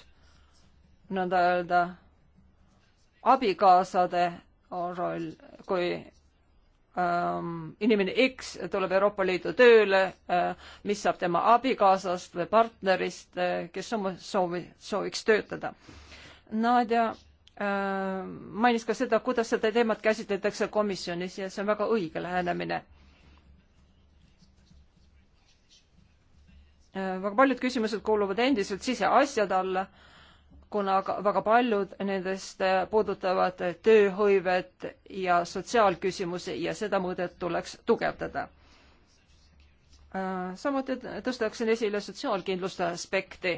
nõnda öelda abikaasade roll, kui ähm, inimene X tuleb Euroopa Liidu tööle äh,, mis saab tema abikaasast või partnerist äh,, kes soovi, sooviks töötada. Nadja äh, mainis ka seda, kuidas seda teemat käsitletakse komisjonis ja see on väga õige lähenemine äh, väga paljud küsimused kuuluvad endiselt siseasjade alla kuna väga paljud nendest puudutavad tööhõivet ja sotsiaalküsimusi ja seda mõõdet tuleks tugevdada. Äh, samuti tõstaksin esile sotsiaalkindlustuse aspekti,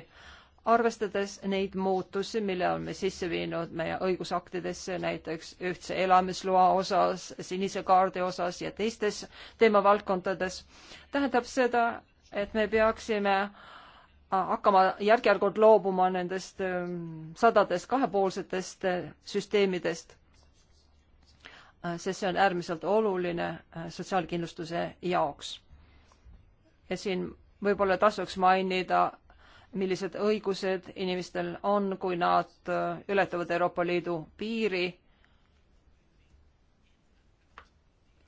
arvestades neid muutusi, mille oleme sisse viinud meie õigusaktidesse, näiteks ühtse elamisloa osas, sinise kaardi osas ja teistes teemavaldkondades, tähendab seda, et me peaksime äh, hakkama järk-järgult loobuma nendest ähm, sadadest kahepoolsetest äh, süsteemidest, äh, sest see on äärmiselt oluline äh, sotsiaalkindlustuse jaoks. ja siin võib-olla tasuks mainida, millised õigused inimestel on, kui nad ületavad Euroopa Liidu piiri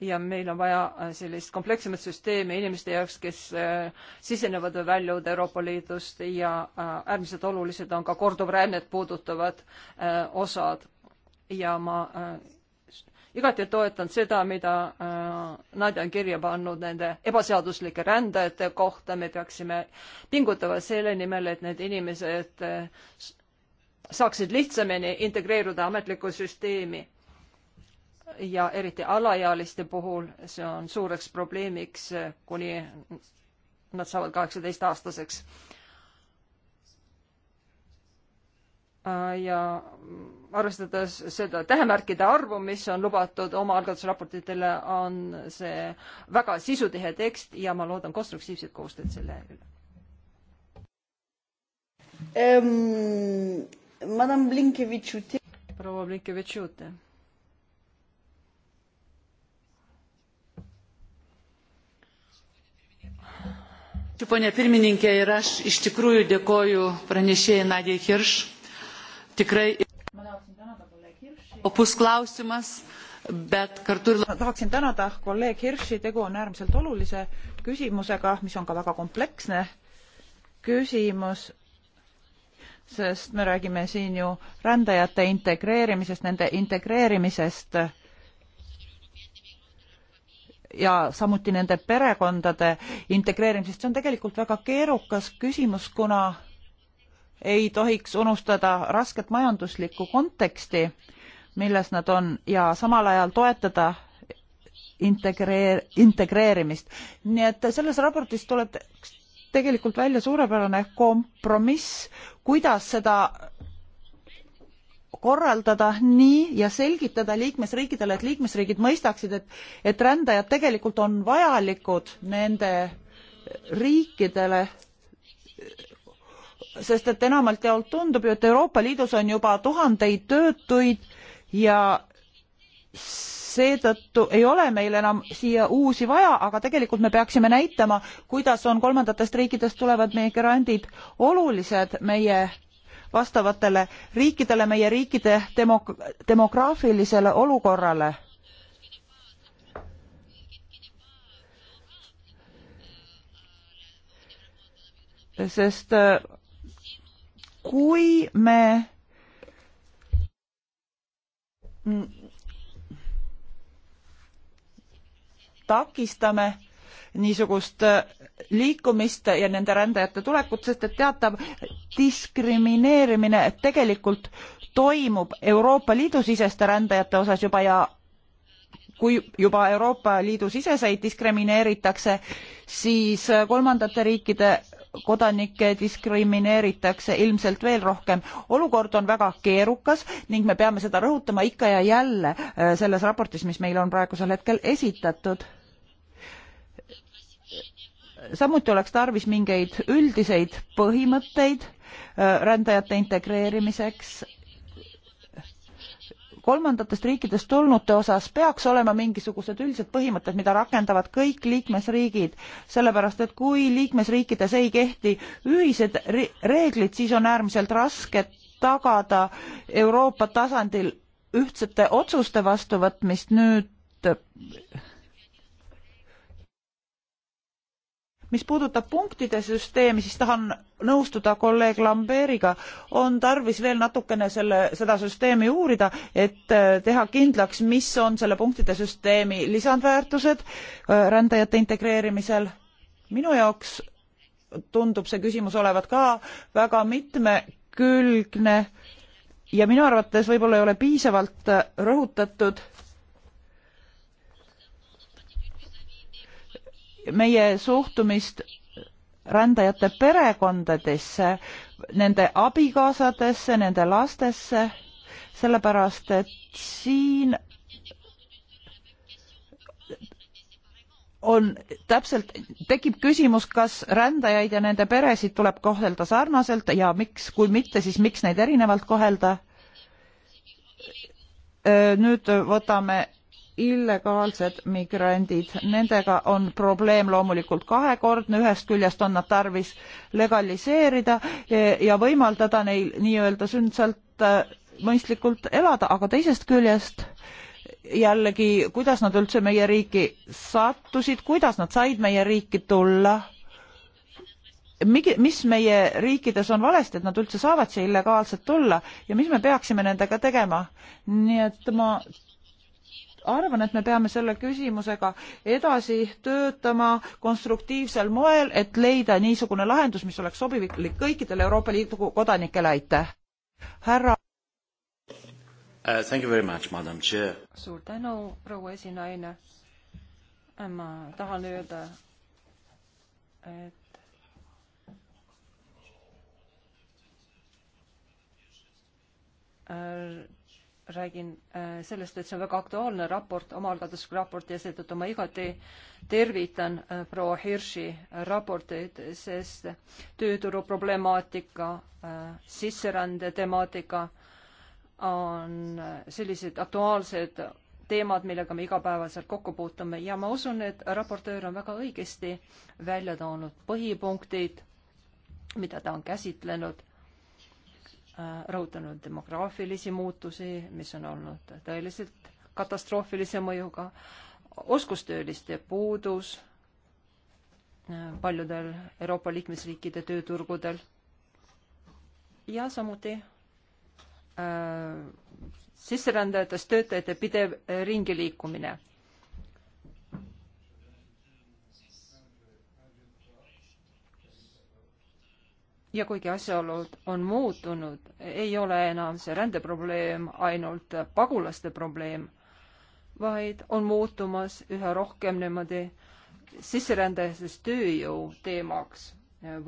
ja meil on vaja äh, sellist komplekssemat süsteemi inimeste jaoks, kes äh, sisenevad või väljuvad Euroopa Liidust ja äh, äärmiselt olulised on ka korduvrännet puudutavad osad. ja ma igati toetan seda, mida Nadja on kirja pannud nende ebaseaduslike rändajate kohta, me peaksime pingutama selle nimel, et need inimesed saaksid lihtsamini integreeruda ametlikku süsteemi ja eriti alaealiste puhul see on suureks probleemiks, eh, kuni nad saavad kaheksateistaastaseks. ja arvestades seda tähemärkide arvu, mis on lubatud omaalgatusraportitele, on see väga sisutihe tekst ja ma loodan konstruktiivset koostööd selle üle ähm,. proua Blinkevitš-Jute Pone pirmininkė, ir aš iš tikrųjų dėkoju pranešėjai Nadijai Hirš. Tikrai opus klausimas, bet kartu ir... Ma tahaksin tänada kolleeg Hirši, tegu on äärmiselt olulise küsimusega, mis on ka väga kompleksne küsimus, sest me räägime siin ju rändajate integreerimisest, nende integreerimisest äh, ja samuti nende perekondade integreerimisest, see on tegelikult väga keerukas küsimus, kuna ei tohiks unustada rasket majanduslikku konteksti, milles nad on ja samal ajal toetada integreer-, integreerimist. nii et selles raportis tuleb tegelikult välja suurepärane kompromiss, kuidas seda korraldada nii ja selgitada liikmesriikidele, et liikmesriigid mõistaksid, et, et rändajad tegelikult on vajalikud nende riikidele, sest et enamalt jaolt tundub ju, et Euroopa Liidus on juba tuhandeid töötuid ja seetõttu ei ole meil enam siia uusi vaja, aga tegelikult me peaksime näitama, kuidas on kolmandatest riikidest tulevad meie grandid olulised meie vastavatele riikidele meie riikide demok- demograafilisele olukorrale sest äh, kui me takistame niisugust äh, liikumist ja nende rändajate tulekut, sest et teatav diskrimineerimine tegelikult toimub Euroopa Liidu siseste rändajate osas juba ja kui juba Euroopa Liidu siseseid diskrimineeritakse, siis äh, kolmandate riikide kodanikke diskrimineeritakse ilmselt veel rohkem. olukord on väga keerukas ning me peame seda rõhutama ikka ja jälle äh, selles raportis, mis meile on praegusel hetkel esitatud samuti oleks tarvis mingeid üldiseid põhimõtteid äh, rändajate integreerimiseks. kolmandatest riikidest tulnute osas peaks olema mingisugused üldised põhimõtted, mida rakendavad kõik liikmesriigid, sellepärast et kui liikmesriikides ei kehti ühised reeglid, siis on äärmiselt raske tagada Euroopa tasandil ühtsete otsuste vastuvõtmist nüüd mis puudutab punktide süsteemi, siis tahan nõustuda kolleeg Lamberiga, on tarvis veel natukene selle, seda süsteemi uurida, et äh, teha kindlaks, mis on selle punktide süsteemi lisandväärtused äh, rändajate integreerimisel. minu jaoks tundub see küsimus olevat ka väga mitmekülgne ja minu arvates võib-olla ei ole piisavalt äh, rõhutatud meie suhtumist rändajate perekondadesse, nende abikaasadesse, nende lastesse, sellepärast et siin on täpselt, tekib küsimus, kas rändajaid ja nende peresid tuleb kohelda sarnaselt ja miks, kui mitte, siis miks neid erinevalt kohelda. nüüd võtame illegaalsed migrandid, nendega on probleem loomulikult kahekordne, ühest küljest on nad tarvis legaliseerida e, ja võimaldada neil nii-öelda sündsalt e, mõistlikult elada, aga teisest küljest jällegi, kuidas nad üldse meie riiki sattusid, kuidas nad said meie riiki tulla, mis meie riikides on valesti, et nad üldse saavad siia illegaalselt tulla ja mis me peaksime nendega tegema. nii et ma arvan, et me peame selle küsimusega edasi töötama konstruktiivsel moel, et leida niisugune lahendus, mis oleks sobilik kõikidele Euroopa Liidu kodanikele, aitäh. härra. Uh, suur tänu, proua esinaine. ma tahan öelda, et räägin äh, sellest, et see on väga aktuaalne raport, omaalgatuslik raport ja seetõttu ma igati tervitan äh, proua Hirši raporteid, sest tööturu problemaatika, äh, sisserände temaatika on sellised aktuaalsed teemad, millega me igapäevaselt kokku puutume ja ma usun, et raportöör on väga õigesti välja toonud põhipunktid, mida ta on käsitlenud Äh, rõhutanud demograafilisi muutusi, mis on olnud tõeliselt katastroofilise mõjuga, oskustööliste puudus äh, paljudel Euroopa liikmesriikide tööturgudel ja samuti äh, sisserändajatest töötajate pidev ringiliikumine ja kuigi asjaolud on muutunud, ei ole enam see rändeprobleem ainult pagulaste probleem, vaid on muutumas üha rohkem niimoodi sisserändajatest tööjõu teemaks,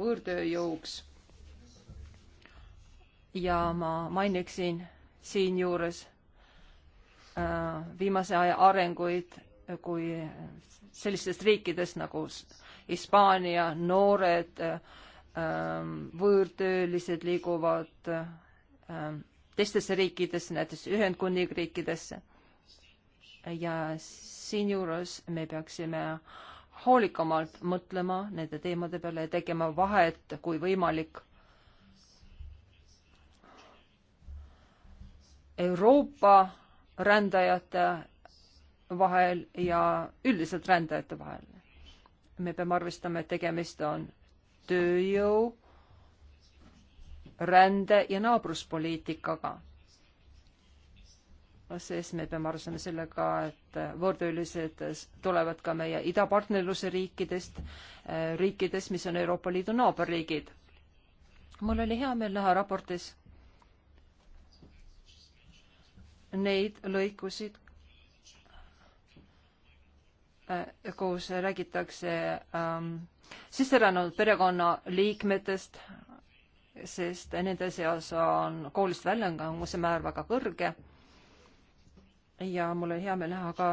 võõrtööjõuks. ja ma mainiksin siinjuures äh, viimase aja arenguid, kui sellistest riikidest nagu Hispaania noored äh, Ehm, võõrtöölised liiguvad ehm, teistesse riikidesse, näiteks Ühendkuningriikidesse. ja siinjuures me peaksime hoolikamalt mõtlema nende teemade peale ja tegema vahet, kui võimalik. Euroopa rändajate vahel ja üldiselt rändajate vahel. me peame arvestama, et tegemist on tööjõu, rände ja naabruspoliitikaga. sest me peame aru saama sellega, et võõrtöölised tulevad ka meie idapartnerluse riikidest, riikidest, mis on Euroopa Liidu naaberriigid. mul oli hea meel näha raportis neid lõikusid, äh, kus räägitakse ähm, sisserännanud perekonnaliikmetest, sest nende seas on koolist väljaanguse määr väga kõrge. ja mul on hea meel näha ka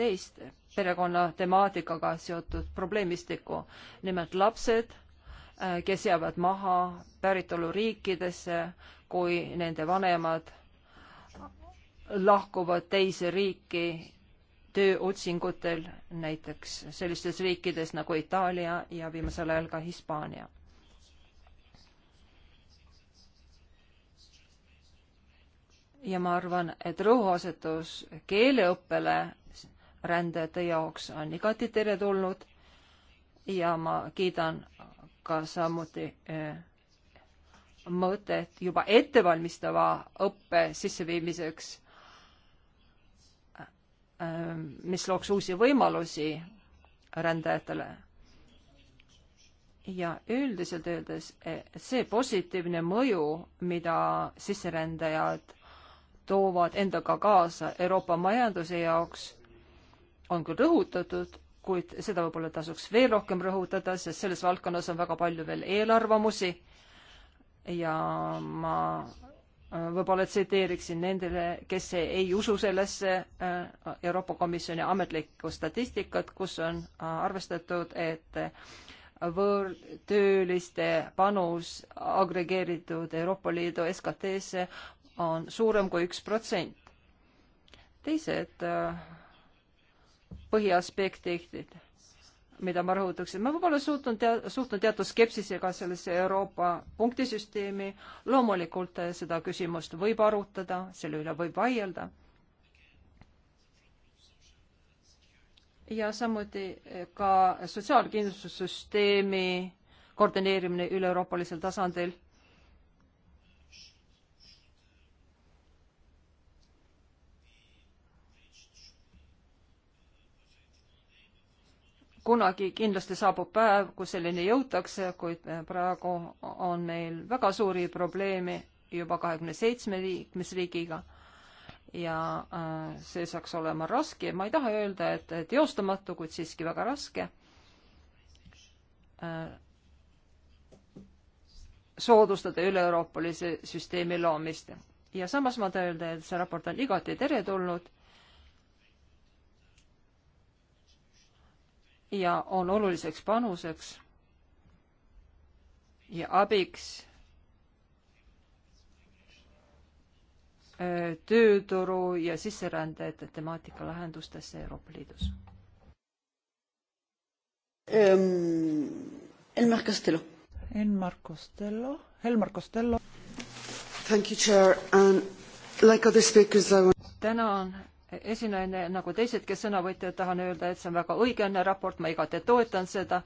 teist perekonna temaatikaga seotud probleemistikku, nimelt lapsed, äh, kes jäävad maha päritoluriikidesse, kui nende vanemad lahkuvad teise riiki tööotsingutel näiteks sellistes riikides nagu Itaalia ja viimasel ajal ka Hispaania. ja ma arvan, et rõhuasetus keeleõppele rändajate jaoks on igati teretulnud ja ma kiidan ka samuti eh, mõtet juba ettevalmistava õppe sisseviimiseks Äh, mis looks uusi võimalusi rändajatele. ja üldiselt öeldes e, see positiivne mõju, mida sisserändajad toovad endaga kaasa Euroopa majanduse jaoks, on küll rõhutatud, kuid seda võib-olla tasuks veel rohkem rõhutada, sest selles valdkonnas on väga palju veel eelarvamusi ja ma Äh, võib-olla tsiteeriksin nendele, kes ei usu sellesse äh, Euroopa Komisjoni ametlikku statistikat, kus on äh, arvestatud, et võõrtööliste panus agregeeritud Euroopa Liidu SKT-sse on suurem kui üks protsent. teised põhiaspektid mida ma rõhutaksin. ma võib-olla suhtun tea-, suhtun teatud skepsisega sellesse Euroopa punktisüsteemi. loomulikult eh, seda küsimust võib arutada, selle üle võib vaielda. ja samuti eh, ka sotsiaalkindlustussüsteemi koordineerimine üle-euroopalisel tasandil kunagi kindlasti saabub päev, kui selleni jõutakse, kuid praegu on meil väga suuri probleeme juba kahekümne seitsme liikmesriigiga ja äh, see saaks olema raske, ma ei taha öelda, et teostamatu, kuid siiski väga raske äh, soodustada üle-euroopalise süsteemi loomist. ja samas ma tahan öelda, et see raport on igati teretulnud ja on oluliseks panuseks ja abiks tööturu ja sisserändajate temaatika lahendustesse Euroopa Liidus. Elmar Costello. Elmar Costello, Helmar Costello. Thank you, chair and like other speakers I want. tänan esinaine nagu teised, kes sõna võtjad, tahan öelda, et see on väga õigeõnne raport, ma igati toetan seda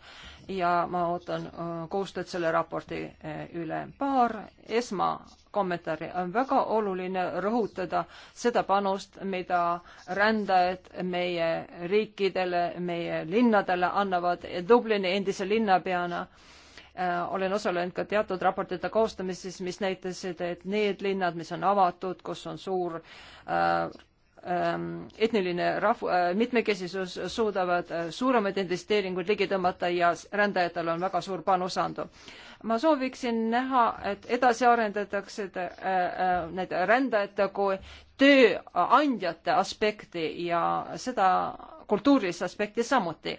ja ma ootan äh, koostööd selle raporti äh, üle. paar esmakommentaari. on väga oluline rõhutada seda panust, mida rändajad meie riikidele, meie linnadele annavad. Dublini endise linnapeana äh, olen osalenud ka teatud raportite koostamises, mis näitasid, et need linnad, mis on avatud, kus on suur äh, Ähm, etniline rahv-, äh, mitmekesisus suudavad äh, suuremaid investeeringuid ligi tõmmata ja rändajatel on väga suur panus anda. ma sooviksin näha, et edasi arendatakse äh, need rändajate kui tööandjate aspekti ja seda kultuurilist aspekti samuti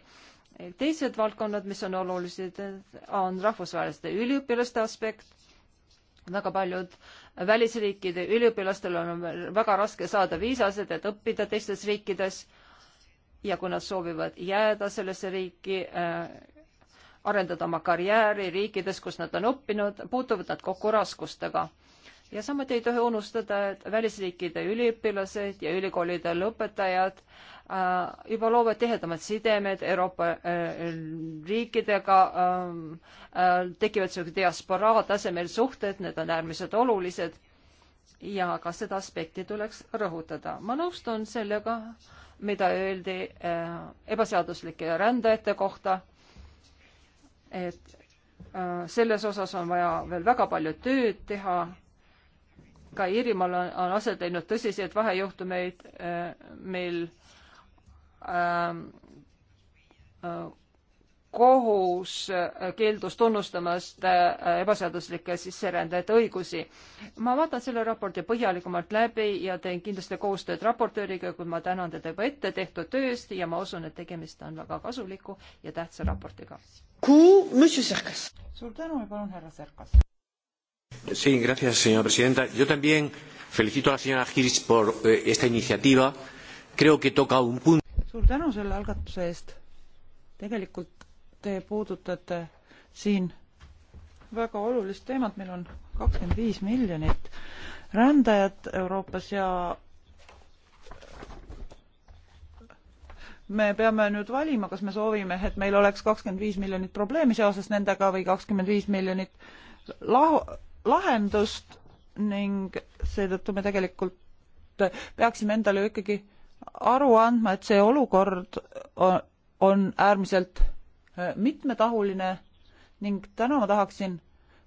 teised valdkonnad, mis on olulised, on rahvusvaheliste üliõpilaste aspekt, väga paljud välisriikide üliõpilastel on väga raske saada viisasid, et õppida teistes riikides ja kui nad soovivad jääda sellesse riiki äh,, arendada oma karjääri riikides, kus nad on õppinud, puutuvad nad kokku raskustega. ja samuti ei tohi unustada, et välisriikide üliõpilased ja ülikoolide lõpetajad äh, Äh, juba loovad tihedamad sidemed Euroopa äh, riikidega, ähm, äh, tekivad sellised diasporaa tasemel suhted, need on äärmiselt olulised ja ka seda aspekti tuleks rõhutada. ma nõustun sellega, mida öeldi ebaseaduslike rändajate kohta, et selles osas on vaja veel väga palju tööd teha ka Iirimaal on, on aset leidnud tõsiseid vahejuhtumeid, mil Ähm, äh, kohus äh, keeldus tunnustamast äh, ebaseaduslikke sisserändajate õigusi. ma vaatan selle raporti põhjalikumalt läbi ja teen kindlasti koostööd raportööriga, kui ma tänan teda juba ette tehtud töö eest ja ma usun, et tegemist on väga kasuliku ja tähtsa raportiga. suur tänu ja palun, härra Serkas. Sí, gracias, señora presidenta. Yo también felicito a la señora Giris por eh, esta iniciativa. Creo que toca un punto suur tänu selle algatuse eest. tegelikult te puudutate siin väga olulist teemat, meil on kakskümmend viis miljonit rändajat Euroopas ja me peame nüüd valima, kas me soovime, et meil oleks kakskümmend viis miljonit probleemi seoses nendega või kakskümmend viis miljonit lah-, lahendust ning seetõttu me tegelikult peaksime endale ju ikkagi aru andma, et see olukord on, on äärmiselt äh, mitmetahuline ning täna ma tahaksin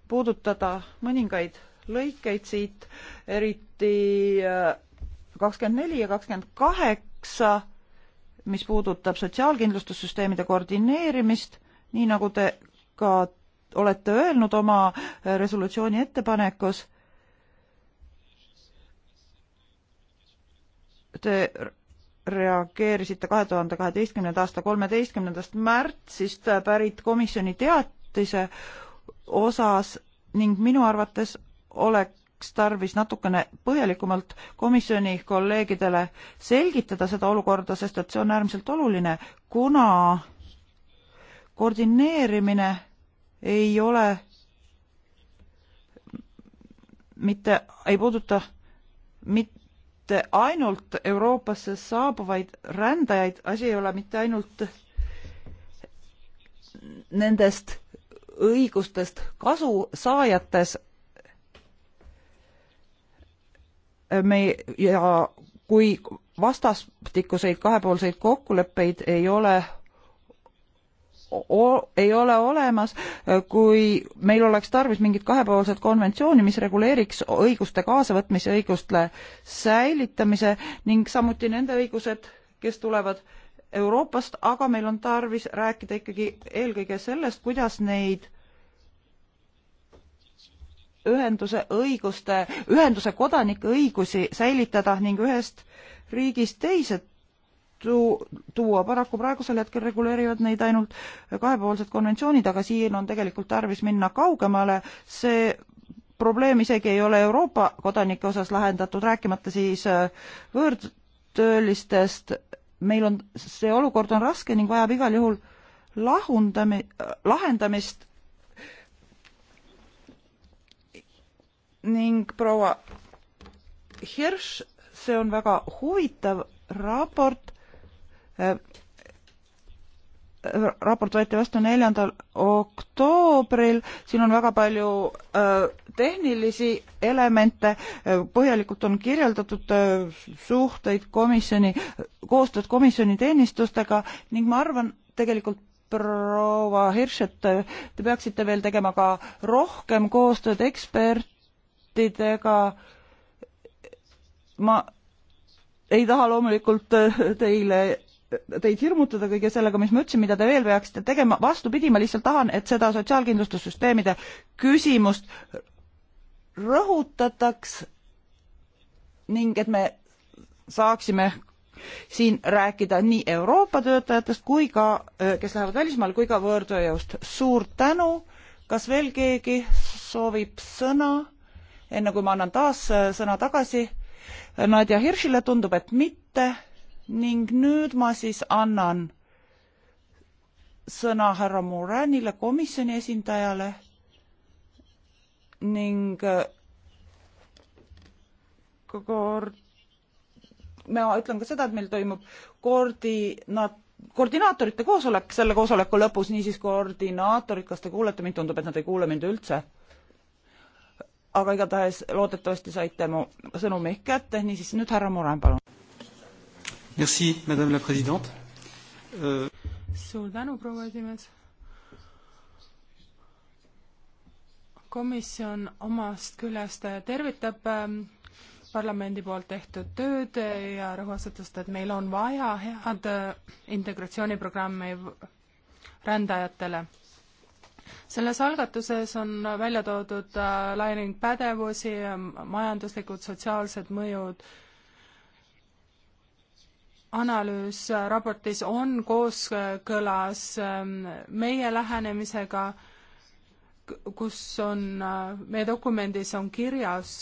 puudutada mõningaid lõikeid siit, eriti äh, kakskümmend neli ja kakskümmend kaheksa, mis puudutab sotsiaalkindlustussüsteemide koordineerimist, nii nagu te ka olete öelnud oma äh, resolutsiooni ettepanekus. Te reageerisite kahe tuhande kaheteistkümnenda aasta kolmeteistkümnendast märtsist pärit komisjoni teatise osas ning minu arvates oleks tarvis natukene põhjalikumalt komisjoni kolleegidele selgitada seda olukorda, sest et see on äärmiselt oluline, kuna koordineerimine ei ole mitte, ei puuduta mit-, mitte ainult Euroopasse saabuvaid rändajaid, asi ei ole mitte ainult nendest õigustest kasusaajates me ja kui vastastikuseid kahepoolseid kokkuleppeid ei ole ei ole olemas, kui meil oleks tarvis mingit kahepoolset konventsiooni, mis reguleeriks õiguste kaasavõtmise, õiguste säilitamise ning samuti nende õigused, kes tulevad Euroopast, aga meil on tarvis rääkida ikkagi eelkõige sellest, kuidas neid ühenduse õiguste, ühenduse kodanike õigusi säilitada ning ühest riigist teise tu-, tuua, paraku praegusel hetkel reguleerivad neid ainult kahepoolsed konventsioonid, aga siin on tegelikult tarvis minna kaugemale, see probleem isegi ei ole Euroopa kodanike osas lahendatud, rääkimata siis äh, võõrtöölistest, meil on, see olukord on raske ning vajab igal juhul lahundami-, lahendamist ning proua Hirš, see on väga huvitav raport Äh, raport võeti vastu neljandal oktoobril, siin on väga palju äh, tehnilisi elemente, äh, põhjalikult on kirjeldatud suhteid komisjoni, koostööd komisjoni teenistustega ning ma arvan, tegelikult proua Hirš, et te peaksite veel tegema ka rohkem koostööd ekspertidega. ma ei taha loomulikult teile teid hirmutada kõige sellega, mis ma ütlesin, mida te veel peaksite tegema, vastupidi, ma lihtsalt tahan, et seda sotsiaalkindlustussüsteemide küsimust rõhutataks ning et me saaksime siin rääkida nii Euroopa töötajatest kui ka, äh, kes lähevad välismaale, kui ka võõrtööjõust. suur tänu, kas veel keegi soovib sõna, enne kui ma annan taas äh, sõna tagasi Nadja Hirschile, tundub, et mitte ning nüüd ma siis annan sõna härra Moranile, komisjoni esindajale ning äh, ma ütlen ka seda, et meil toimub koordinaat-, koordinaatorite koosolek selle koosoleku lõpus, niisiis koordinaatorid, kas te kuulete mind, tundub, et nad ei kuule mind üldse. aga igatahes loodetavasti saite mu sõnumi kätte, niisiis nüüd härra Moran, palun Merci, madame la president uh.... suur tänu, proua esimees. komisjon omast küljest tervitab ähm, parlamendi poolt tehtud tööd ja rõhuasetust, et meil on vaja head äh, integratsiooniprogrammi rändajatele. selles algatuses on välja toodud äh, laining pädevusi, ähm, majanduslikud, sotsiaalsed mõjud äh,, analüüs äh, raportis on kooskõlas ähm, meie lähenemisega, kus on, äh, meie dokumendis on kirjas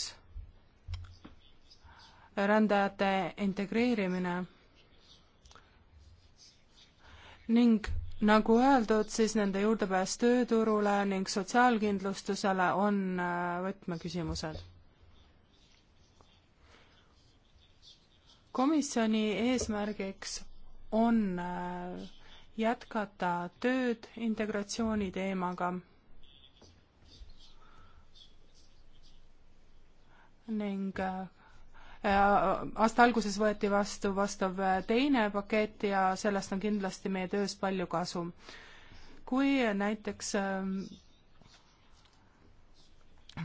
rändajate integreerimine. ning nagu öeldud, siis nende juurdepääs tööturule ning sotsiaalkindlustusele on äh, võtmeküsimused komisjoni eesmärgiks on äh, jätkata tööd integratsiooni teemaga ning äh, äh, aasta alguses võeti vastu vastav teine pakett ja sellest on kindlasti meie töös palju kasu. kui näiteks ähm,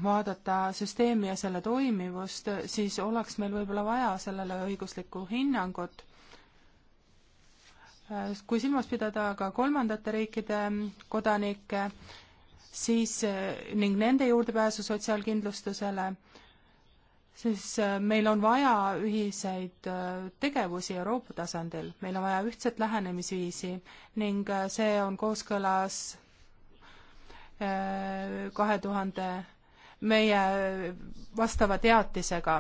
vaadata süsteemi ja selle toimivust, siis oleks meil võib-olla vaja sellele õiguslikku hinnangut. kui silmas pidada ka kolmandate riikide kodanikke, siis ning nende juurdepääsu sotsiaalkindlustusele, siis meil on vaja ühiseid tegevusi Euroopa tasandil, meil on vaja ühtset lähenemisviisi ning see on kooskõlas eh, kahe tuhande meie vastava teatisega.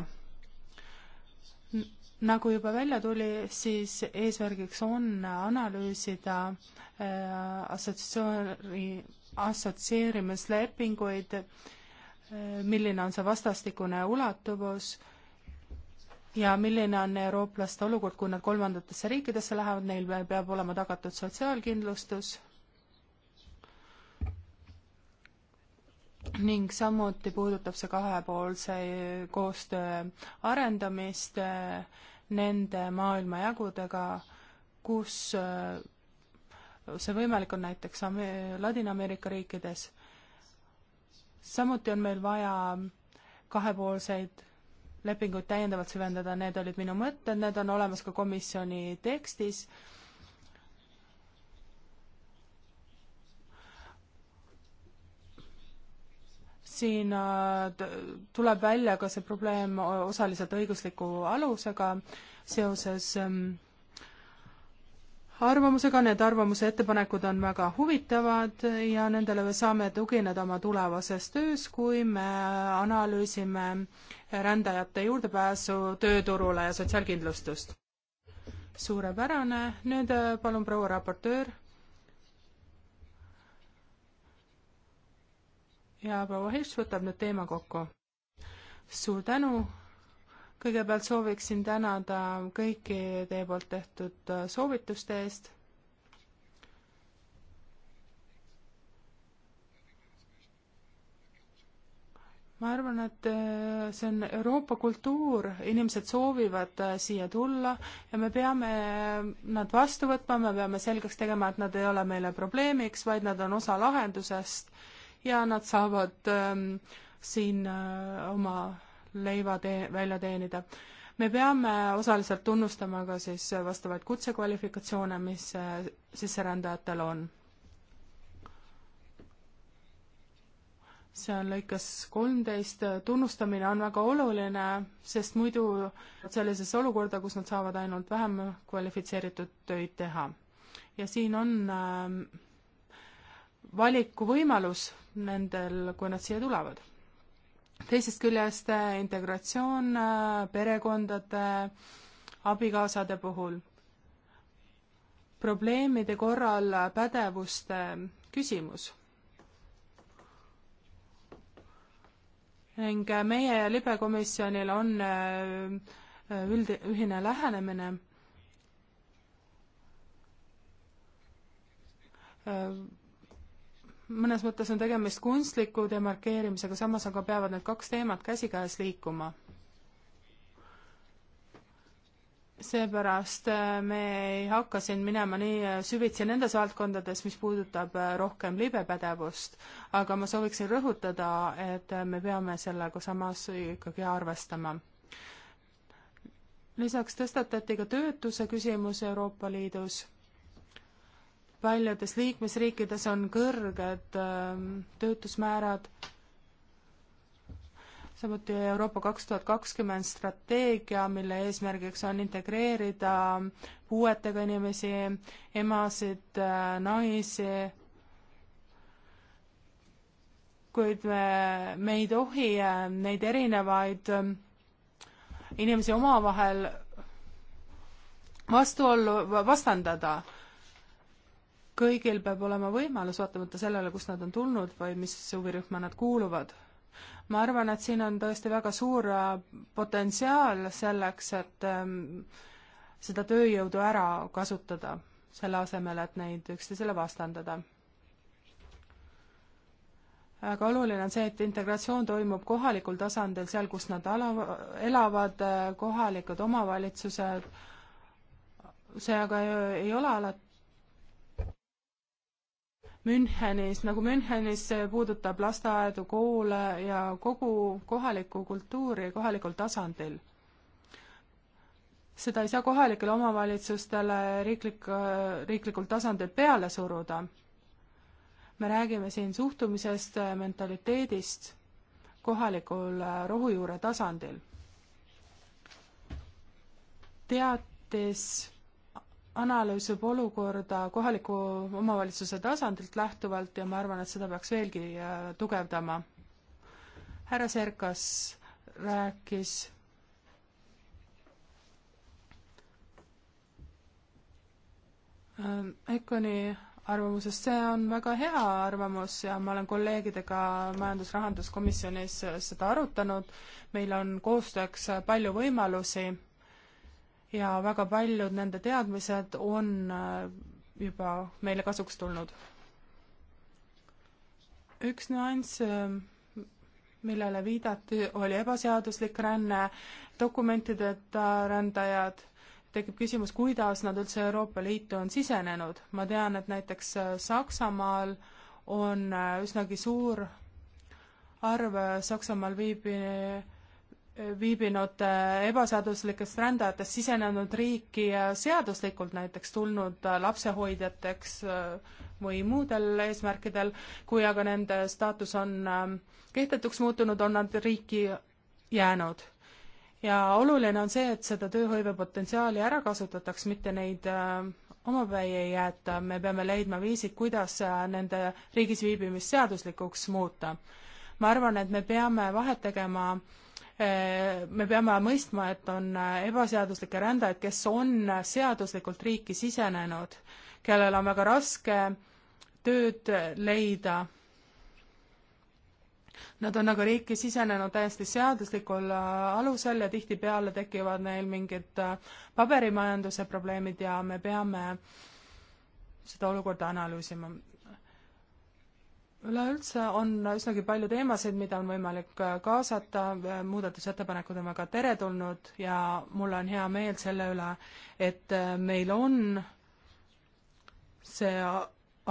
nagu juba välja tuli, siis eesmärgiks on analüüsida äh, assotsiatsiooni, assotsieerimislepinguid, äh, milline on see vastastikune ulatuvus ja milline on eurooplaste olukord, kui nad kolmandatesse riikidesse lähevad, neil peab olema tagatud sotsiaalkindlustus ning samuti puudutab see kahepoolse koostöö arendamist äh, nende maailmajagudega, kus äh, see võimalik on näiteks Ladina-Ameerika riikides. samuti on meil vaja kahepoolseid lepinguid täiendavalt süvendada, need olid minu mõtted, need on olemas ka komisjoni tekstis siin äh, tuleb välja ka see probleem osaliselt õigusliku alusega seoses ähm, arvamusega, need arvamuse ettepanekud on väga huvitavad ja nendele me saame tugineda oma tulevases töös, kui me analüüsime rändajate juurdepääsu tööturule ja sotsiaalkindlustust. suurepärane, nüüd äh, palun proua raportöör ja proua Hirš võtab nüüd teema kokku. suur tänu, kõigepealt sooviksin tänada kõiki teie poolt tehtud äh, soovituste eest. ma arvan, et äh, see on Euroopa kultuur, inimesed soovivad äh, siia tulla ja me peame nad vastu võtma, me peame selgeks tegema, et nad ei ole meile probleemiks, vaid nad on osa lahendusest ja nad saavad ähm, siin äh, oma leiva tee-, välja teenida. me peame osaliselt tunnustama ka siis vastavaid kutsekvalifikatsioone, mis äh, sisserändajatel on. see on lõikes kolmteist, tunnustamine on väga oluline, sest muidu sellisesse olukorda, kus nad saavad ainult vähem kvalifitseeritud töid teha. ja siin on äh, valikuvõimalus nendel, kui nad siia tulevad. teisest küljest eh, integratsioon eh, perekondade, abikaasade puhul. probleemide korral pädevuste küsimus ning eh, meie ja libekomisjonil on üld-, ühine lähenemine mõnes mõttes on tegemist kunstliku demarkeerimisega, samas aga peavad need kaks teemat käsikäes liikuma. seepärast äh, me ei hakka siin minema nii äh, süvitsi nendes valdkondades, mis puudutab äh, rohkem libepädevust, aga ma sooviksin rõhutada, et me peame sellega samas ikkagi arvestama. lisaks tõstatati ka töötuse küsimus Euroopa Liidus paljudes liikmesriikides on kõrged ähm, töötusmäärad, samuti Euroopa kaks tuhat kakskümmend strateegia, mille eesmärgiks on integreerida puuetega inimesi, emasid, äh, naisi, kuid me, me ei tohi äh, neid erinevaid ähm, inimesi omavahel vastuollu, vastandada kõigil peab olema võimalus, vaatamata sellele, kust nad on tulnud või mis huvirühma nad kuuluvad. ma arvan, et siin on tõesti väga suur äh, potentsiaal selleks, et ähm, seda tööjõudu ära kasutada, selle asemel, et neid üksteisele vastandada. aga oluline on see, et integratsioon toimub kohalikul tasandil, seal, kus nad ala-, elavad, äh, kohalikud omavalitsused, see aga ei, ei ole alati Münchenis, nagu Münchenis see puudutab lasteaedu, koole ja kogu kohalikku kultuuri kohalikul tasandil. seda ei saa kohalikele omavalitsustele riiklik, riiklikul tasandil peale suruda. me räägime siin suhtumisest, mentaliteedist kohalikul äh, rohujuure tasandil. teatis analüüsib olukorda kohaliku omavalitsuse tasandilt lähtuvalt ja ma arvan, et seda peaks veelgi äh, tugevdama. härra Serkas rääkis ähm, Econi arvamusest, see on väga hea arvamus ja ma olen kolleegidega majandus-rahanduskomisjonis äh, seda arutanud, meil on koostööks äh, palju võimalusi ja väga paljud nende teadmised on äh, juba meile kasuks tulnud. üks nüanss, äh, millele viidati, oli ebaseaduslik ränne, dokumentideta rändajad, tekib küsimus, kuidas nad üldse Euroopa Liitu on sisenenud. ma tean, et näiteks äh, Saksamaal on üsnagi suur arv Saksamaal viibi-, viibinud äh, ebaseaduslikest rändajatest sisenenud riiki seaduslikult, näiteks tulnud äh, lapsehoidjateks äh, või muudel eesmärkidel, kui aga nende staatus on kehtetuks muutunud, on nad riiki jäänud. ja oluline on see, et seda tööhõivepotentsiaali ära kasutataks, mitte neid omapäi ei jäeta, me peame leidma viisid, kuidas nende riigis viibimist seaduslikuks muuta. ma arvan, et me peame vahet tegema äh, Äh, me peame mõistma, et on äh, ebaseaduslikke rändajaid, kes on äh, seaduslikult riiki sisenenud, kellel on väga raske tööd leida. Nad on aga riiki sisenenud täiesti seaduslikul alusel ja tihtipeale tekivad neil mingid paberimajanduse probleemid ja me peame seda olukorda analüüsima üleüldse on üsnagi palju teemasid, mida on võimalik äh, kaasata, äh, muudatusettepanekud on väga teretulnud ja mul on hea meel selle üle, et äh, meil on see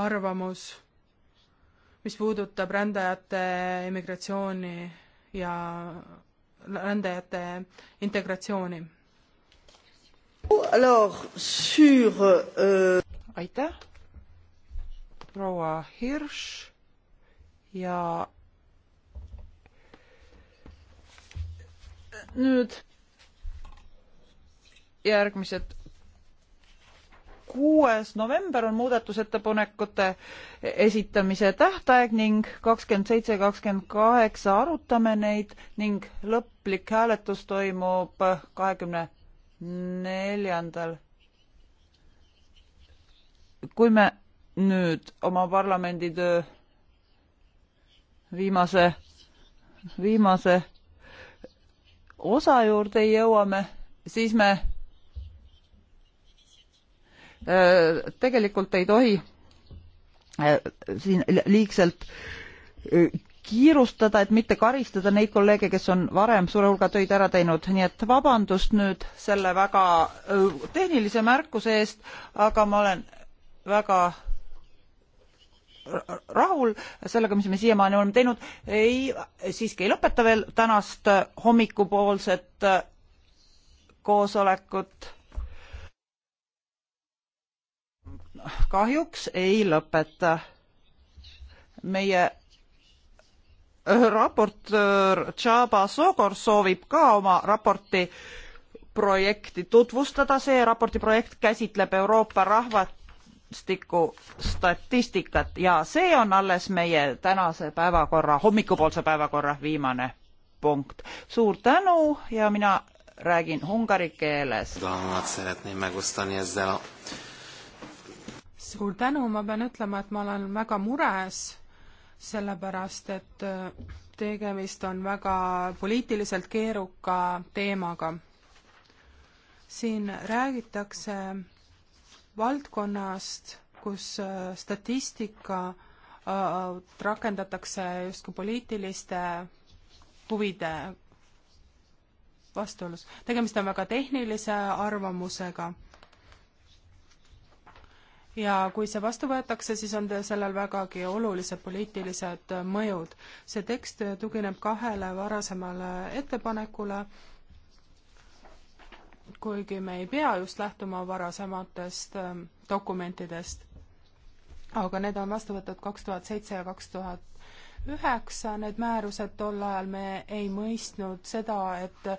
arvamus, mis puudutab rändajate immigratsiooni ja rändajate integratsiooni. Euh, aitäh, proua Hirš ja nüüd järgmised kuues november on muudatusettepanekute esitamise tähtaeg ning kakskümmend seitse, kakskümmend kaheksa arutame neid ning lõplik hääletus toimub kahekümne neljandal. kui me nüüd oma parlamendi töö viimase, viimase osa juurde jõuame, siis me äh, tegelikult ei tohi äh, siin liigselt äh, kiirustada, et mitte karistada neid kolleege, kes on varem suure hulga töid ära teinud, nii et vabandust nüüd selle väga tehnilise märkuse eest, aga ma olen väga rahul sellega, mis me siiamaani oleme teinud, ei, siiski ei lõpeta veel tänast hommikupoolset koosolekut. kahjuks ei lõpeta. meie raportöör Tšaba Sogor soovib ka oma raporti projekti tutvustada, see raporti projekt käsitleb Euroopa rahvat vastastikku statistikat ja see on alles meie tänase päevakorra, hommikupoolse päevakorra viimane punkt. suur tänu ja mina räägin ungari keeles. suur tänu, ma pean ütlema, et ma olen väga mures, sellepärast et äh, tegemist on väga poliitiliselt keeruka teemaga. siin räägitakse valdkonnast, kus äh, statistika äh, rakendatakse justkui poliitiliste huvide vastuolus. tegemist on väga tehnilise arvamusega. ja kui see vastu võetakse, siis on sellel vägagi olulised poliitilised mõjud. see tekst tugineb kahele varasemale ettepanekule kuigi me ei pea just lähtuma varasematest ähm, dokumentidest. aga need on vastu võetud kaks tuhat seitse ja kaks tuhat üheksa, need määrused, tol ajal me ei mõistnud seda, et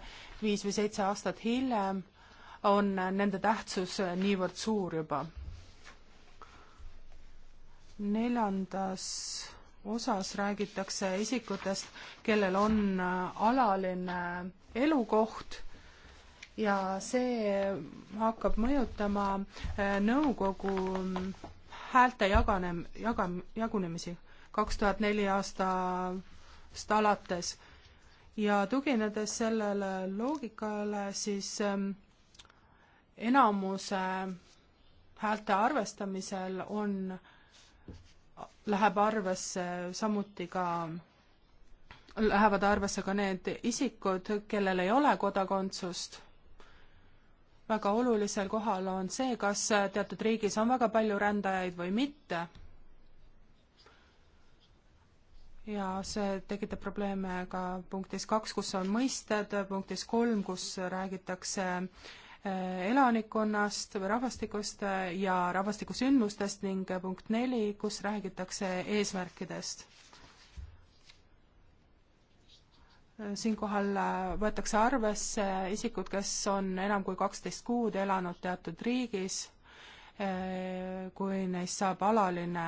viis või seitse aastat hiljem on nende tähtsus niivõrd suur juba. neljandas osas räägitakse isikutest, kellel on alaline elukoht ja see hakkab mõjutama äh, nõukogu mm, häälte jaganem-, jaga-, jagunemisi kaks tuhat neli aastast alates. ja tuginedes sellele loogikale, siis äh, enamuse häälte arvestamisel on, läheb arvesse samuti ka lähevad arvesse ka need isikud, kellel ei ole kodakondsust väga olulisel kohal on see, kas teatud riigis on väga palju rändajaid või mitte. ja see tekitab probleeme ka punktis kaks, kus on mõisted, punktis kolm, kus räägitakse eh, elanikkonnast või rahvastikust eh, ja rahvastikusündmustest ning eh, punkt neli, kus räägitakse eesmärkidest siinkohal äh, võetakse arvesse isikud, kes on enam kui kaksteist kuud elanud teatud riigis, äh, kui neist saab alaline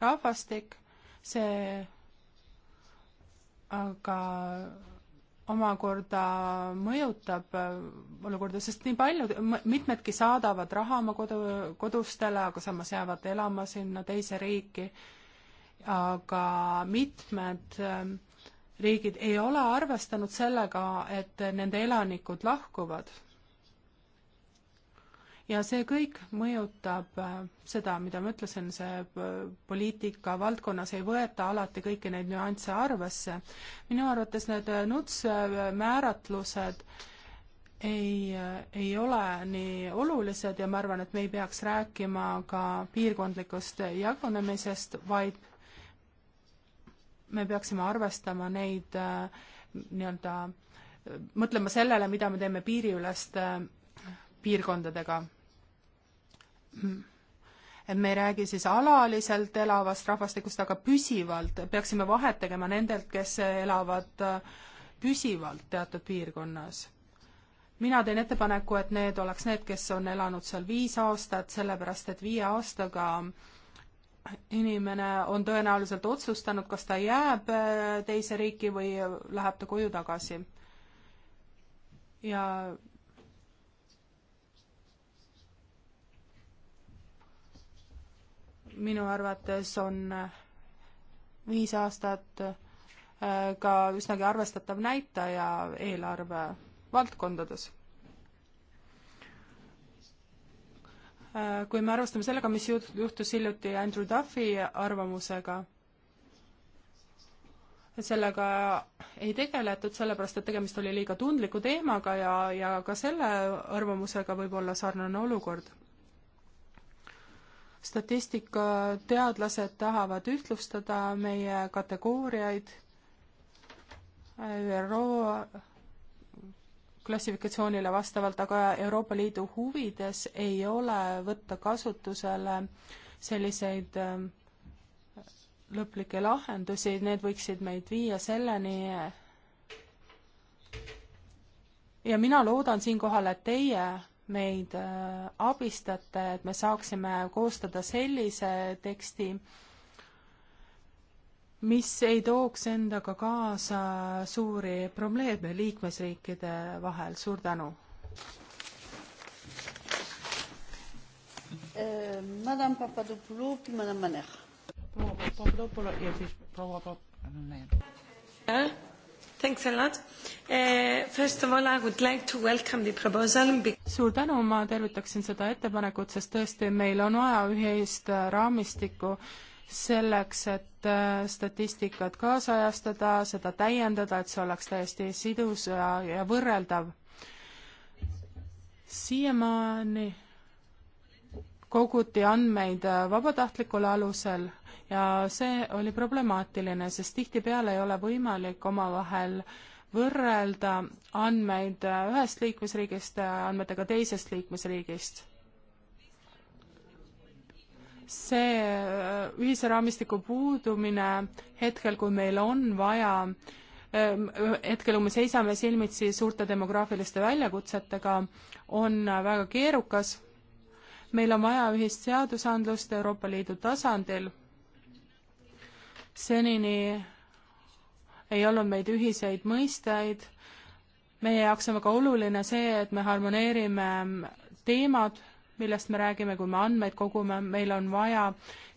rahvastik, see aga omakorda mõjutab äh, olukorda, sest nii paljud, mitmedki saadavad raha oma kodu, kodustele, aga samas jäävad elama sinna teise riiki, aga mitmed äh, riigid ei ole arvestanud sellega, et nende elanikud lahkuvad. ja see kõik mõjutab äh, seda, mida ma ütlesin, see äh, poliitika valdkonnas ei võeta alati kõiki neid nüansse arvesse. minu arvates need äh, NUTS määratlused ei, ei ole nii olulised ja ma arvan, et me ei peaks rääkima ka piirkondlikust jagunemisest, vaid me peaksime arvestama neid äh, nii-öelda, äh, mõtlema sellele, mida me teeme piiriüleste äh, piirkondadega. et me ei räägi siis alaliselt elavast rahvastikust, aga püsivalt, peaksime vahet tegema nendelt, kes elavad püsivalt teatud piirkonnas mina teen ettepaneku, et need oleks need, kes on elanud seal viis aastat, sellepärast et viie aastaga äh, inimene on tõenäoliselt otsustanud, kas ta jääb äh, teise riiki või läheb ta koju tagasi. ja minu arvates on äh, viis aastat äh, ka üsnagi arvestatav näitaja eelarve valdkondades. Äh, kui me arvestame sellega, mis juhtus hiljuti Andrew Duffy arvamusega, sellega ei tegeletud, sellepärast et tegemist oli liiga tundliku teemaga ja, ja ka selle arvamusega võib olla sarnane olukord. statistikateadlased tahavad ühtlustada meie kategooriaid, äh, ÜRO klassifikatsioonile vastavalt, aga Euroopa Liidu huvides ei ole võtta kasutusele selliseid ähm, lõplikke lahendusi, need võiksid meid viia selleni ja mina loodan siinkohal, et teie meid äh, abistate, et me saaksime koostada sellise teksti, mis ei tooks endaga kaasa suuri probleeme liikmesriikide vahel. suur tänu. Äh, Madame Papadopoulou, puis Madame Maner. proua Papadopoulou ja siis proua Maner. Thanks a lot uh,. First of all I would like to welcome the proposal. suur tänu, ma tervitaksin seda ettepanekut, sest tõesti, meil on vaja ühist äh, raamistikku uh, selleks, et äh, statistikat kaasajastada, seda täiendada, et see oleks täiesti sidus ja, ja võrreldav. siiamaani koguti andmeid äh, vabatahtlikul alusel ja see oli problemaatiline, sest tihtipeale ei ole võimalik omavahel võrrelda andmeid äh, ühest liikmesriigist andmetega teisest liikmesriigist see äh, ühise raamistiku puudumine hetkel, kui meil on vaja, ähm, hetkel, kui me seisame silmitsi suurte demograafiliste väljakutsetega, on väga keerukas. meil on vaja ühist seadusandlust Euroopa Liidu tasandil. senini ei olnud meid ühiseid mõisteid. meie jaoks on väga oluline see, et me harmoneerime teemad millest me räägime, kui me andmeid kogume, meil on vaja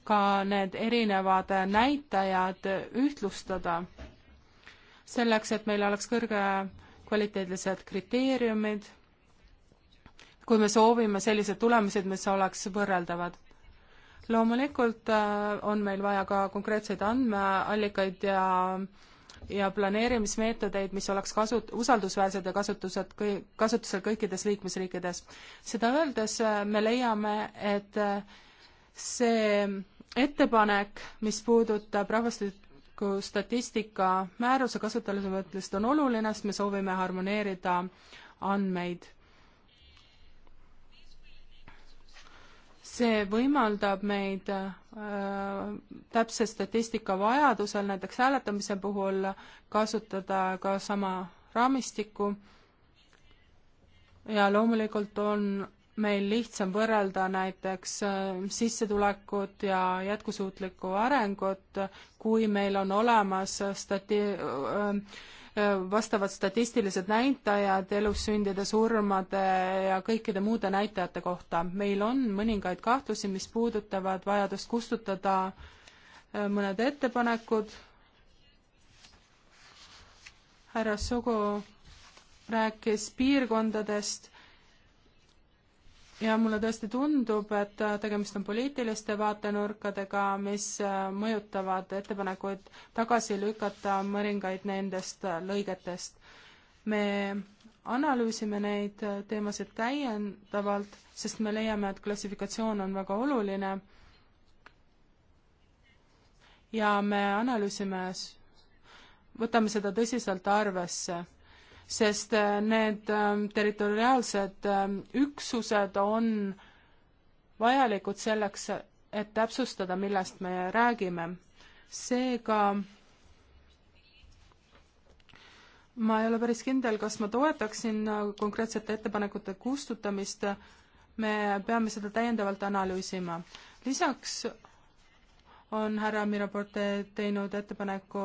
ka need erinevad näitajad ühtlustada, selleks et meil oleks kõrgekvaliteedilised kriteeriumid, kui me soovime sellised tulemused, mis oleks võrreldavad loomulikult äh, on meil vaja ka konkreetseid andmeallikaid ja ja planeerimismeetodeid, mis oleks kasut-, usaldusväärsed ja kasutused kõi-, kasutusel kõikides liikmesriikides. seda öeldes äh, me leiame, et äh, see ettepanek, mis puudutab rahvastikustatistika määruse kasutusele võtmist, on oluline, sest me soovime harmoneerida andmeid see võimaldab meid äh, täpse statistika vajadusel näiteks hääletamise puhul kasutada ka sama raamistikku ja loomulikult on meil lihtsam võrrelda näiteks äh, sissetulekut ja jätkusuutlikku arengut, kui meil on olemas stati-, äh, Äh, vastavad statistilised näitajad elussündide, surmade ja kõikide muude näitajate kohta. meil on mõningaid kahtlusi, mis puudutavad vajadust kustutada äh, mõned ettepanekud. härra Sugu rääkis piirkondadest ja mulle tõesti tundub, et äh, tegemist on poliitiliste vaatenurkadega, mis äh, mõjutavad ettepanekuid tagasi lükata mõningaid nendest äh, lõigetest. me analüüsime neid teemasid täiendavalt, sest me leiame, et klassifikatsioon on väga oluline. ja me analüüsime, võtame seda tõsiselt arvesse sest äh, need ähm, territoriaalsed ähm, üksused on vajalikud selleks, et täpsustada, millest me räägime. seega ma ei ole päris kindel, kas ma toetaksin äh, konkreetsete ettepanekute kustutamist, me peame seda täiendavalt analüüsima. lisaks on härra Miraporte teinud ettepaneku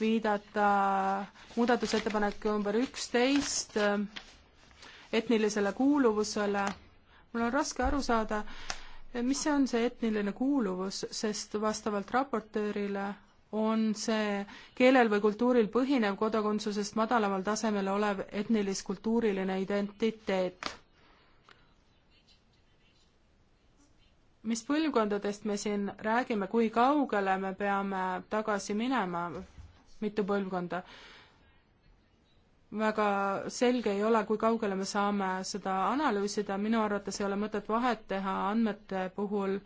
viidata muudatusettepanek number üksteist äh, etnilisele kuuluvusele. mul on raske aru saada, mis see on, see etniline kuuluvus, sest vastavalt raportöörile on see keelel või kultuuril põhinev kodakondsusest madalamal tasemel olev etnilis-kultuuriline identiteet mis põlvkondadest me siin räägime, kui kaugele me peame tagasi minema, mitu põlvkonda? väga selge ei ole, kui kaugele me saame seda analüüsida, minu arvates ei ole mõtet vahet teha andmete puhul,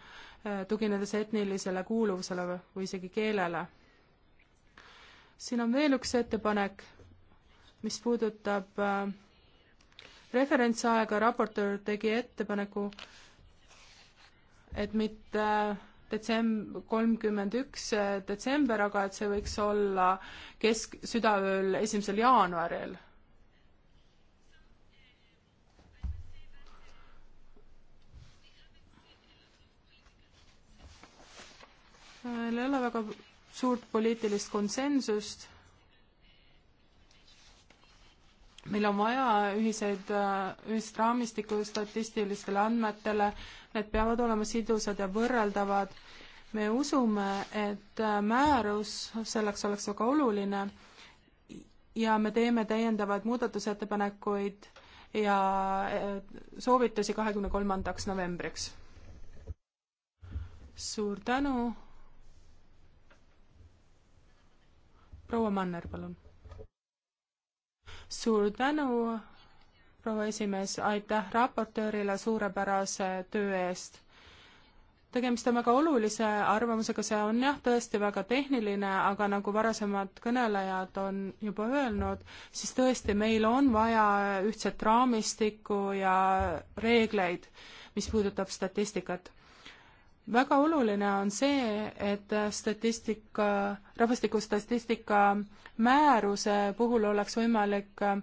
eh, tuginedes etnilisele kuuluvusele või isegi keelele. siin on veel üks ettepanek, mis puudutab eh, referentsaega, raportöör tegi ettepaneku äh, et mitte detsemb-, kolmkümmend üks detsember, aga et see võiks olla kesk, südaööl esimesel jaanuaril. meil ei ole väga suurt poliitilist konsensust meil on vaja ühiseid, äh, ühist raamistikku statistilistele andmetele, need peavad olema sidusad ja võrreldavad. me usume, et äh, määrus selleks oleks väga oluline ja me teeme täiendavaid muudatusettepanekuid ja äh, soovitusi kahekümne kolmandaks novembriks. suur tänu. proua Manner, palun suur tänu, proua esimees, aitäh raportöörile suurepärase töö eest. tegemist on väga olulise arvamusega, see on jah, tõesti väga tehniline, aga nagu varasemad kõnelejad on juba öelnud, siis tõesti, meil on vaja ühtset raamistikku ja reegleid, mis puudutab statistikat väga oluline on see, et statistika, rahvastikustatistika määruse puhul oleks võimalik äh,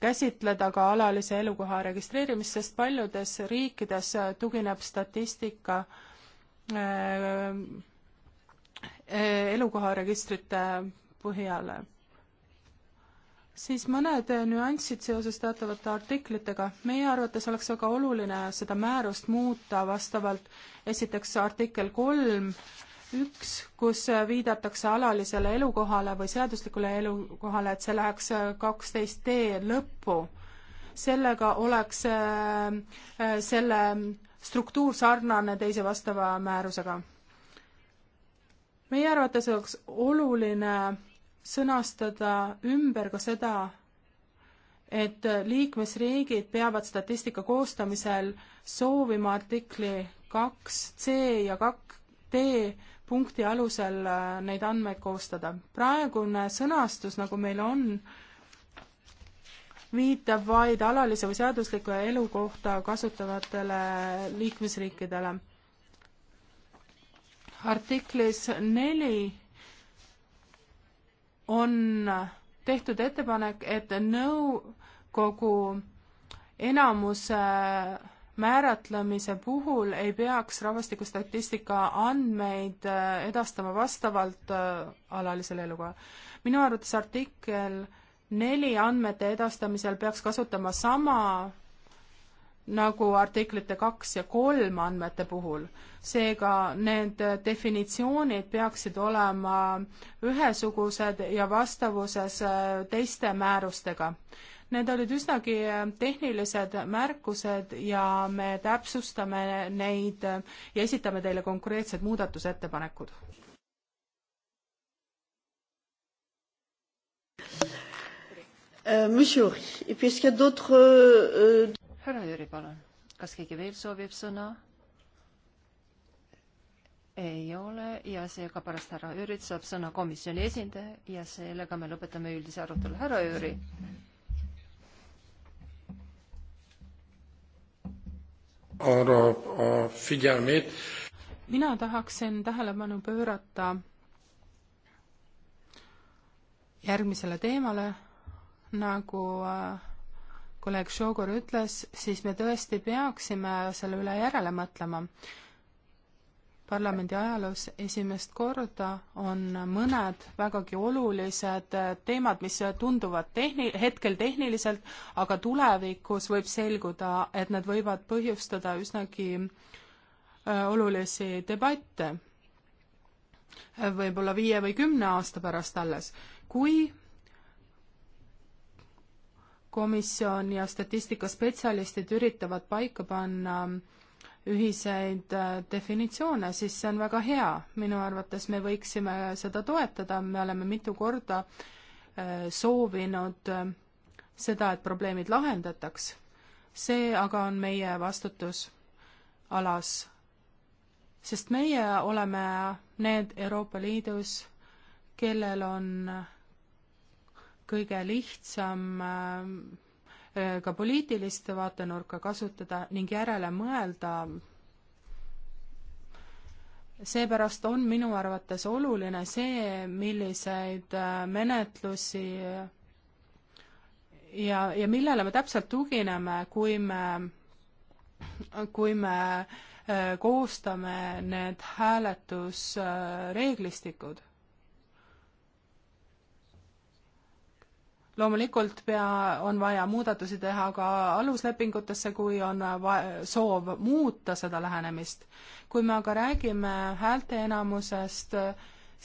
käsitleda ka alalise elukoha registreerimist, sest paljudes riikides tugineb statistika äh, elukoharegistrite põhjale siis mõned nüansid seoses teatavate artiklitega. meie arvates oleks väga oluline seda määrust muuta vastavalt esiteks artikkel kolm, üks, kus viidatakse alalisele elukohale või seaduslikule elukohale, et see läheks kaksteist D lõppu. sellega oleks äh, selle struktuur sarnane teise vastava määrusega. meie arvates oleks oluline sõnastada ümber ka seda, et liikmesriigid peavad statistika koostamisel soovima artikli kaks C ja kak-, D punkti alusel äh, neid andmeid koostada. praegune sõnastus, nagu meil on, viitab vaid alalise või seadusliku elukohta kasutavatele liikmesriikidele. artiklis neli on tehtud ettepanek, et nõukogu enamuse äh, määratlemise puhul ei peaks rahvastikustatistika andmeid äh, edastama vastavalt äh, alalisele elukohale. minu arvates artikkel neli andmete edastamisel peaks kasutama sama nagu artiklite kaks ja kolm andmete puhul. seega need definitsioonid peaksid olema ühesugused ja vastavuses äh, teiste määrustega. Need olid üsnagi äh, tehnilised märkused ja me täpsustame neid äh, ja esitame teile konkreetsed muudatusettepanekud. Euh, monsieur, et puis est-ce qu'il y a d'autres euh, euh härra Jüri, palun, kas keegi veel soovib sõna? ei ole ja seega pärast härra Jürit saab sõna komisjoni esindaja ja sellega me lõpetame üldise arutelu. härra Jüri. mina tahaksin tähelepanu pöörata järgmisele teemale nagu äh, kolleeg Šogor ütles, siis me tõesti peaksime selle üle järele mõtlema. parlamendi ajaloos esimest korda on mõned vägagi olulised teemad, mis tunduvad tehni-, hetkel tehniliselt, aga tulevikus võib selguda, et need võivad põhjustada üsnagi äh, olulisi debatte, võib-olla viie või kümne aasta pärast alles. kui komisjon ja statistikaspetsialistid üritavad paika panna ühiseid äh, definitsioone, siis see on väga hea. minu arvates me võiksime seda toetada, me oleme mitu korda äh, soovinud äh, seda, et probleemid lahendataks. see aga on meie vastutusalas, sest meie oleme need Euroopa Liidus, kellel on kõige lihtsam äh, äh, ka poliitilist vaatenurka kasutada ning järele mõelda. seepärast on minu arvates oluline see, milliseid äh, menetlusi ja, ja millele me täpselt tugineme, kui me, kui me koostame need hääletusreeglistikud loomulikult pea, on vaja muudatusi teha ka aluslepingutesse, kui on va-, soov muuta seda lähenemist. kui me aga räägime häälteenamusest,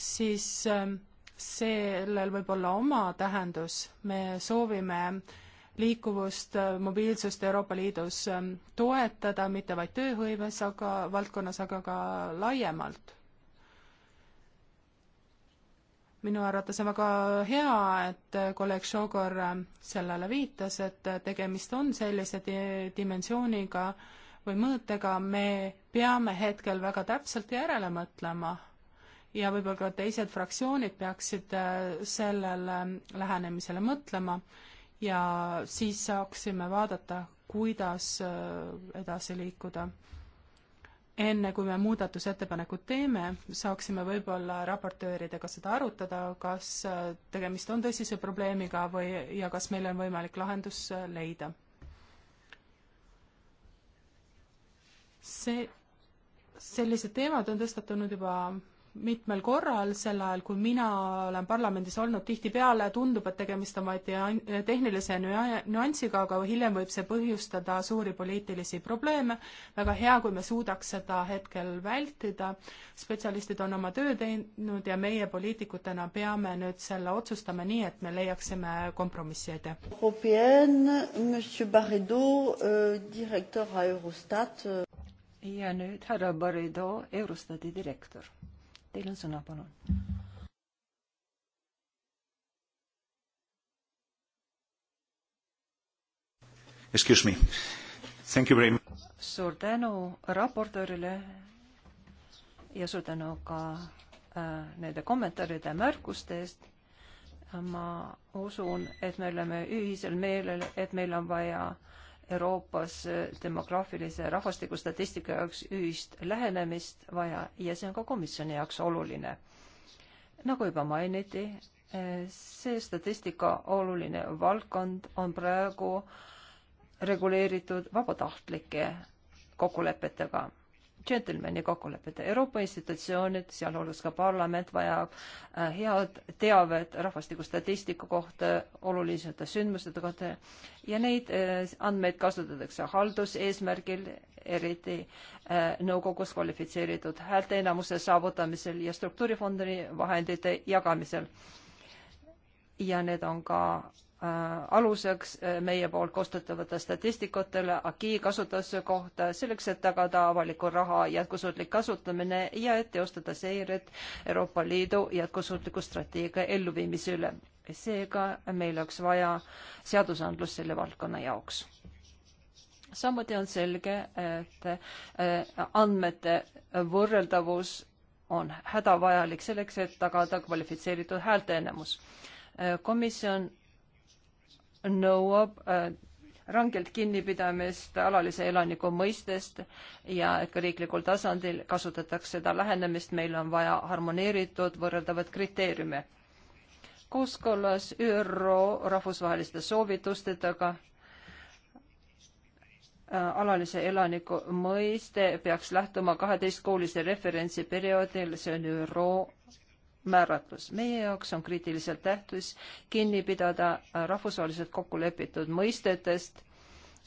siis ähm, sellel võib olla oma tähendus, me soovime liikuvust, äh, mobiilsust Euroopa Liidus ähm, toetada, mitte vaid tööhõives, aga valdkonnas, aga ka laiemalt minu arvates on väga hea, et kolleeg Šogor sellele viitas, et tegemist on sellise di dimensiooniga või mõõtega, me peame hetkel väga täpselt järele mõtlema ja võib-olla ka teised fraktsioonid peaksid sellele lähenemisele mõtlema ja siis saaksime vaadata, kuidas edasi liikuda enne kui me muudatusettepanekud teeme, saaksime võib-olla raportööridega seda arutada, kas äh, tegemist on tõsise probleemiga või, ja kas meil on võimalik lahendus äh, leida. see, sellised teemad on tõstatunud juba mitmel korral sel ajal, kui mina olen parlamendis olnud, tihtipeale tundub, et tegemist on vaid tehnilise nüanssiga, aga hiljem võib see põhjustada suuri poliitilisi probleeme. väga hea, kui me suudaks seda hetkel vältida. spetsialistid on oma töö teinud ja meie poliitikutena peame nüüd selle otsustama nii, et me leiaksime kompromissi, aitäh. Euh, euh. ja nüüd härra Barredo, Eurostati direktor Teil on sõna, palun. Excuse me. Thank you very much. suur tänu raportöörile ja suur tänu ka äh, nende kommentaaride ja märkuste eest ma usun, et me oleme ühisel meelel, et meil on vaja Euroopas demograafilise rahvastikustatistika jaoks ühist lähenemist vaja ja see on ka komisjoni jaoks oluline. nagu juba mainiti, see statistika oluline valdkond on praegu reguleeritud vabatahtlike kokkulepetega džentelmeni kokkulepet. Euroopa institutsioonid, sealhulgas ka parlament, vajab äh, head teavet rahvastikustatistika kohta, olulisete sündmuste kohta ja neid äh, andmeid kasutatakse halduseesmärgil, eriti äh, nõukogus kvalifitseeritud häälteenamuse saavutamisel ja struktuurifondi vahendite jagamisel. ja need on ka Äh, aluseks äh, meie poolt koostatavate statistikutele AKI kasutamise kohta, selleks et tagada avaliku raha jätkusuutlik kasutamine ja et teostada seiret Euroopa Liidu jätkusuutliku strateegia elluviimise üle. seega meil oleks vaja seadusandlust selle valdkonna jaoks. samuti on selge, et äh, andmete võrreldavus on hädavajalik selleks, et tagada kvalifitseeritud häälteenamus. komisjon nõuab äh, rangelt kinnipidamist alalise elaniku mõistest ja et ka riiklikul tasandil kasutatakse seda lähenemist, meil on vaja harmoneeritud võrreldavaid kriteeriume. kooskõlas ÜRO rahvusvaheliste soovitustega äh, alalise elaniku mõiste peaks lähtuma kaheteistkoolise referentsi perioodil, see on ÜRO määratlus. meie jaoks on kriitiliselt tähtis kinni pidada rahvusvaheliselt kokku lepitud mõistetest,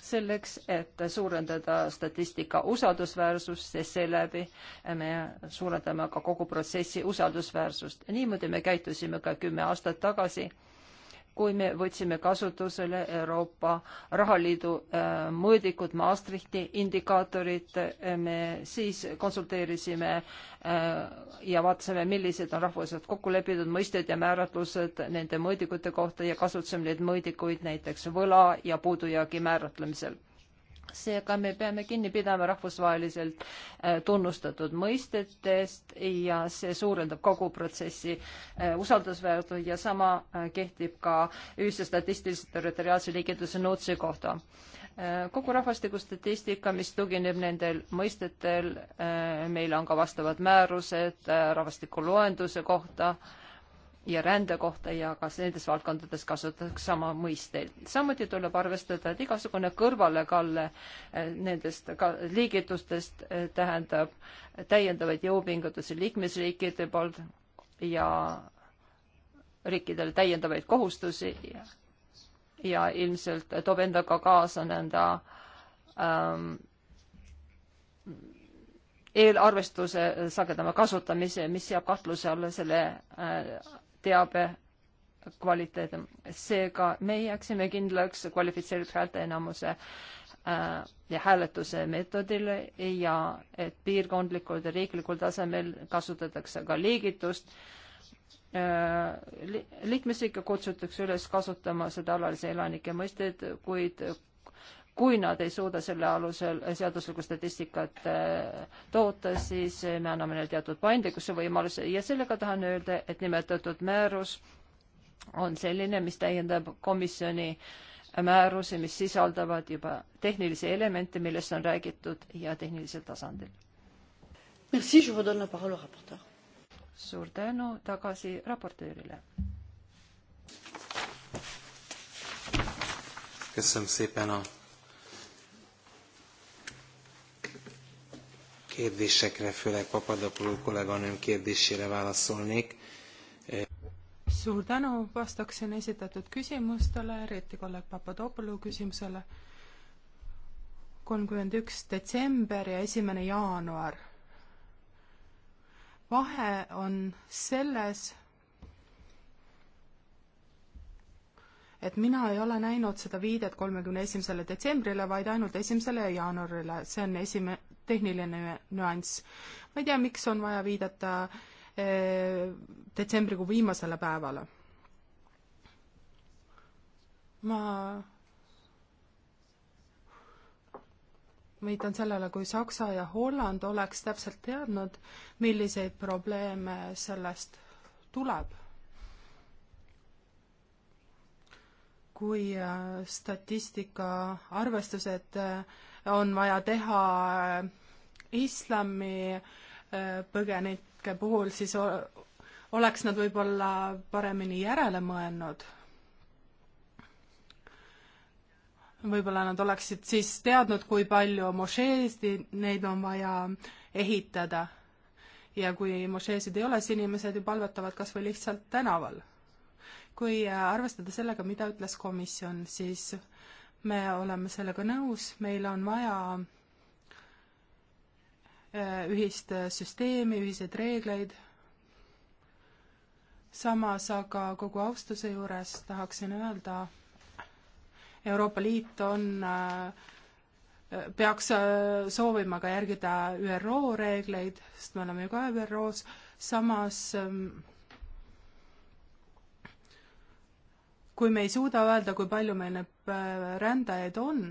selleks, et suurendada statistika usaldusväärsust, sest seeläbi me suurendame ka kogu protsessi usaldusväärsust. niimoodi me käitusime ka kümme aastat tagasi kui me võtsime kasutusele Euroopa Rahaliidu äh, mõõdikud Maastrichti indikaatorid, äh, me siis konsulteerisime äh, ja vaatasime, millised on rahvusvaheliselt kokku lepitud mõisted ja määratlused nende mõõdikute kohta ja kasutasime neid mõõdikuid näiteks võla ja puudujäägi määratlemisel seega me peame kinni pidama rahvusvaheliselt äh, tunnustatud mõistetest ja see suurendab kogu protsessi äh, usaldusväärsust ja sama äh, kehtib ka ühise statistilise territoriaalse liigituse NUTS-i kohta. kogu rahvastikustatistika, mis tugineb nendel mõistetel, meil on ka vastavad määrused rahvastikuloenduse kohta ja rände kohta ja kas nendes valdkondades kasutatakse sama mõisteid. samuti tuleb arvestada, et igasugune kõrvalekalle eh, nendest ka liigitustest eh, tähendab täiendavaid jõupingutusi liikmesriikide poolt ja riikidele täiendavaid kohustusi ja, ja ilmselt toob endaga kaasa nõnda ähm, eelarvestuse sagedama kasutamise, mis seab kahtluse alla selle äh, teabe kvaliteet. seega me jääksime kindlaks kvalifitseeritud häälteenamuse äh, ja hääletuse meetodile ja et piirkondlikul ja riiklikul tasemel kasutatakse ka liigitust äh, liikmesriike kutsutakse üles kasutama seda alalise elanike mõistet, kuid kui nad ei suuda selle alusel seaduslikku statistikat äh, toota, siis äh, me anname neile teatud paindlikkuse võimaluse ja sellega tahan öelda, et nimetatud määrus on selline, mis täiendab komisjoni määrusi, mis sisaldavad juba tehnilisi elemente, millest on räägitud ja tehnilisel tasandil. suur tänu tagasi raportöörile. köszönöm szépen a kérdésekre, főleg Papadopoulou kolléganőm kérdésére válaszolnék. suur tänu, vastaksin esitatud küsimustele, eriti kolleeg Papadopoulou küsimusele. kolmkümmend üks detsember ja esimene jaanuar. vahe on selles, et mina ei ole näinud seda viidet kolmekümne esimesele detsembrile, vaid ainult esimesele jaanuarile, see on esime-, tehniline nüanss. ma ei tea, miks on vaja viidata eh, detsembrikuu viimasele päevale. ma viitan sellele, kui Saksa ja Holland oleks täpselt teadnud, milliseid probleeme sellest tuleb. kui eh, statistika arvestused äh, on vaja teha äh, islami äh, põgenike puhul, siis oleks nad võib-olla paremini järele mõelnud. võib-olla nad oleksid siis teadnud, kui palju mošeesid neid on vaja ehitada. ja kui mošeesid ei ole, siis inimesed ju palvetavad kas või lihtsalt tänaval. kui arvestada sellega, mida ütles komisjon, siis me oleme sellega nõus, meil on vaja äh, ühist äh, süsteemi, ühiseid reegleid, samas aga kogu austuse juures tahaksin öelda, Euroopa Liit on, äh, peaks soovima ka järgida ÜRO reegleid, sest me oleme ju ka ÜRO-s, samas ähm, kui me ei suuda öelda, kui palju meil neid äh, rändajaid on,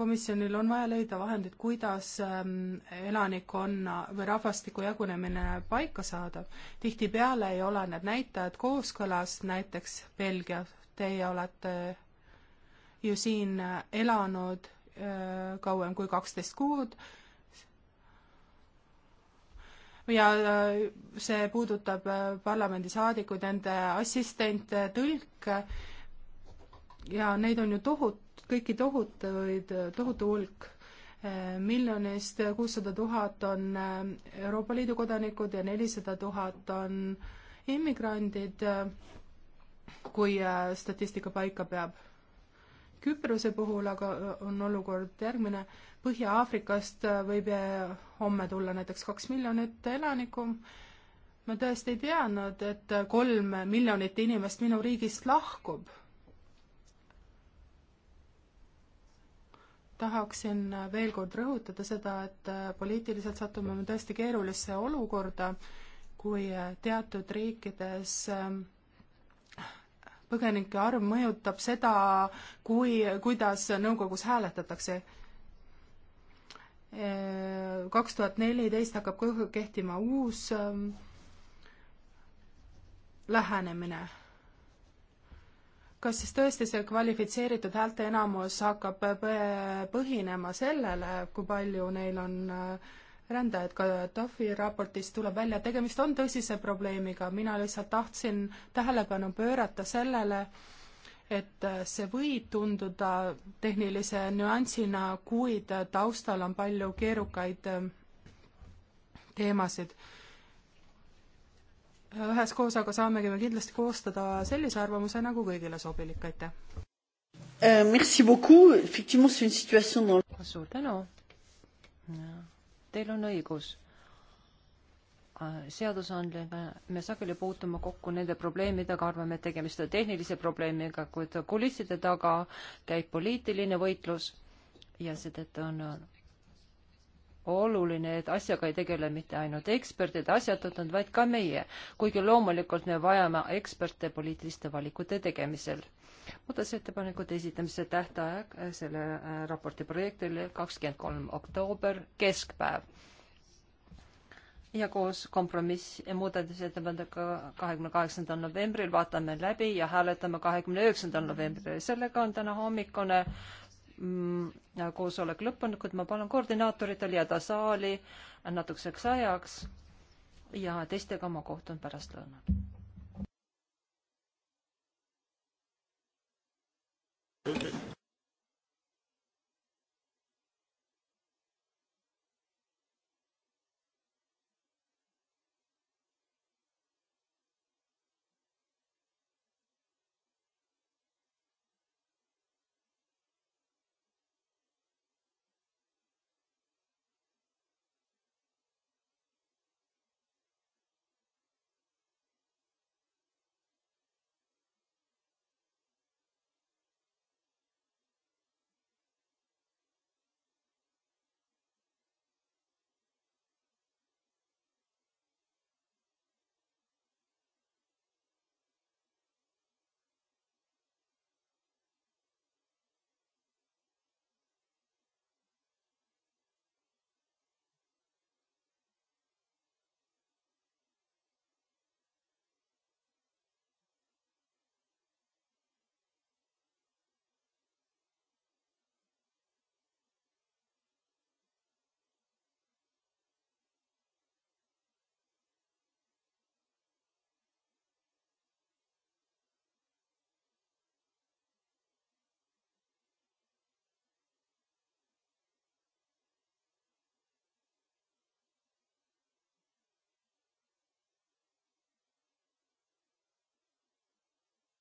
komisjonil on vaja leida vahendid, kuidas ähm, elanikkonna või rahvastiku jagunemine paika saada. tihtipeale ei ole need näitajad kooskõlas, näiteks Belgia, teie olete ju siin äh, elanud äh, kauem kui kaksteist kuud ja äh, see puudutab äh, parlamendisaadikuid, nende assistente, tõlke ja neid on ju tohut-, kõiki tohutuid, tohutu hulk. Äh, miljonist kuussada tuhat on Euroopa Liidu kodanikud ja nelisada tuhat on immigrandid, kui statistika paika peab Küprose puhul aga äh, on olukord järgmine, Põhja-Aafrikast äh, võib homme tulla näiteks kaks miljonit elanikku, ma tõesti ei teadnud, et äh, kolm miljonit inimest minu riigist lahkub. tahaksin veel kord rõhutada seda, et poliitiliselt satume me tõesti keerulisse olukorda, kui teatud riikides äh, põgenike arv mõjutab seda, kui, kuidas nõukogus hääletatakse. kaks tuhat neliteist hakkab kehtima uus ähm, lähenemine. kas siis tõesti see kvalifitseeritud häälteenamus hakkab põhinema sellele, kui palju neil on äh, rändajad, ka Tafi raportist tuleb välja, tegemist on tõsise probleemiga, mina lihtsalt tahtsin tähelepanu pöörata sellele, et see võib tunduda tehnilise nüansina, kuid taustal on palju keerukaid äh, teemasid. üheskoos aga saamegi me kindlasti koostada sellise arvamuse, nagu kõigile sobilik, aitäh! Euh, merci beaucoup, effectivement c'est une situation dans suur tänu no Teil on õigus. Äh, seadusandlina me sageli puutume kokku nende probleemidega, arvame, et tegemist on tehnilise probleemiga, kuid kulisside taga käib poliitiline võitlus ja seetõttu on oluline, et asjaga ei tegele mitte ainult eksperdid, asjatundjad, vaid ka meie, kuigi loomulikult me vajame eksperte poliitiliste valikute tegemisel muudatusettepanekute esitamise tähtaeg äh, selle äh, raporti projektile kakskümmend kolm oktoober, keskpäev. ja koos kompromiss ja muudatusettepanekuga kahekümne kaheksandal novembril vaatame läbi ja hääletame kahekümne üheksandal novembril. sellega on täna hommikune mm, koosolek lõppenud, kuid ma palun koordinaatoritel jääda saali natukeseks ajaks ja teistega ma kohtun pärastlõunal. Okay.